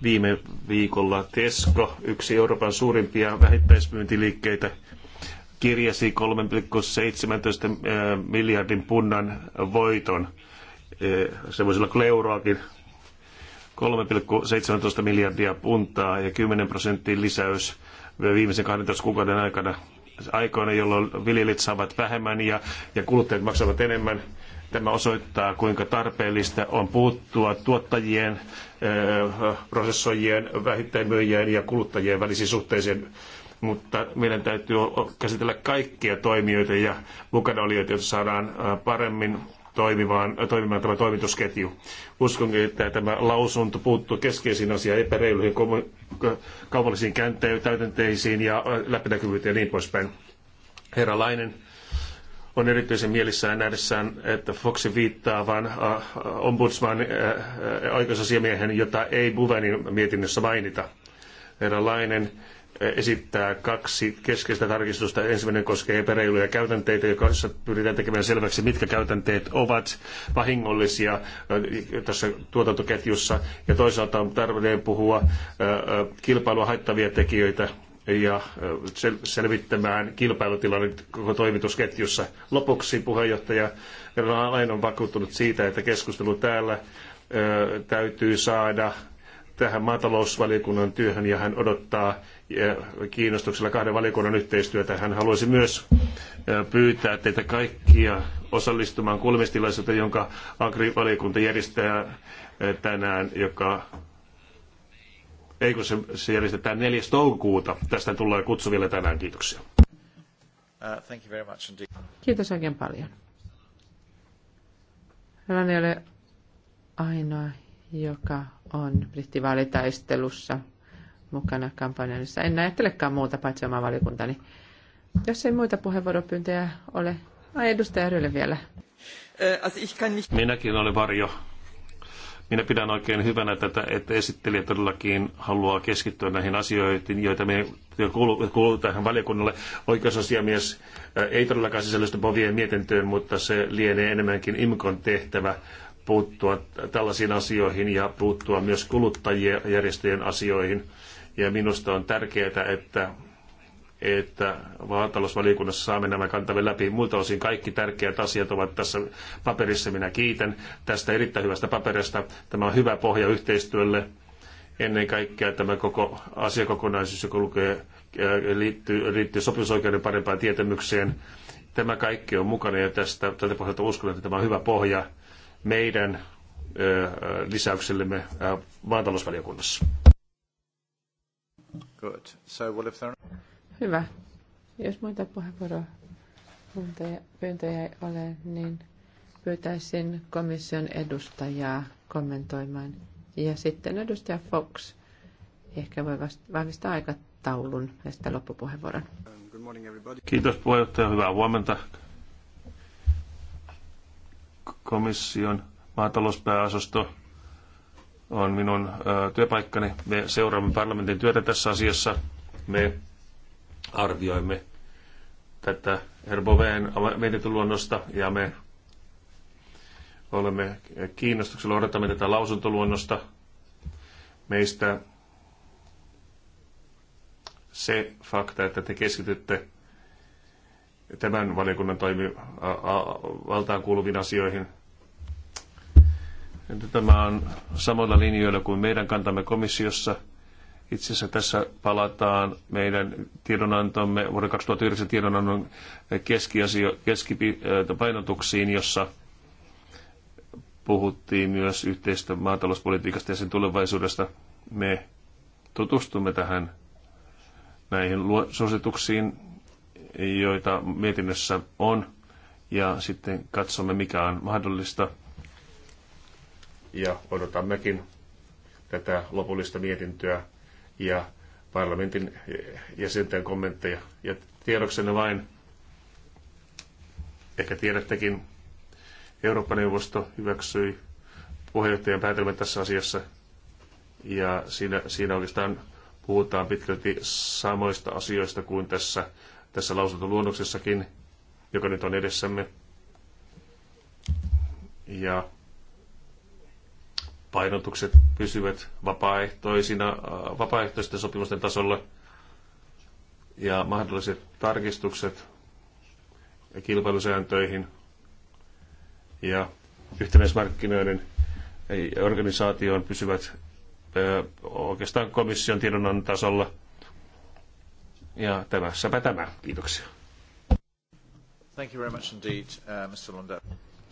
Viime viikolla Tesco, yksi Euroopan suurimpia vähittäismyyntiliikkeitä, kirjasi 3,17 miljardin punnan voiton. Se voisi olla euroakin. 3,17 miljardia puntaa ja 10 prosentin lisäys viimeisen 12 kuukauden aikana aikoina, jolloin viljelijät saavat vähemmän ja, ja kuluttajat maksavat enemmän. Tämä osoittaa, kuinka tarpeellista on puuttua tuottajien, prosessoijien, vähittäimyyjien ja kuluttajien välisiin suhteisiin mutta meidän täytyy käsitellä kaikkia toimijoita ja mukanaolijoita, jotta saadaan paremmin toimimaan, äh, toimimaan tämä toimitusketju. Uskon, että tämä lausunto puuttuu keskeisiin asiaan, epäreiluihin kaupallisiin käytänteisiin ja äh, läpinäkyvyyteen ja niin poispäin. Herra Lainen on erityisen mielissään nähdessään, että Foxi viittaa vain äh, ombudsman oikeusasiamiehen, jota ei Buvenin mietinnössä mainita. Herra Lainen esittää kaksi keskeistä tarkistusta. Ensimmäinen koskee epäreiluja käytänteitä, joissa pyritään tekemään selväksi, mitkä käytänteet ovat vahingollisia äh, tässä tuotantoketjussa. Ja toisaalta on tarpeen puhua äh, äh, kilpailua haittavia tekijöitä ja selvittämään kilpailutilanne koko toimitusketjussa. Lopuksi puheenjohtaja Lain on vakuuttunut siitä, että keskustelu täällä täytyy saada tähän maatalousvaliokunnan työhön ja hän odottaa kiinnostuksella kahden valiokunnan yhteistyötä. Hän haluaisi myös pyytää teitä kaikkia osallistumaan kuulemistilaisuuteen, jonka Agri-valiokunta järjestää tänään, joka ei kun se, se järjestetään 4. toukokuuta. Tästä tullaan kutsu vielä tänään. Kiitoksia. Uh, Kiitos oikein paljon. Hän ei ole ainoa, joka on brittivaalitaistelussa mukana kampanjassa. En ajattelekaan muuta paitsi oma valiokuntani. Jos ei muita puheenvuoropyyntöjä ole, ai edustaja Rylle vielä. Minäkin olen varjo. Minä pidän oikein hyvänä tätä, että esittelijä todellakin haluaa keskittyä näihin asioihin, joita me kuuluu, kuuluu tähän valiokunnalle. Oikeusasiamies ei todellakaan sisällöstä povien mietintöön, mutta se lienee enemmänkin IMKon tehtävä puuttua tällaisiin asioihin ja puuttua myös kuluttajien järjestöjen asioihin ja minusta on tärkeää, että, että maatalousvaliokunnassa saamme nämä kantamme läpi. Muilta osin kaikki tärkeät asiat ovat tässä paperissa. Minä kiitän tästä erittäin hyvästä paperista. Tämä on hyvä pohja yhteistyölle. Ennen kaikkea tämä koko asiakokonaisuus, joka lukee, äh, liittyy, liittyy sopimusoikeuden parempaan tietämykseen. Tämä kaikki on mukana ja tästä, tältä pohjalta uskon, että tämä on hyvä pohja meidän äh, äh, lisäyksellemme maatalousvaliokunnassa. Good. So, well, if there are... Hyvä. Jos muita puheenvuoropyyntöjä ei ole, niin pyytäisin komission edustajaa kommentoimaan. Ja sitten edustaja Fox ehkä voi vahvistaa aikataulun ja sitten loppupuheenvuoron. Kiitos puheenjohtaja, hyvää huomenta. Komission maatalouspääosasto on minun työpaikkani. Me seuraamme parlamentin työtä tässä asiassa. Me arvioimme tätä Herboveen mietintöluonnosta ja me olemme kiinnostuksella odotamme tätä lausuntoluonnosta. Meistä se fakta, että te keskitytte tämän valiokunnan toimivaltaan kuuluviin asioihin – että tämä on samoilla linjoilla kuin meidän kantamme komissiossa. Itse asiassa tässä palataan meidän tiedonantomme vuoden 2009 tiedonannon keskipainotuksiin, jossa puhuttiin myös yhteistä maatalouspolitiikasta ja sen tulevaisuudesta. Me tutustumme tähän näihin suosituksiin, joita mietinnössä on, ja sitten katsomme, mikä on mahdollista – ja odotammekin tätä lopullista mietintöä ja parlamentin jäsenten kommentteja. Ja tiedoksenne vain, ehkä tiedättekin, Eurooppa-neuvosto hyväksyi puheenjohtajan päätelmät tässä asiassa. Ja siinä, siinä oikeastaan puhutaan pitkälti samoista asioista kuin tässä, tässä lausuntoluonnoksessakin, joka nyt on edessämme. Ja painotukset pysyvät vapaaehtoisina, äh, vapaaehtoisten sopimusten tasolla ja mahdolliset tarkistukset ja kilpailusääntöihin ja yhtenäismarkkinoiden organisaatioon pysyvät äh, oikeastaan komission tiedonannon tasolla. Ja säpä tämä. Kiitoksia. Thank you very much indeed, uh, Mr. Lundell.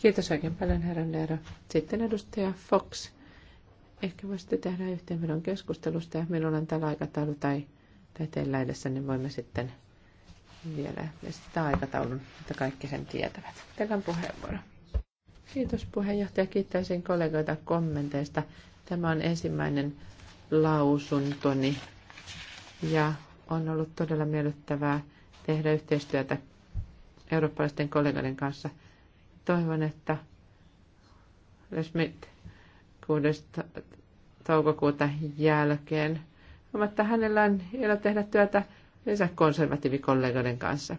Kiitos oikein paljon, herra Leero. Sitten edustaja Fox Ehkä voisitte tehdä yhteenvedon keskustelusta ja meillä on tällä aikataulu tai, tai teillä edessä, niin voimme sitten vielä esittää aikataulun, että kaikki sen tietävät. Teillä on puheenvuoro. Kiitos puheenjohtaja. Kiittäisin kollegoita kommenteista. Tämä on ensimmäinen lausuntoni ja on ollut todella miellyttävää tehdä yhteistyötä eurooppalaisten kollegoiden kanssa. Toivon, että Smith 6. toukokuuta jälkeen, mutta hänellä on ilo tehdä työtä konservatiivikollegoiden kanssa.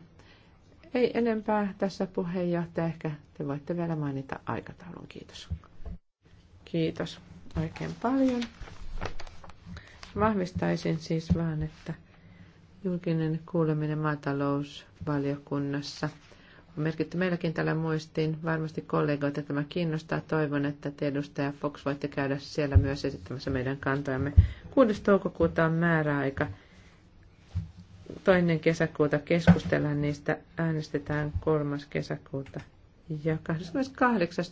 Ei enempää tässä puheenjohtaja. Ehkä te voitte vielä mainita aikataulun. Kiitos. Kiitos oikein paljon. Vahvistaisin siis vaan, että julkinen kuuleminen maatalousvaliokunnassa – on merkitty meilläkin tällä muistiin. Varmasti kollegoita tämä kiinnostaa. Toivon, että te edustaja Fox voitte käydä siellä myös esittämässä meidän kantojamme. 6. toukokuuta on määräaika. Toinen kesäkuuta keskustellaan niistä. Äänestetään kolmas kesäkuuta ja 28.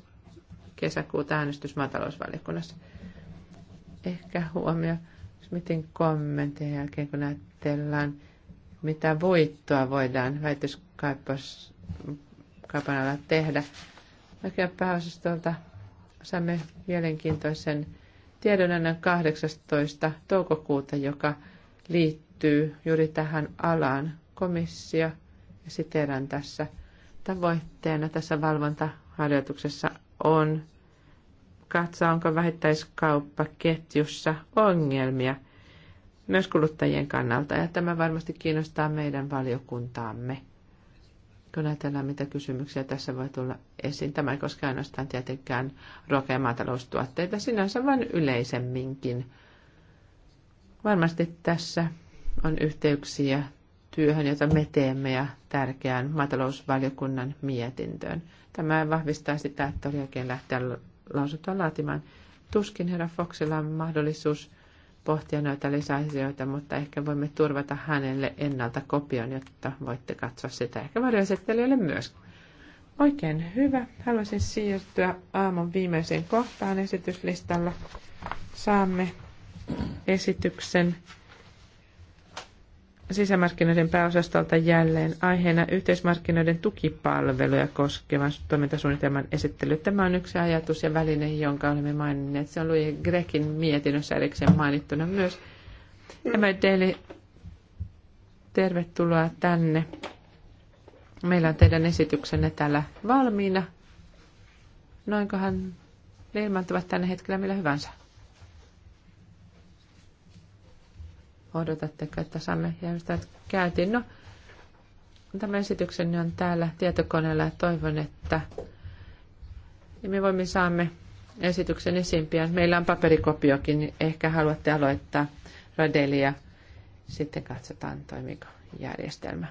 kesäkuuta äänestys maatalousvaliokunnassa. Ehkä huomio miten kommentin jälkeen, kun näytellään, mitä voittoa voidaan väitöskaipassa kapanalla tehdä. tehdä. pääosastolta saamme mielenkiintoisen tiedonannon 18. toukokuuta, joka liittyy juuri tähän alaan. Komissio, ja siteerän tässä, tavoitteena tässä valvontaharjoituksessa on katsoa, onko vähittäiskauppaketjussa ongelmia myös kuluttajien kannalta, ja tämä varmasti kiinnostaa meidän valiokuntaamme kun ajatellaan, mitä kysymyksiä tässä voi tulla esiin. Tämä ei koske ainoastaan tietenkään ruoka- ja maataloustuotteita sinänsä, vaan yleisemminkin. Varmasti tässä on yhteyksiä työhön, jota me teemme ja tärkeään maatalousvaliokunnan mietintöön. Tämä vahvistaa sitä, että oli oikein lähteä lausuntoa laatimaan. Tuskin herra Foxilla on mahdollisuus pohtia noita lisäasioita, mutta ehkä voimme turvata hänelle ennalta kopion, jotta voitte katsoa sitä ehkä varjoesittelijöille myös. Oikein hyvä. Haluaisin siirtyä aamun viimeiseen kohtaan esityslistalla. Saamme esityksen sisämarkkinoiden pääosastolta jälleen aiheena yhteismarkkinoiden tukipalveluja koskevan toimintasuunnitelman esittely. Tämä on yksi ajatus ja väline, jonka olemme maininneet. Se on Louis Grekin mietinnössä erikseen mainittuna myös. Tämä teille tervetuloa tänne. Meillä on teidän esityksenne täällä valmiina. Noinkohan ne ilmantuvat tänne hetkellä millä hyvänsä. odotatteko, että saamme järjestää käyntiin? No, tämä esityksen on täällä tietokoneella ja toivon, että me voimme saamme esityksen esiin pian. Meillä on paperikopiokin, niin ehkä haluatte aloittaa radeli ja sitten katsotaan toimiko järjestelmä.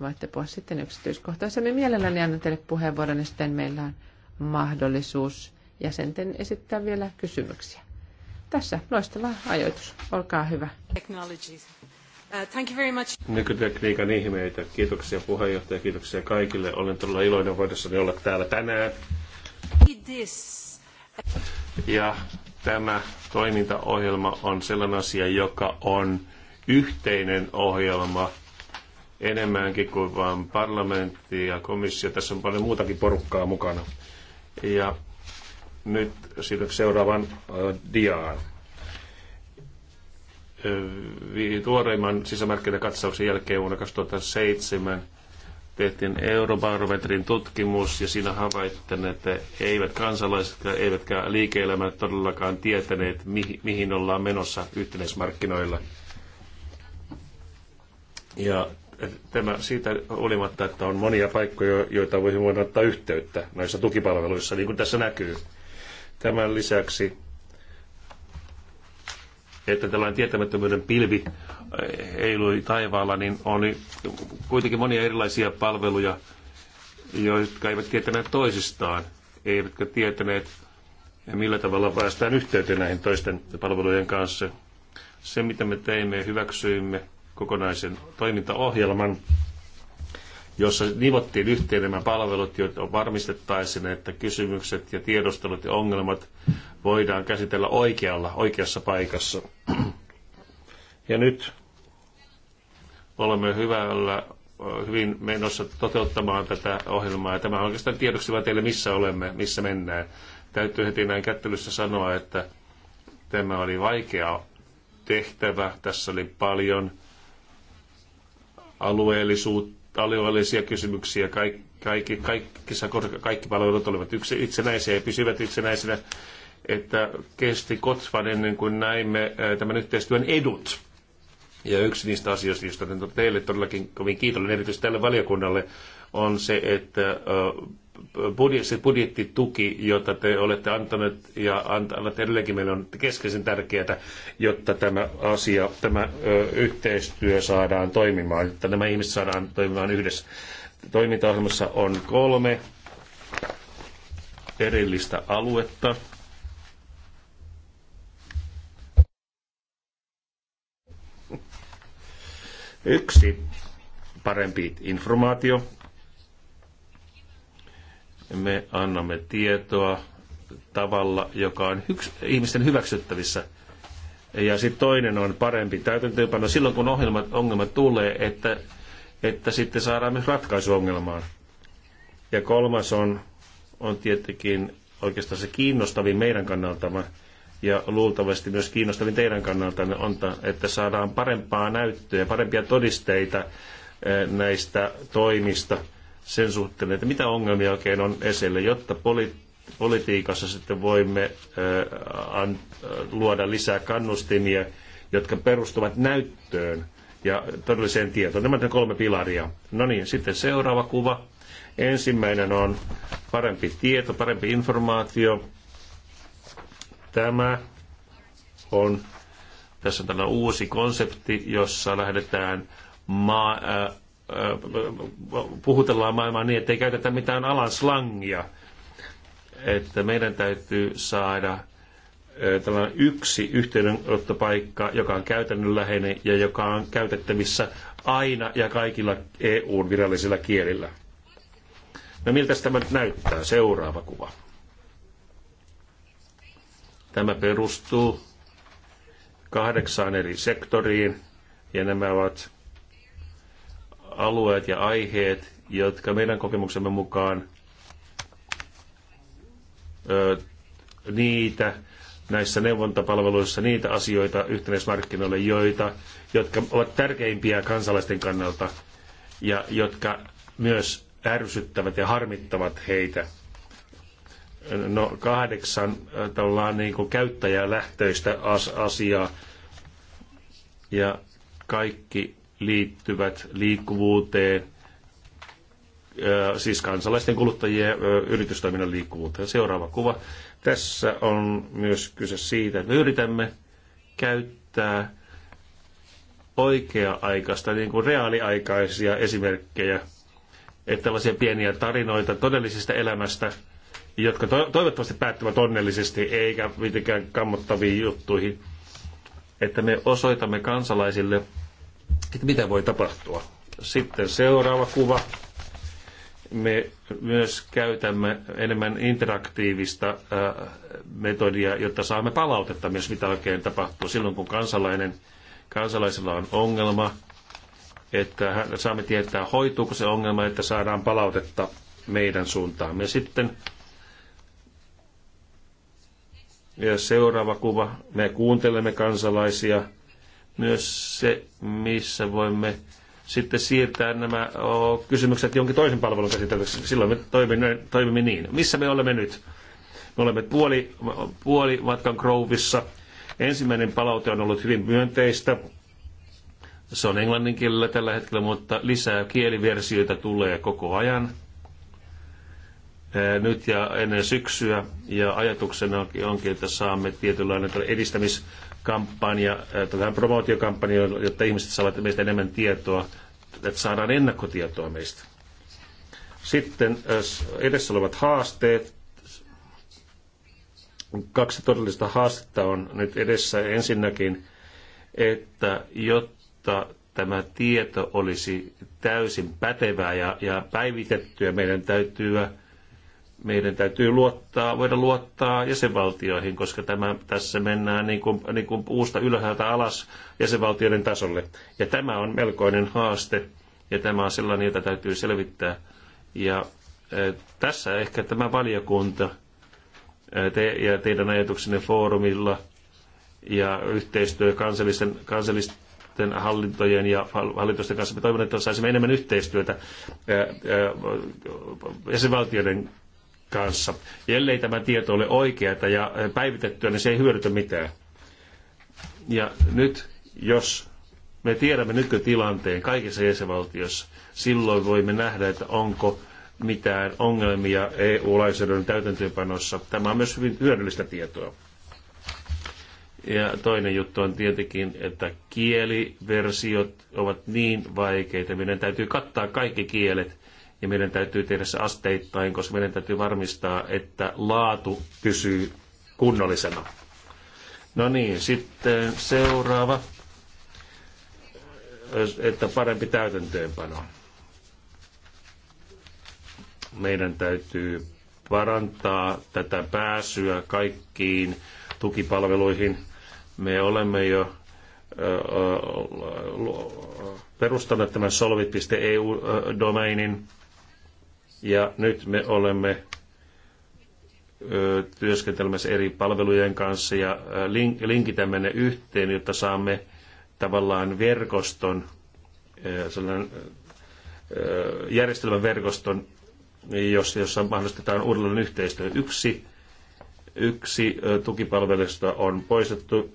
Voitte puhua sitten yksityiskohtaisemmin. Mielelläni annan teille puheenvuoron ja niin sitten meillä on mahdollisuus jäsenten esittää vielä kysymyksiä. Tässä loistava ajoitus. Olkaa hyvä. Technologies. Uh, thank you very much. Nykytekniikan ihmeitä. Kiitoksia puheenjohtaja, kiitoksia kaikille. Olen todella iloinen voidessani olla täällä tänään. Ja tämä toimintaohjelma on sellainen asia, joka on yhteinen ohjelma enemmänkin kuin vain parlamentti ja komissio. Tässä on paljon muutakin porukkaa mukana. Ja nyt seuraavan diaan. Tuoreimman sisämarkkinakatsauksen jälkeen vuonna 2007 tehtiin Eurobarometrin tutkimus ja siinä havaittiin, että eivät kansalaiset eivätkä liike elämät todellakaan tietäneet, mihin ollaan menossa yhteismarkkinoilla. Ja tämä siitä olimatta, että on monia paikkoja, joita voisi voida ottaa yhteyttä näissä tukipalveluissa, niin kuin tässä näkyy. Tämän lisäksi, että tällainen tietämättömyyden pilvi heilui eh, taivaalla, niin on kuitenkin monia erilaisia palveluja, jotka eivät tietäneet toisistaan, eivätkä tietäneet, millä tavalla päästään yhteyteen näihin toisten palvelujen kanssa. Se, mitä me teimme, hyväksyimme kokonaisen toimintaohjelman, jossa nivottiin yhteen nämä palvelut, joita varmistettaisiin, että kysymykset ja tiedostelut ja ongelmat voidaan käsitellä oikealla, oikeassa paikassa. Ja nyt olemme hyvällä, hyvin menossa toteuttamaan tätä ohjelmaa. Ja tämä on oikeastaan tiedoksi vain teille, missä olemme, missä mennään. Täytyy heti näin kättelyssä sanoa, että tämä oli vaikea tehtävä. Tässä oli paljon alueellisuutta alueellisia kysymyksiä. Kaikki, kaikki, kaikissa, kaikki palvelut olivat yksi, itsenäisiä ja pysyvät itsenäisinä. Että kesti kotvan ennen kuin näimme tämän yhteistyön edut. Ja yksi niistä asioista, joista teille todellakin kovin kiitollinen, erityisesti tälle valiokunnalle, on se, että se budjettituki, jota te olette antaneet ja antaneet edelleenkin meille on keskeisen tärkeää, jotta tämä asia, tämä yhteistyö saadaan toimimaan, jotta nämä ihmiset saadaan toimimaan yhdessä. Toimintaohjelmassa on kolme erillistä aluetta. Yksi, parempi informaatio me annamme tietoa tavalla, joka on yks, ihmisten hyväksyttävissä. Ja sitten toinen on parempi täytäntöönpano silloin, kun ohjelmat, ongelma tulee, että, että sitten saadaan myös ratkaisu ongelmaan. Ja kolmas on, on tietenkin oikeastaan se kiinnostavin meidän kannaltamme ja luultavasti myös kiinnostavin teidän kannalta on, että saadaan parempaa näyttöä, parempia todisteita eh, näistä toimista – sen suhteen, että mitä ongelmia oikein on esille, jotta poli- politiikassa sitten voimme luoda lisää kannustimia, jotka perustuvat näyttöön ja todelliseen tietoon. Nämä ovat kolme pilaria. No niin, sitten seuraava kuva. Ensimmäinen on parempi tieto, parempi informaatio. Tämä on, tässä on tällainen uusi konsepti, jossa lähdetään maa, äh, puhutellaan maailmaa niin, että ei käytetä mitään alan slangia. Että meidän täytyy saada tällainen yksi yhteydenottopaikka, joka on käytännönläheinen ja joka on käytettävissä aina ja kaikilla eu virallisilla kielillä. No miltä tämä näyttää? Seuraava kuva. Tämä perustuu kahdeksaan eri sektoriin ja nämä ovat alueet ja aiheet, jotka meidän kokemuksemme mukaan ö, niitä näissä neuvontapalveluissa niitä asioita yhteismarkkinoille, joita, jotka ovat tärkeimpiä kansalaisten kannalta ja jotka myös ärsyttävät ja harmittavat heitä. No kahdeksan tavallaan niin kuin käyttäjälähtöistä as- asiaa ja kaikki liittyvät liikkuvuuteen, siis kansalaisten kuluttajien yritystoiminnan liikkuvuuteen. Seuraava kuva. Tässä on myös kyse siitä, että me yritämme käyttää oikea-aikaista, niin kuin reaaliaikaisia esimerkkejä, että tällaisia pieniä tarinoita todellisesta elämästä, jotka to- toivottavasti päättyvät onnellisesti, eikä mitenkään kammottaviin juttuihin, että me osoitamme kansalaisille – että mitä voi tapahtua? Sitten seuraava kuva. Me myös käytämme enemmän interaktiivista äh, metodia, jotta saamme palautetta myös, mitä oikein tapahtuu silloin, kun kansalainen, kansalaisella on ongelma, että saamme tietää, hoituuko se ongelma, että saadaan palautetta meidän suuntaan. Me Sitten ja seuraava kuva. Me kuuntelemme kansalaisia – myös se, missä voimme sitten siirtää nämä kysymykset jonkin toisen palvelun käsiteltäväksi. Silloin me toimimme, toimimme niin. Missä me olemme nyt? Me olemme puoli, puoli matkan Groveissa. Ensimmäinen palaute on ollut hyvin myönteistä. Se on englannin kielellä tällä hetkellä, mutta lisää kieliversioita tulee koko ajan nyt ja ennen syksyä. Ja ajatuksena onkin, että saamme tietynlainen edistämis kampanja, äh, tähän promootiokampanja, jotta ihmiset saavat meistä enemmän tietoa, että saadaan ennakkotietoa meistä. Sitten äh, edessä olevat haasteet. Kaksi todellista haastetta on nyt edessä. Ensinnäkin, että jotta tämä tieto olisi täysin pätevää ja, ja päivitettyä, meidän täytyy meidän täytyy luottaa, voida luottaa jäsenvaltioihin, koska tämä, tässä mennään niin kuin, niin kuin uusta ylhäältä alas jäsenvaltioiden tasolle. Ja tämä on melkoinen haaste, ja tämä on sellainen, jota täytyy selvittää. Ja e, tässä ehkä tämä valiokunta e, te, ja teidän ajatuksenne foorumilla ja yhteistyö kansallisten, kansallisten hallintojen ja hallitusten kanssa. Me toivon, että saisimme enemmän yhteistyötä e, e, jäsenvaltioiden kanssa. Ja ellei tämä tieto ole oikeata ja äh, päivitettyä, niin se ei hyödytä mitään. Ja nyt, jos me tiedämme nykytilanteen kaikissa jäsenvaltioissa, silloin voimme nähdä, että onko mitään ongelmia EU-lainsäädännön täytäntöönpanossa. Tämä on myös hyvin hyödyllistä tietoa. Ja toinen juttu on tietenkin, että kieliversiot ovat niin vaikeita, meidän täytyy kattaa kaikki kielet, ja meidän täytyy tehdä se asteittain, koska meidän täytyy varmistaa, että laatu pysyy kunnollisena. No niin, sitten seuraava, että parempi täytäntöönpano. Meidän täytyy parantaa tätä pääsyä kaikkiin tukipalveluihin. Me olemme jo perustaneet tämän solvit.eu-domainin ja nyt me olemme työskentelemässä eri palvelujen kanssa ja linkitämme ne yhteen, jotta saamme tavallaan verkoston, sellainen verkoston, jossa mahdollistetaan uudelleen yhteistyö. Yksi, yksi tukipalvelusta on poistettu.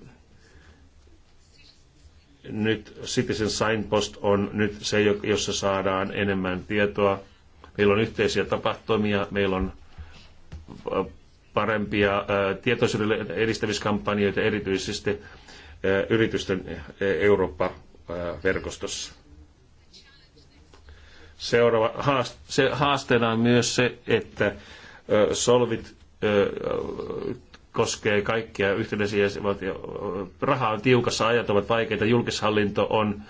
Nyt Citizen Signpost on nyt se, jossa saadaan enemmän tietoa Meillä on yhteisiä tapahtumia, meillä on äh, parempia äh, tietoisuuden edistämiskampanjoita erityisesti äh, yritysten Eurooppa-verkostossa. Seuraava haaste, haasteena on myös se, että solvit koskee kaikkia yhtenäisiä Raha on tiukassa, ajat ovat vaikeita, julkishallinto on,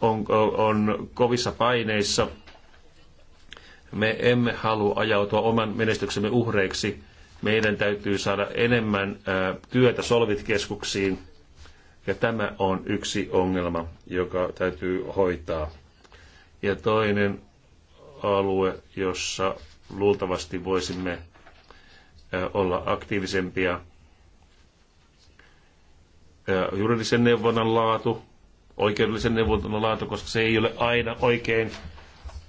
on, on kovissa paineissa – me emme halua ajautua oman menestyksemme uhreiksi. Meidän täytyy saada enemmän työtä solvitkeskuksiin. Ja tämä on yksi ongelma, joka täytyy hoitaa. Ja toinen alue, jossa luultavasti voisimme olla aktiivisempia, juridisen neuvonnan laatu, oikeudellisen neuvonnan laatu, koska se ei ole aina oikein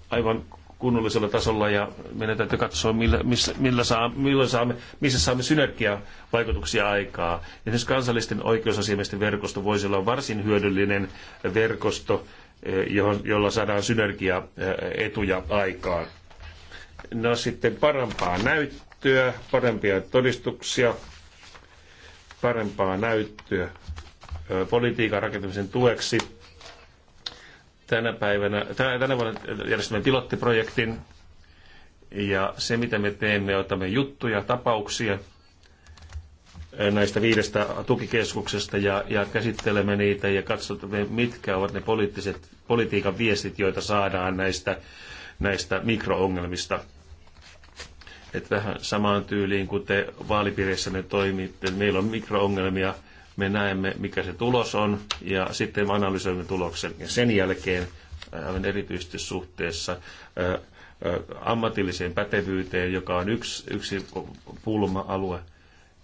aivan kunnollisella tasolla ja meidän täytyy katsoa, millä, missä, millä saa, milloin saamme, missä saamme vaikutuksia aikaa. Esimerkiksi kansallisten oikeusasiamiesten verkosto voisi olla varsin hyödyllinen verkosto, eh, johon, jolla saadaan synergiaetuja eh, aikaan. No sitten parempaa näyttöä, parempia todistuksia, parempaa näyttöä eh, politiikan rakentamisen tueksi tänä päivänä, tänä vuonna järjestämme pilottiprojektin ja se mitä me teemme, otamme juttuja, tapauksia eh, näistä viidestä tukikeskuksesta ja, ja käsittelemme niitä ja katsomme, mitkä ovat ne poliittiset, politiikan viestit, joita saadaan näistä, näistä mikroongelmista. Et vähän samaan tyyliin kuin te vaalipiirissä ne toimitte. Meillä on mikroongelmia – me näemme, mikä se tulos on, ja sitten me analysoimme tuloksen. Ja sen jälkeen, äh, aivan erityisesti suhteessa äh, äh, ammatilliseen pätevyyteen, joka on yksi, yksi pulma-alue,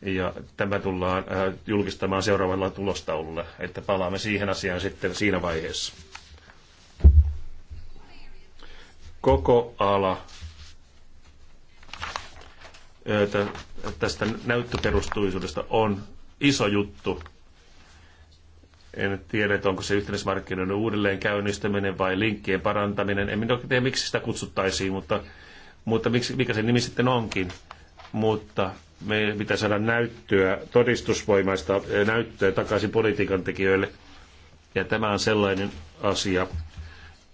ja tämä tullaan julkistamaan seuraavalla tulostaululla, että palaamme siihen asiaan sitten siinä vaiheessa. Koko ala tästä näyttöperustuisuudesta on iso juttu. En tiedä, onko se yhteismarkkinoiden uudelleen käynnistäminen vai linkkien parantaminen. En minä tiedä, miksi sitä kutsuttaisiin, mutta, mutta miksi, mikä se nimi sitten onkin. Mutta me pitää saada näyttöä, todistusvoimaista näyttöä takaisin politiikan tekijöille. Ja tämä on sellainen asia,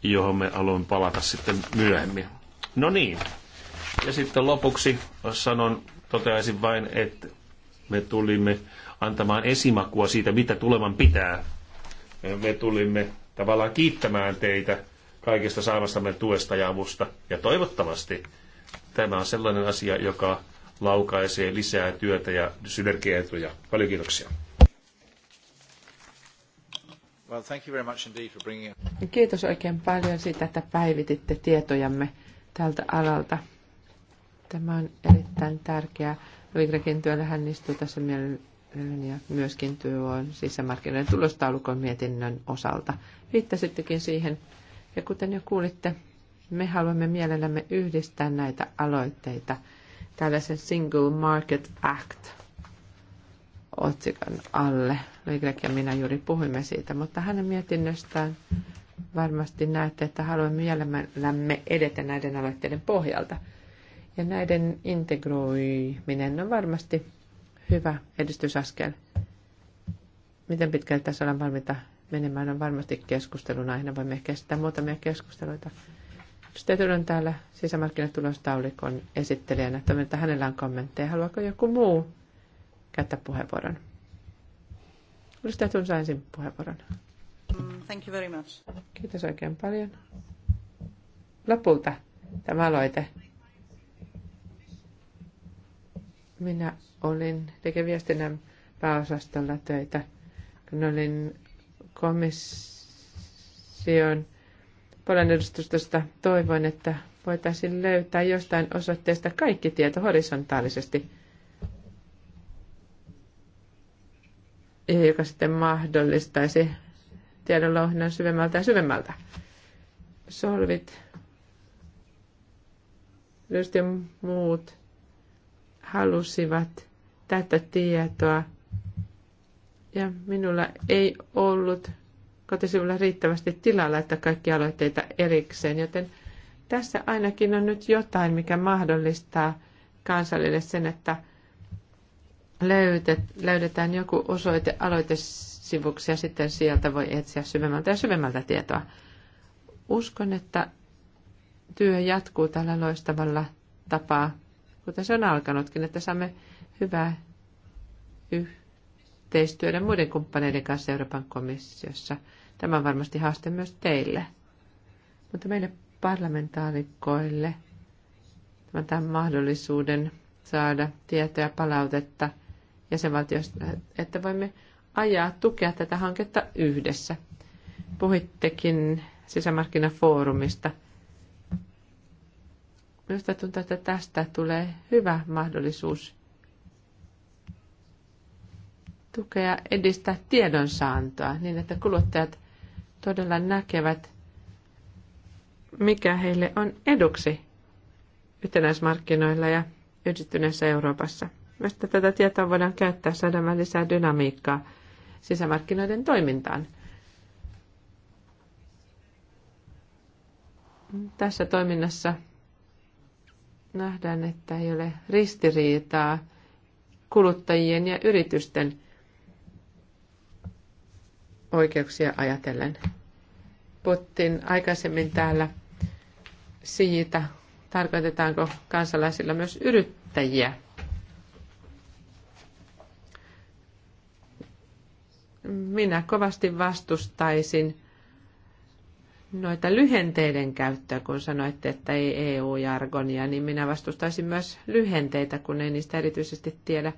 johon me haluamme palata sitten myöhemmin. No niin. Ja sitten lopuksi sanon, toteaisin vain, että me tulimme antamaan esimakua siitä, mitä tuleman pitää. Me tulimme tavallaan kiittämään teitä kaikesta saamastamme tuesta ja avusta. Ja toivottavasti tämä on sellainen asia, joka laukaisee lisää työtä ja synergiaetuja. Paljon kiitoksia. Well, thank you very much indeed for bringing... Kiitos oikein paljon siitä, että päivititte tietojamme tältä alalta. Tämä on erittäin tärkeää. Vigrekin työlle hän istuu tässä mielelläni ja myöskin työ on sisämarkkinoiden tulostaulukon mietinnön osalta. Viittasittekin siihen, ja kuten jo kuulitte, me haluamme mielellämme yhdistää näitä aloitteita tällaisen Single Market Act otsikon alle. Lygrek no, ja minä juuri puhuimme siitä, mutta hänen mietinnöstään varmasti näette, että haluamme mielellämme edetä näiden aloitteiden pohjalta. Ja näiden integroiminen on varmasti hyvä edistysaskel. Miten pitkälle tässä ollaan valmiita menemään on varmasti keskustelun aiheena. Voimme kestää muutamia keskusteluita. Sitten on täällä sisämarkkinatulostaulikon esittelijänä. Toivon, että hänellä on kommentteja. Haluaako joku muu käyttää puheenvuoron? Edustaja saa ensin puheenvuoron. Mm, thank you very much. Kiitos oikein paljon. Lopulta tämä aloite Minä olin tekeviestinnän pääosastolla töitä, kun olin komission puolen edustustosta. Toivoin, että voitaisiin löytää jostain osoitteesta kaikki tieto horisontaalisesti, joka sitten mahdollistaisi tiedonlouhinnan syvemmältä ja syvemmältä. Solvit, lysti muut halusivat tätä tietoa ja minulla ei ollut kotisivulla riittävästi tilaa laittaa kaikki aloitteita erikseen, joten tässä ainakin on nyt jotain, mikä mahdollistaa kansallille sen, että löydet, löydetään joku osoite aloitesivuksi ja sitten sieltä voi etsiä syvemmältä ja syvemmältä tietoa. Uskon, että työ jatkuu tällä loistavalla tapaa kuten se on alkanutkin, että saamme hyvää yhteistyötä muiden kumppaneiden kanssa Euroopan komissiossa. Tämä on varmasti haaste myös teille. Mutta meille parlamentaarikkoille tämä tämän mahdollisuuden saada tietoja palautetta jäsenvaltioista, että voimme ajaa, tukea tätä hanketta yhdessä. Puhittekin sisämarkkinafoorumista. Minusta tuntuu, että tästä tulee hyvä mahdollisuus tukea edistää tiedonsaantoa niin, että kuluttajat todella näkevät, mikä heille on eduksi yhtenäismarkkinoilla ja yhdistyneessä Euroopassa. Myös tätä tietoa voidaan käyttää saadaan lisää dynamiikkaa sisämarkkinoiden toimintaan. Tässä toiminnassa nähdään, että ei ole ristiriitaa kuluttajien ja yritysten oikeuksia ajatellen. Puhuttiin aikaisemmin täällä siitä, tarkoitetaanko kansalaisilla myös yrittäjiä. Minä kovasti vastustaisin noita lyhenteiden käyttöä, kun sanoitte, että ei EU-jargonia, niin minä vastustaisin myös lyhenteitä, kun ei niistä erityisesti tiedä,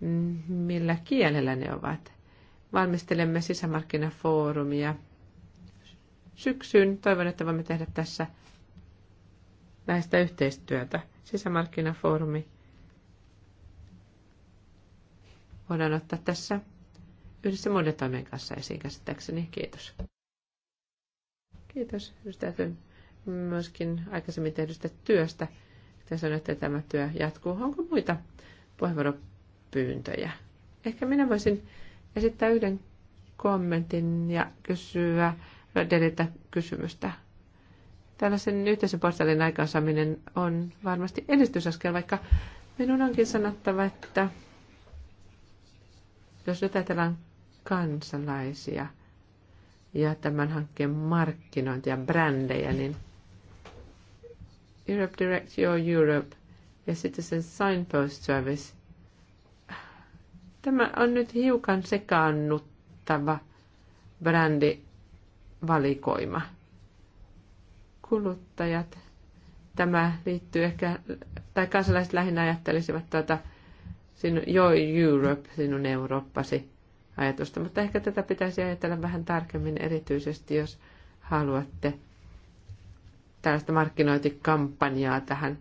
mm, millä kielellä ne ovat. Valmistelemme sisämarkkinafoorumia syksyyn. Toivon, että voimme tehdä tässä näistä yhteistyötä. Sisämarkkinafoorumi voidaan ottaa tässä yhdessä muiden toimien kanssa esiin käsittääkseni. Kiitos. Kiitos edustaja Thun myöskin aikaisemmin tehdystä työstä. Te sanoitte, että tämä työ jatkuu. Onko muita puheenvuoropyyntöjä? Ehkä minä voisin esittää yhden kommentin ja kysyä Deliltä kysymystä. Tällaisen yhteisen portaalin aikaansaaminen on varmasti edistysaskel, vaikka minun onkin sanottava, että jos nyt ajatellaan kansalaisia – ja tämän hankkeen markkinointia, brändejä, niin Europe Direct Your Europe ja sitten sen Signpost Service. Tämä on nyt hiukan sekaannuttava brändivalikoima. Kuluttajat, tämä liittyy ehkä, tai kansalaiset lähinnä ajattelisivat tuota, sinun, your Europe, sinun Eurooppasi – ajatusta, mutta ehkä tätä pitäisi ajatella vähän tarkemmin erityisesti, jos haluatte tällaista markkinointikampanjaa tähän.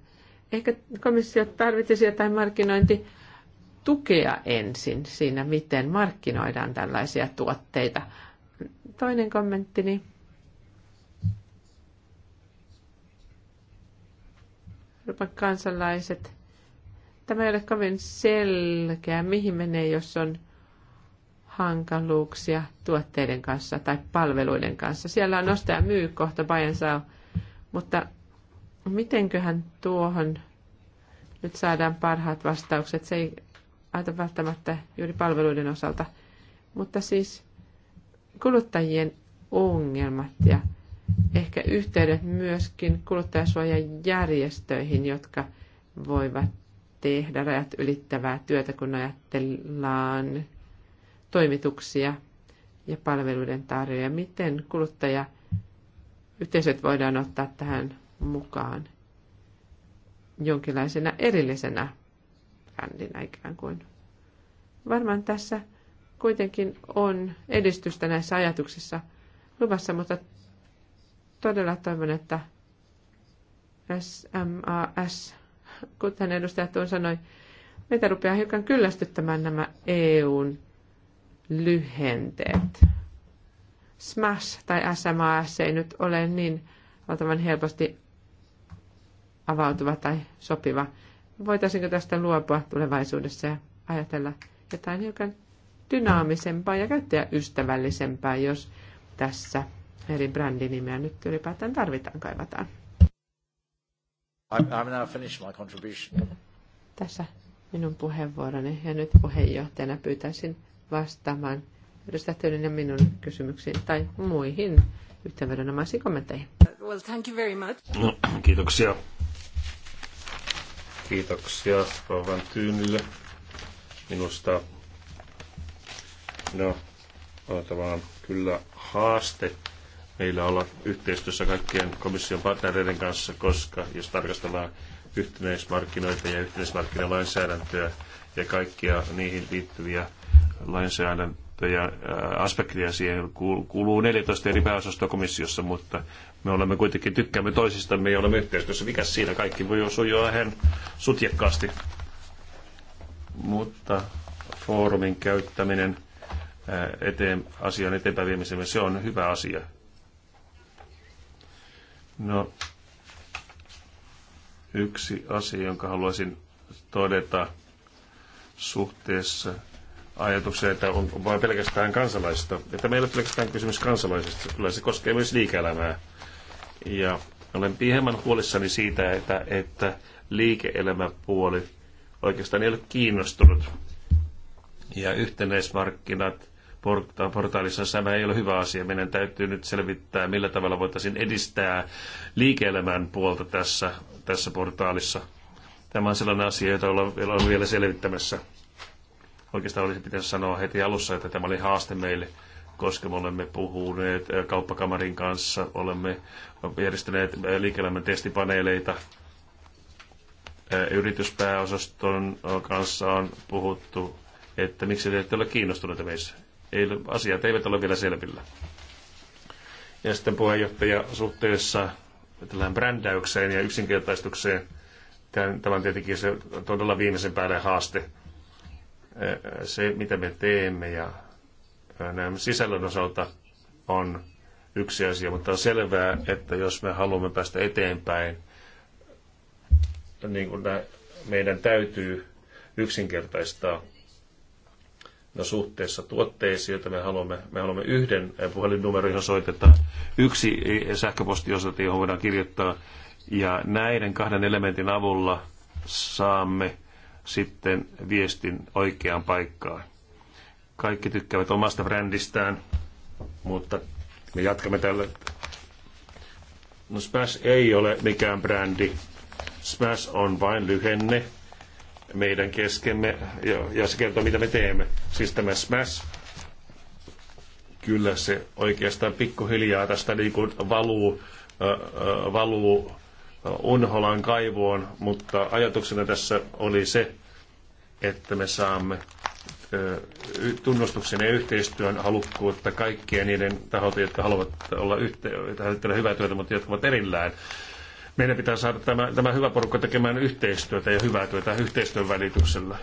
Ehkä komissio tarvitsisi jotain markkinointitukea ensin siinä, miten markkinoidaan tällaisia tuotteita. Toinen kommenttini. Euroopan kansalaiset. Tämä ei ole kovin selkeä, mihin menee, jos on hankaluuksia tuotteiden kanssa tai palveluiden kanssa. Siellä on ostaja myy kohta Bayern saa, mutta mitenköhän tuohon nyt saadaan parhaat vastaukset. Se ei aita välttämättä juuri palveluiden osalta, mutta siis kuluttajien ongelmat ja ehkä yhteydet myöskin kuluttajasuojajärjestöihin, jotka voivat tehdä rajat ylittävää työtä, kun ajatellaan toimituksia ja palveluiden tarjoja. Miten kuluttaja yhteisöt voidaan ottaa tähän mukaan jonkinlaisena erillisenä brändinä ikään kuin. Varmaan tässä kuitenkin on edistystä näissä ajatuksissa luvassa, mutta todella toivon, että SMAS, kuten edustaja tuon sanoi, meitä rupeaa hiukan kyllästyttämään nämä EUn lyhenteet. Smash tai SMAS ei nyt ole niin valtavan helposti avautuva tai sopiva. Voitaisinko tästä luopua tulevaisuudessa ja ajatella jotain hiukan dynaamisempaa ja käyttäjäystävällisempää, jos tässä eri brändinimeä nyt ylipäätään tarvitaan, kaivataan. I'm now finished my contribution. Tässä minun puheenvuoroni ja nyt puheenjohtajana pyytäisin vastaamaan edustajatyön ja minun kysymyksiin tai muihin yhteenvedonomaisiin kommentteihin. Well, thank you very much. No, kiitoksia. Kiitoksia Rovan Tyynille minusta. No, on kyllä haaste meillä olla yhteistyössä kaikkien komission partnereiden kanssa, koska jos tarkastellaan yhtenäismarkkinoita ja yhtenäismarkkinalainsäädäntöä ja kaikkia niihin liittyviä lainsäädäntöjä, aspekteja siihen kuuluu 14 eri pääosastoa komissiossa, mutta me olemme kuitenkin tykkäämme toisistamme ja olemme yhteistyössä. Mikä siinä kaikki voi sujua vähän sutjekkaasti. Mutta foorumin käyttäminen eteen, asian eteenpäin viemiseen, se on hyvä asia. No, yksi asia, jonka haluaisin todeta suhteessa ajatukseen, että on vain pelkästään kansalaisista. Että meillä ei ole pelkästään kysymys kansalaisista, kyllä se koskee myös liike-elämää. Ja olen hieman huolissani siitä, että, että liike-elämäpuoli oikeastaan ei ole kiinnostunut. Ja yhtenäismarkkinat portaalissa tämä ei ole hyvä asia. Meidän täytyy nyt selvittää, millä tavalla voitaisiin edistää liike-elämän puolta tässä, tässä portaalissa. Tämä on sellainen asia, jota ollaan vielä selvittämässä Oikeastaan olisi pitänyt sanoa heti alussa, että tämä oli haaste meille, koska me olemme puhuneet kauppakamarin kanssa, olemme järjestäneet liike testipaneeleita, yrityspääosaston kanssa on puhuttu, että miksi te ette ole kiinnostuneita meissä. Ei, asiat eivät ole vielä selvillä. Ja sitten puheenjohtaja suhteessa tällään brändäykseen ja yksinkertaistukseen, tämä on tietenkin se todella viimeisen päälle haaste se, mitä me teemme ja nämä sisällön osalta on yksi asia, mutta on selvää, että jos me haluamme päästä eteenpäin, niin kuin meidän täytyy yksinkertaistaa no, suhteessa tuotteisiin, joita me haluamme. Me haluamme yhden puhelinnumeron, johon soitetaan yksi sähköpostiosoite, johon voidaan kirjoittaa. Ja näiden kahden elementin avulla saamme sitten viestin oikeaan paikkaan. Kaikki tykkäävät omasta brändistään, mutta me jatkamme tällä. No Smash ei ole mikään brändi. Smash on vain lyhenne meidän keskemme ja, ja se kertoo, mitä me teemme. Siis tämä Smash, kyllä se oikeastaan pikkuhiljaa tästä niin kuin valuu, äh, äh, valuu Unholan kaivoon, mutta ajatuksena tässä oli se, että me saamme tunnustuksen ja yhteistyön halukkuutta kaikkien niiden taholta, jotka haluavat olla yhteen, hyvää työtä, mutta jotka ovat erillään. Meidän pitää saada tämä, tämä hyvä porukka tekemään yhteistyötä ja hyvää työtä yhteistyön välityksellä.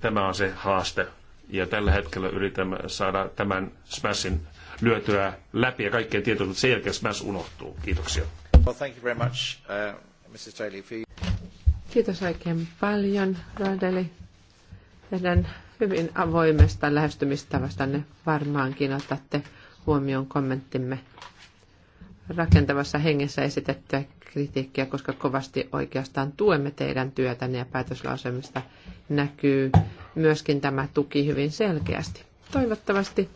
Tämä on se haaste. Ja tällä hetkellä yritämme saada tämän Smashin lyötyä läpi ja kaikkien tietoisuus, sen jälkeen unohtuu. Kiitoksia. Well, thank you very much, uh, Mrs. Daly, for you. Kiitos oikein paljon, Rodeli. Tehdään hyvin avoimesta lähestymistavasta ne varmaankin otatte huomioon kommenttimme rakentavassa hengessä esitettyä kritiikkiä, koska kovasti oikeastaan tuemme teidän työtänne ja päätöslausemista näkyy myöskin tämä tuki hyvin selkeästi. Toivottavasti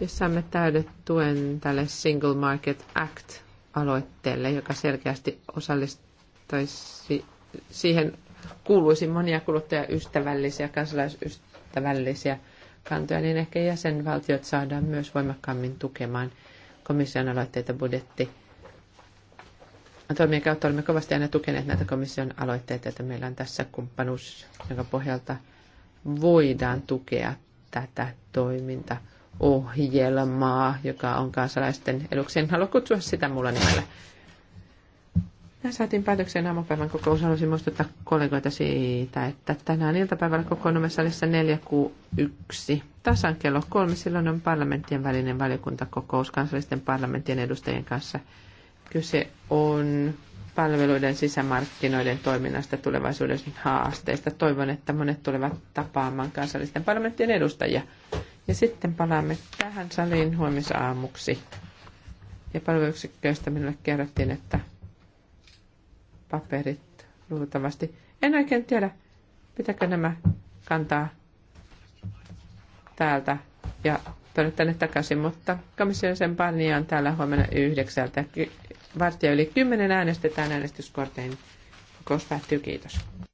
jos saamme täydet tuen tälle Single Market Act aloitteelle, joka selkeästi osallistaisi siihen kuuluisi monia kuluttajaystävällisiä, kansalaisystävällisiä kantoja, niin ehkä jäsenvaltiot saadaan myös voimakkaammin tukemaan komission aloitteita budjetti. Toimien kautta olemme kovasti aina tukeneet näitä komission aloitteita, että meillä on tässä kumppanuus, jonka pohjalta voidaan tukea tätä toimintaa ohjelmaa, joka on kansalaisten eduksi. En halua kutsua sitä mulla nimellä. Näin saatiin päätökseen aamupäivän kokous. Haluaisin muistuttaa kollegoita siitä, että tänään iltapäivällä kokoonnumme salissa 4 tasan kello kolme. Silloin on parlamenttien välinen valiokuntakokous kansallisten parlamenttien edustajien kanssa. Kyse on palveluiden sisämarkkinoiden toiminnasta tulevaisuuden haasteista. Toivon, että monet tulevat tapaamaan kansallisten parlamenttien edustajia ja sitten palaamme tähän saliin huomisaamuksi. Ja palveluyksiköistä minulle kerrottiin, että paperit luultavasti. En oikein tiedä, pitääkö nämä kantaa täältä ja tuonne tänne takaisin, mutta komission sen pannia on täällä huomenna yhdeksältä. Vartija yli kymmenen äänestetään äänestyskortein. Kokous päättyy, kiitos.